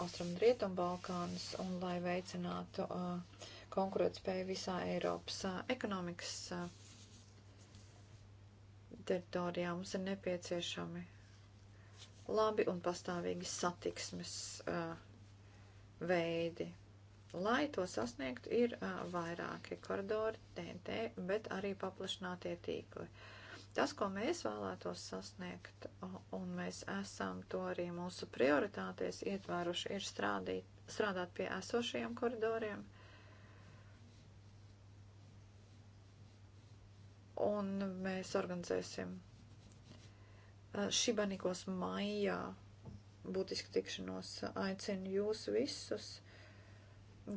Austrum un Rietum Balkānus, un lai veicinātu uh, konkurētspēju visā Eiropas uh, ekonomikas uh, teritorijā, mums ir nepieciešami labi un pastāvīgi satiksmes uh, veidi. Lai to sasniegtu, ir uh, vairāki koridori, TNT, bet arī paplašinātie tīkli. Uh, Tas, ko mēs vēlētos sasniegt, un mēs esam to arī mūsu prioritāties ietvēruši, ir strādīt, strādāt pie esošajiem koridoriem. Un mēs organizēsim e, Šibanikos maijā būtisku tikšanos. Aicinu jūs visus,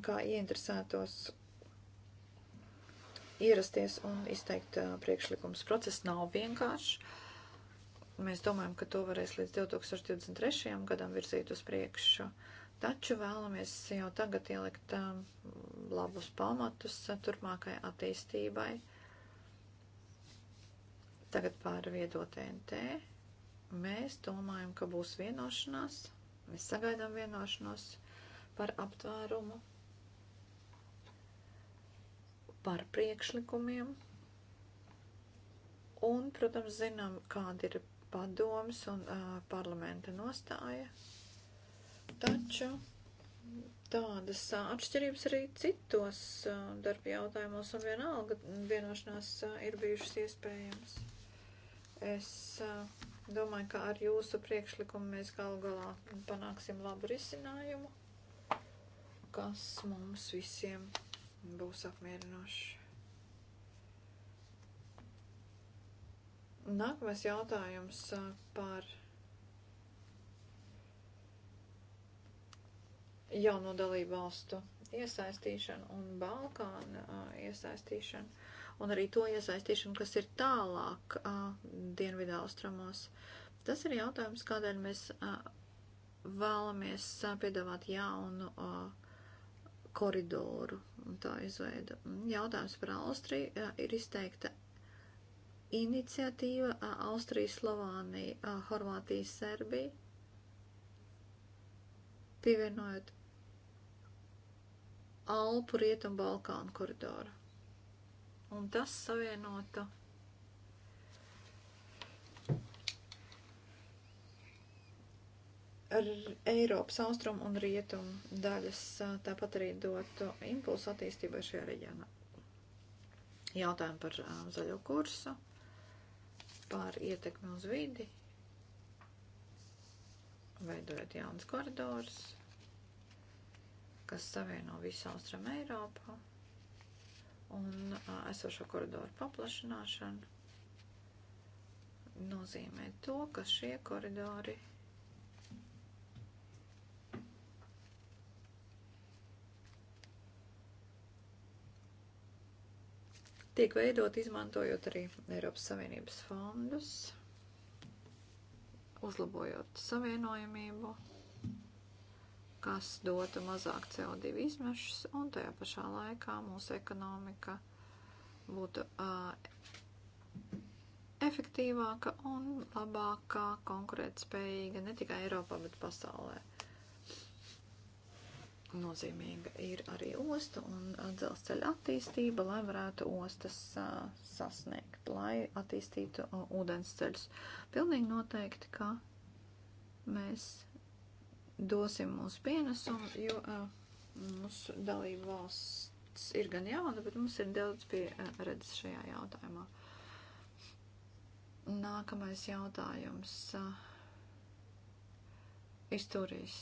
kā ieinteresētos ierasties un izteikt priekšlikumus. Process nav vienkāršs. Mēs domājam, ka to varēs līdz 2023. gadam virzīt uz priekšu. Taču vēlamies jau tagad ielikt labus pamatus turpmākai attīstībai. Tagad pāri viedotēntē. Mēs domājam, ka būs vienošanās. Mēs sagaidām vienošanos par aptvērumu par priekšlikumiem. Un, protams, zinām, kāda ir padomas un uh, parlamenta nostāja. Taču tādas atšķirības arī citos darba jautājumos un vienalga vienošanās ir bijušas iespējams. Es domāju, ka ar jūsu priekšlikumu mēs galu galā panāksim labu risinājumu, kas mums visiem būs apmierinoši. Nākamais jautājums par jauno dalību valstu iesaistīšanu un Balkānu iesaistīšanu, un arī to iesaistīšanu, kas ir tālāk dienvidā austrumos. Tas ir jautājums, kādēļ mēs vēlamies piedāvāt jaunu. Uh, koridoru un to izveidu. Jautājums par Austriju ir izteikta iniciatīva Austrija, Slovānija, Horvātija, Serbija, pievienojot Alpu, Rietumu, Balkānu koridoru. Un tas savienotu Eiropas austrumu un rietumu daļas, tāpat arī dotu impulsu attīstībai šajā reģionā. Jautājumi par zaļo kursu, par ietekmi uz vidi, veidojot jaunas koridors, kas savieno visu austrumu Eiropu un esošo koridoru paplašināšanu nozīmē to, ka šie koridori tiek veidot izmantojot arī Eiropas Savienības fondus, uzlabojot savienojamību, kas dotu mazāk CO2 izmešus, un tajā pašā laikā mūsu ekonomika būtu uh, efektīvāka un labākā konkurētspējīga ne tikai Eiropā, bet pasaulē nozīmīga ir arī ostu un dzelzceļa attīstība, lai varētu ostas sasniegt, lai attīstītu ūdensceļus. Pilnīgi noteikti, ka mēs dosim mūsu pienesumu, jo mūsu dalība valsts ir gan jauna, bet mums ir daudz pieredzes šajā jautājumā. Nākamais jautājums. Izturīs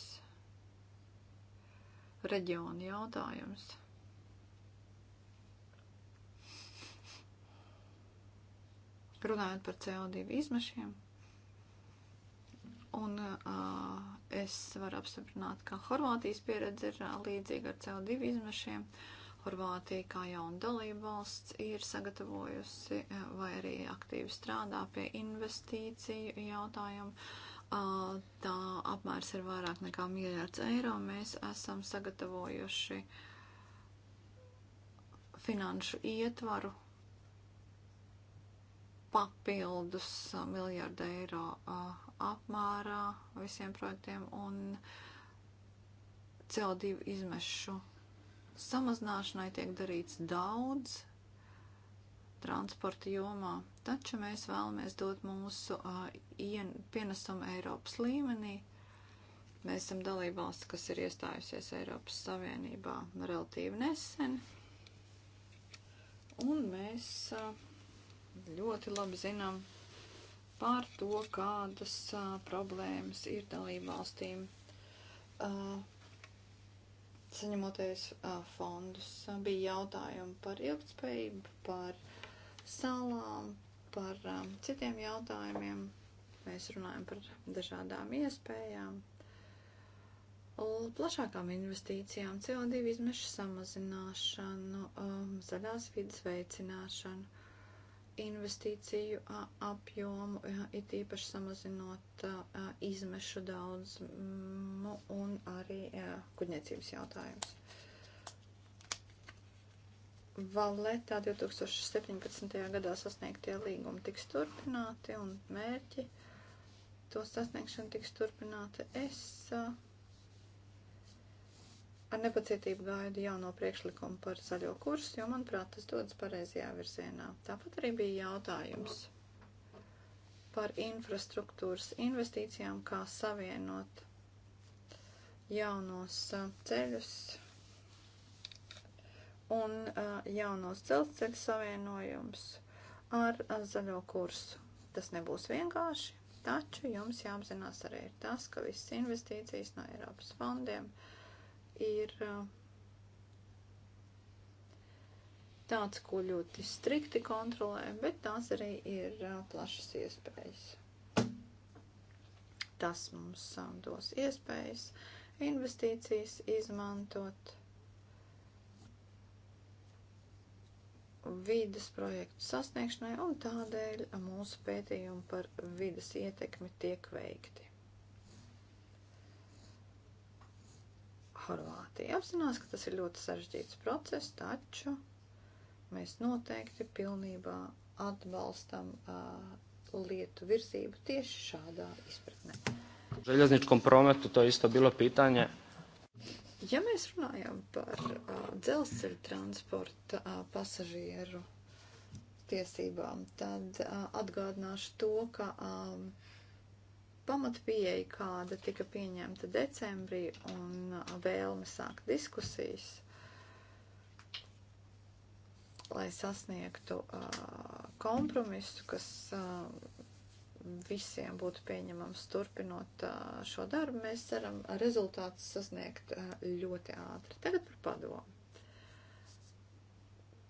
reģionu jautājums. Runājot par CO2 izmešiem, un uh, es varu apstiprināt, ka Horvātijas pieredze ir uh, līdzīga ar CO2 izmešiem. Horvātija kā jauna dalība valsts ir sagatavojusi vai arī aktīvi strādā pie investīciju jautājumu. Uh, tā apmērs ir vairāk nekā miljards eiro. Mēs esam sagatavojuši finanšu ietvaru papildus miljardu eiro apmērā visiem projektiem un CO2 izmešu samazināšanai tiek darīts daudz transporta jomā, taču mēs vēlamies dot mūsu uh, pienesumu Eiropas līmenī. Mēs esam dalībvalsts, kas ir iestājusies Eiropas Savienībā relatīvi nesen, un mēs uh, ļoti labi zinām par to, kādas uh, problēmas ir dalībvalstīm saņemoties fondus. Bija jautājumi par ilgtspējību, par uh, salām, par um, citiem jautājumiem. Mēs runājam par dažādām iespējām, plašākām investīcijām, CO2 izmešu samazināšanu, um, zaļās vidas veicināšanu investīciju apjomu, it īpaši samazinot izmešu daudzumu un arī kuģniecības jautājumus. Valetā 2017. gadā sasniegtie līgumi tiks turpināti un mērķi to sasniegšana tiks turpināta. Es uh, ar nepacietību gaidu jauno priekšlikumu par zaļo kursu, jo, manuprāt, tas dodas pareizajā virzienā. Tāpat arī bija jautājums par infrastruktūras investīcijām, kā savienot jaunos uh, ceļus un jaunos dzelzceļa savienojums ar zaļo kursu. Tas nebūs vienkārši, taču jums jāapzinās arī tas, ka visas investīcijas no Eiropas fondiem ir tāds, ko ļoti strikti kontrolē, bet tās arī ir plašas iespējas. Tas mums dos iespējas investīcijas izmantot vidas projektu sasniegšanai, un tādēļ mūsu pētījumi par vidas ietekmi tiek veikti. Horvātija apzinās, ka tas ir ļoti sarežģīts process, taču mēs noteikti pilnībā atbalstam uh, lietu virzību tieši šādā izpratnē. Željezničkom prometu to isto bilo pitanje. Uh, Ja mēs runājam par uh, dzelzceļa transporta uh, pasažieru tiesībām, tad uh, atgādināšu to, ka um, pamatpieeja, kāda tika pieņemta decembrī un uh, vēlme sākt diskusijas, lai sasniegtu uh, kompromisu, kas uh, visiem būtu pieņemams turpinot šo darbu. Mēs ceram rezultātus sasniegt ļoti ātri. Tagad par padomu.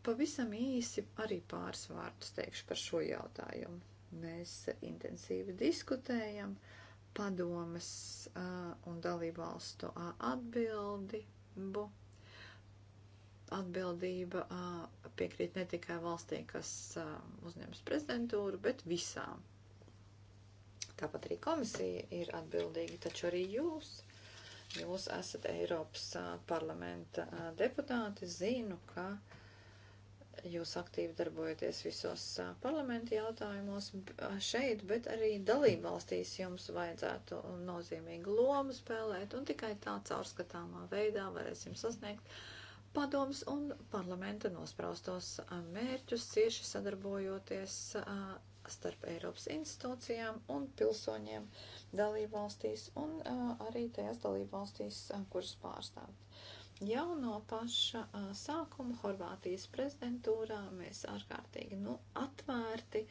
Pavisam īsi arī pāris vārdus teikšu par šo jautājumu. Mēs intensīvi diskutējam padomas un dalībvalstu atbildību. Atbildība piekrīt ne tikai valstī, kas uzņems prezidentūru, bet visām Tāpat arī komisija ir atbildīga, taču arī jūs, jūs esat Eiropas parlamenta deputāti, zinu, ka jūs aktīvi darbojaties visos parlamenta jautājumos šeit, bet arī dalībvalstīs jums vajadzētu nozīmīgu lomu spēlēt, un tikai tā caurskatāmā veidā varēsim sasniegt padoms un parlamenta nospraustos mērķus, cieši sadarbojoties starp Eiropas institūcijām un pilsoņiem dalībvalstīs un uh, arī tajās dalībvalstīs, uh, kuras pārstāvjat. Jau no paša uh, sākuma Horvātijas prezidentūrā mēs ārkārtīgi nu, atvērti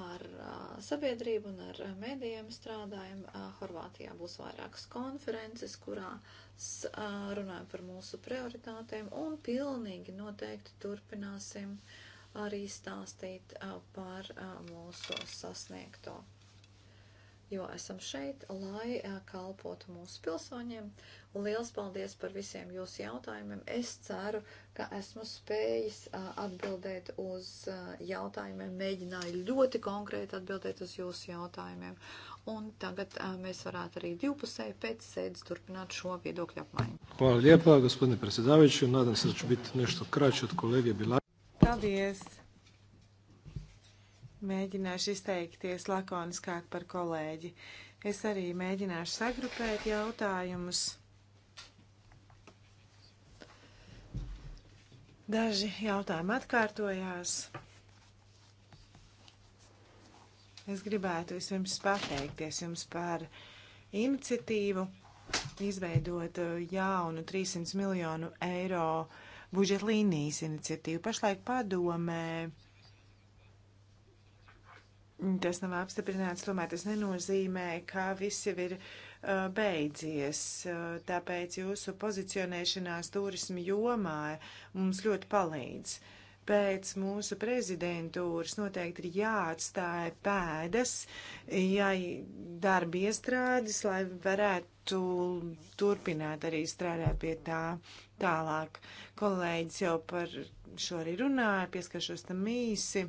ar uh, sabiedrību un ar medijiem strādājam. Uh, Horvātijā būs vairākas konferences, kurās uh, runājam par mūsu prioritātēm un pilnīgi noteikti turpināsim uh, arī stāstīt par mūsu sasniegto. Jo esam šeit, lai kalpotu mūsu pilsoņiem. Lielas paldies par visiem jūsu jautājumiem. Es ceru, ka esmu spējis atbildēt uz jautājumiem. Mēģināju ļoti konkrēti atbildēt uz jūsu jautājumiem. Un tagad mēs varētu arī divpusēji pēc sēdes turpināt šo viedokļu apmaiņu. Hvala lijepa, gospodine predsjedavajući. Nadam se da ću biti nešto kraći od kolege Bilaj. Paldies! Mēģināšu izteikties lakoniskāk par kolēģi. Es arī mēģināšu sagrupēt jautājumus. Daži jautājumi atkārtojās. Es gribētu vispirms pateikties jums par iniciatīvu izveidot uh, jaunu 300 miljonu eiro uh, budžeta līnijas iniciatīvu. Pašlaik padomē. Tas nav apstiprināts, tomēr tas nenozīmē, ka viss jau ir uh, beidzies. Uh, tāpēc jūsu pozicionēšanās turismu jomā mums ļoti palīdz. Uh, pēc mūsu prezidentūras noteikti ir jāatstāja pēdas, jāi darba iestrādes, lai varētu turpināt arī strādāt pie tā tālāk. Kolēģis jau par šo arī runāja, pieskaršos tam īsi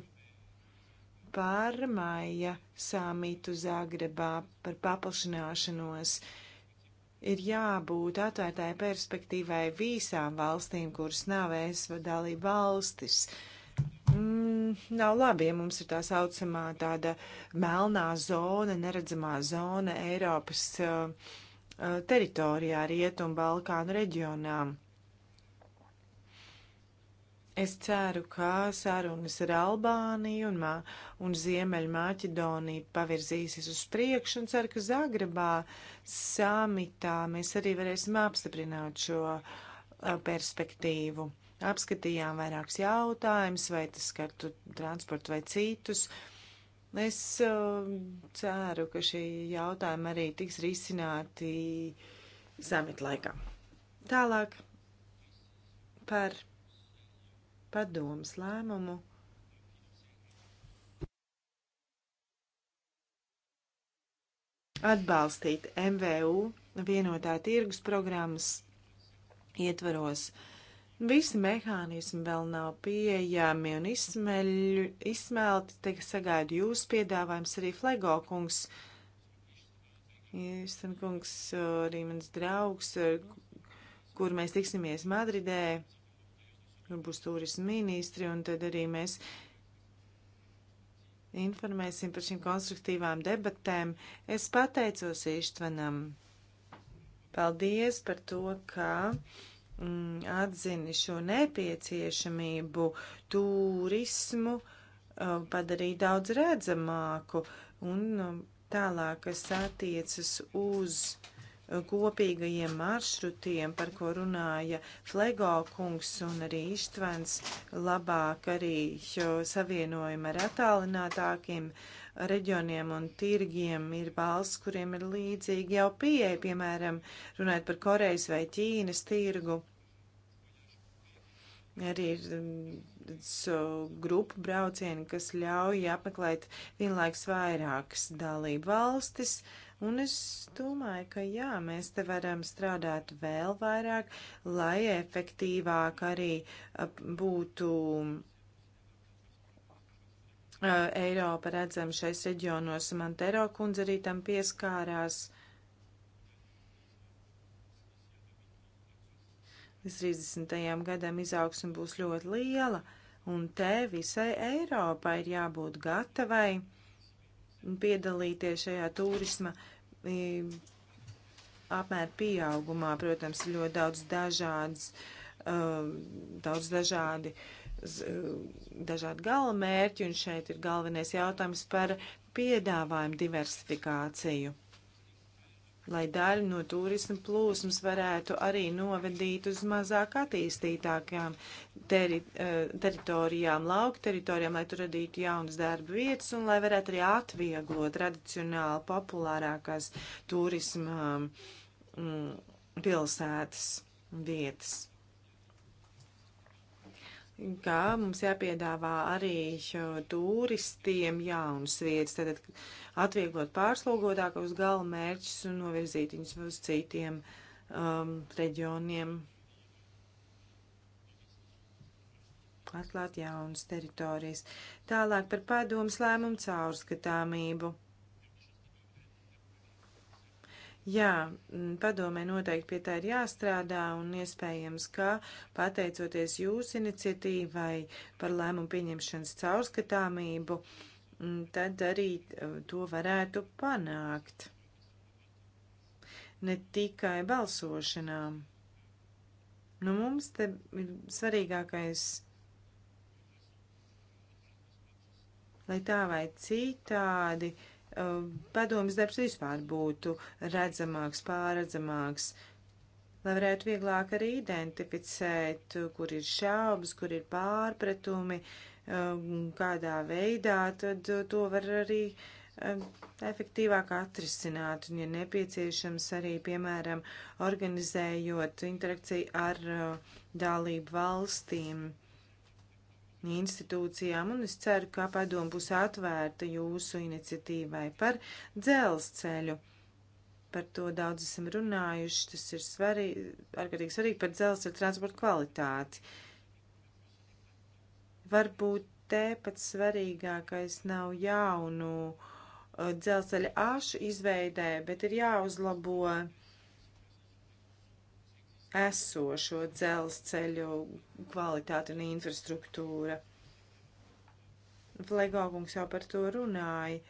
par maija samitu Zagrebā, par paplašināšanos. Uh, ir jābūt atvērtai perspektīvai visām valstīm, kuras nav es dalība valstis. Mm, nav labi, ja mums ir tā saucamā tāda melnā zona, neredzamā zona Eiropas uh, uh teritorijā, Rietumbalkānu reģionām. Es ceru, ka sarunas ar Albāniju un, Mā, un Ziemeļu Maķedoniju pavirzīsies uz priekšu un ceru, ka Zagrebā samitā mēs arī varēsim apstiprināt šo perspektīvu. Apskatījām vairākus jautājumus, vai tas skartu transportu vai citus. Es ceru, ka šie jautājumi arī tiks risināti samit laikā. Tālāk par padomas lēmumu. Atbalstīt MVU vienotā tirgus programmas ietvaros. Visi mehānismi vēl nav pieejami un izsmeļu, izsmelti, te sagaidu jūs piedāvājums arī Flego kungs. Jūsten kungs, arī mans draugs, kur mēs tiksimies Madridē Nu, būs turismu ministri, un tad arī mēs informēsim par šīm konstruktīvām debatēm. Es pateicos Ištvanam. Paldies par to, ka mm, atzini šo nepieciešamību turismu uh, padarīt daudz redzamāku un um, tālāk, kas attiecas uz kopīgajiem maršrutiem, par ko runāja Flego kungs un arī Ištvans, labāk arī savienojumi ar attālinātākiem reģioniem un tirgiem ir valsts, kuriem ir līdzīgi jau pieeja, piemēram, runājot par Korejas vai Ķīnas tirgu. Arī ir mm, so, grupu braucieni, kas ļauj apmeklēt vienlaiks vairākas dalību valstis. Uh, Un es domāju, ka jā, mēs te varam strādāt vēl vairāk, lai efektīvāk arī būtu Eiropa redzama šais reģionos. Mantero kundze arī tam pieskārās. Līdz 30. gadam izaugsme būs ļoti liela, un te visai Eiropai ir jābūt gatavai piedalīties šajā turisma uh, apmēra pieaugumā, protams, ļoti daudz dažādas, um, daudz dažādi, um, dažādi gala mērķi, un šeit ir galvenais jautājums par piedāvājumu diversifikāciju lai daļu no turismu plūsmas varētu arī novedīt uz mazāk attīstītākām teri, eh, teritorijām, lauku teritorijām, lai tur radītu jaunas darba vietas un lai varētu arī atvieglot tradicionāli populārākās turisma mm, pilsētas vietas ka mums jāpiedāvā arī uh, turistiem jaunas vietas, tad atvieglot pārslogotākos galamērķus un novirzīt viņus uz citiem um, reģioniem. Atklāt jaunas teritorijas. Tālāk par padomus lēmumu caurskatāmību. Jā, mm, padomē noteikti pie tā ir jāstrādā un iespējams, ka pateicoties jūsu iniciatīvai par lēmumu pieņemšanas caurskatāmību, mm, tad arī uh, to varētu panākt. Ne tikai balsošanām. Nu, mums te ir svarīgākais, lai tā vai citādi. Uh, padomjas darbs vispār būtu redzamāks, pārredzamāks, lai varētu vieglāk arī identificēt, kur ir šaubas, kur ir pārpratumi, um, kādā veidā, tad to var arī um, efektīvāk atrisināt, un, ja nepieciešams, arī, piemēram, organizējot interakciju ar uh, dalību valstīm institūcijām, un es ceru, ka padomu būs atvērta jūsu iniciatīvai par dzelzceļu. Par to daudz esam runājuši, tas ir svarīgi, ārkārtīgi svarīgi par dzelzceļu transportu kvalitāti. Varbūt te pats svarīgākais nav jaunu uh, dzelzceļa ašu izveidē, bet ir jāuzlabo uh, esošo dzelzceļu kvalitāti un infrastruktūra. Flegogungs jau par to runāja.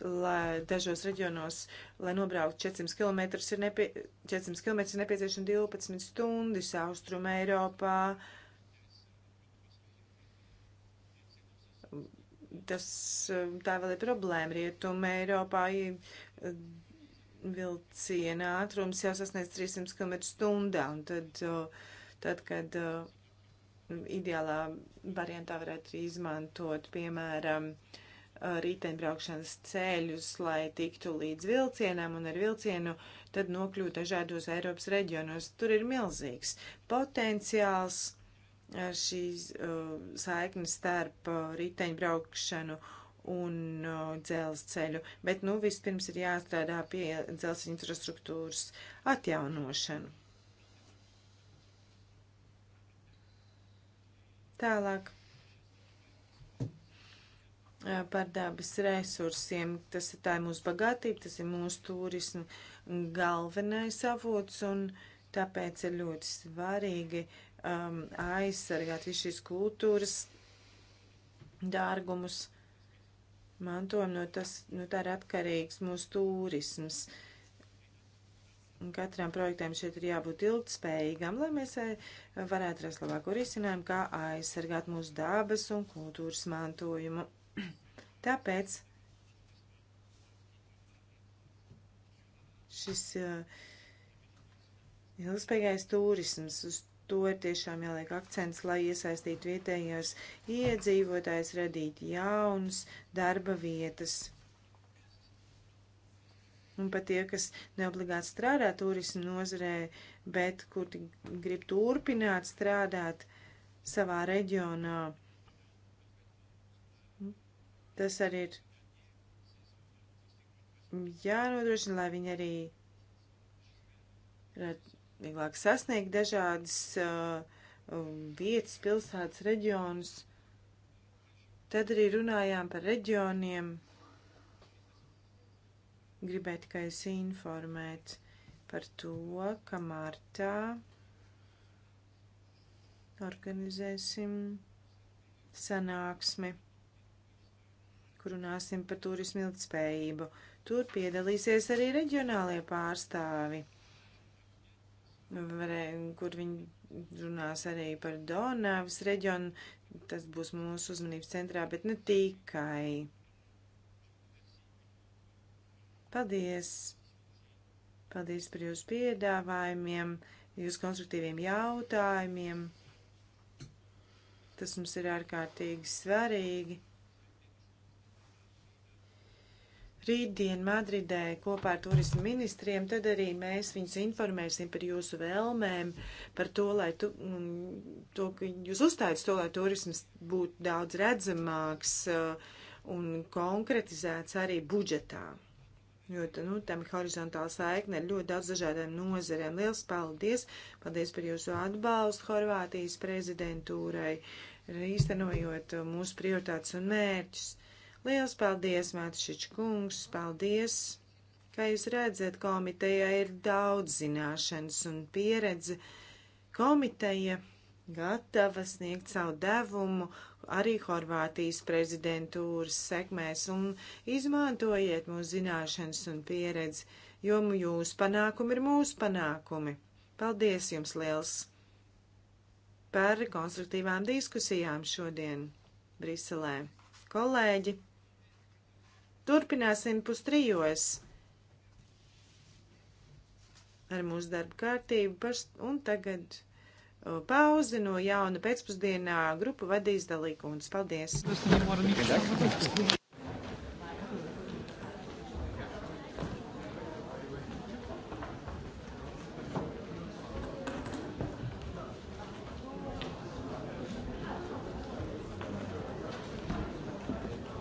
Lai dažos reģionos, lai nobrauktu 400 km, ir, nepie, 400 km ir nepieciešama 12 stundas Austrum Eiropā. Tas tā vēl ir problēma. Rietum Eiropā vilciena ātrums jau sasniedz 300 km/h, un tad, tad kad ideālā variantā varētu izmantot, piemēram, riteņbraukšanas ceļus, lai tiktu līdz vilcienam un ar vilcienu tad nokļūt dažādos Eiropas reģionos. Tur ir milzīgs potenciāls šīs uh, saiknes starp uh, riteņbraukšanu uh, un uh, dzelzceļu, bet nu vispirms ir jāstrādā pie dzelzceļa infrastruktūras atjaunošanu. Tālāk par dabas resursiem. Tas ir tā ir mūsu bagātība, tas ir mūsu turismu galvenais avots, un tāpēc ir ļoti svarīgi um, aizsargāt visu šīs kultūras dārgumus. Uh, mantojumu, no tas, nu, tā ir atkarīgs mūsu turisms. Katram projektam šeit ir jābūt ilgtspējīgam, lai mēs eh, varētu rast labāko risinājumu, kā aizsargāt mūsu dabas un kultūras mantojumu. Tāpēc šis uh, ilgspējīgais turisms, uz to ir tiešām jāliek akcents, lai iesaistītu vietējos iedzīvotājs, radīt jaunas darba vietas. Un pat tie, kas neobligāti strādā turismu nozarē, bet kur grib turpināt strādāt savā reģionā, tas arī ir jānodrošina, lai viņi arī vieglāk sasniegt dažādas uh, um, vietas, pilsētas, reģionus. Tad arī runājām par reģioniem. Gribēju tikai es informēt par to, ka martā organizēsim sanāksmi, kur runāsim par turismu ilgtspējību. Tur piedalīsies arī reģionālie pārstāvi kur viņi runās arī par Donavas reģionu. Tas būs mūsu uzmanības centrā, bet ne tikai. Paldies! Paldies par jūsu piedāvājumiem, jūsu konstruktīviem jautājumiem. Tas mums ir ārkārtīgi svarīgi. Rītdien Madridē kopā ar turismu ministriem, tad arī mēs viņus informēsim par jūsu vēlmēm, par to, lai tu, mm, to, ka jūs uzstājat to, lai turisms būtu daudz redzamāks eh, un konkretizēts arī budžetā. Jo nu, tam horizontāla saikne ir ļoti daudz dažādām nozarēm. Liels paldies! Paldies par jūsu atbalstu Horvātijas prezidentūrai, īstenojot mūsu prioritātes un mērķus. Liels paldies, Matišič kungs, paldies! Kā jūs redzat, komitejā ir daudz zināšanas un pieredze. Komiteja gatava sniegt savu devumu arī Horvātijas prezidentūras sekmēs un izmantojiet mūsu zināšanas un pieredzi, jo jūsu panākumi ir mūsu panākumi. Paldies jums liels par konstruktīvām diskusijām šodien Briselē. Kolēģi! Turpināsim pustrijos ar mūsu darba kārtību, un tagad pauzi no jauna pēcpusdienā grupu vadīs dalīkums. Paldies!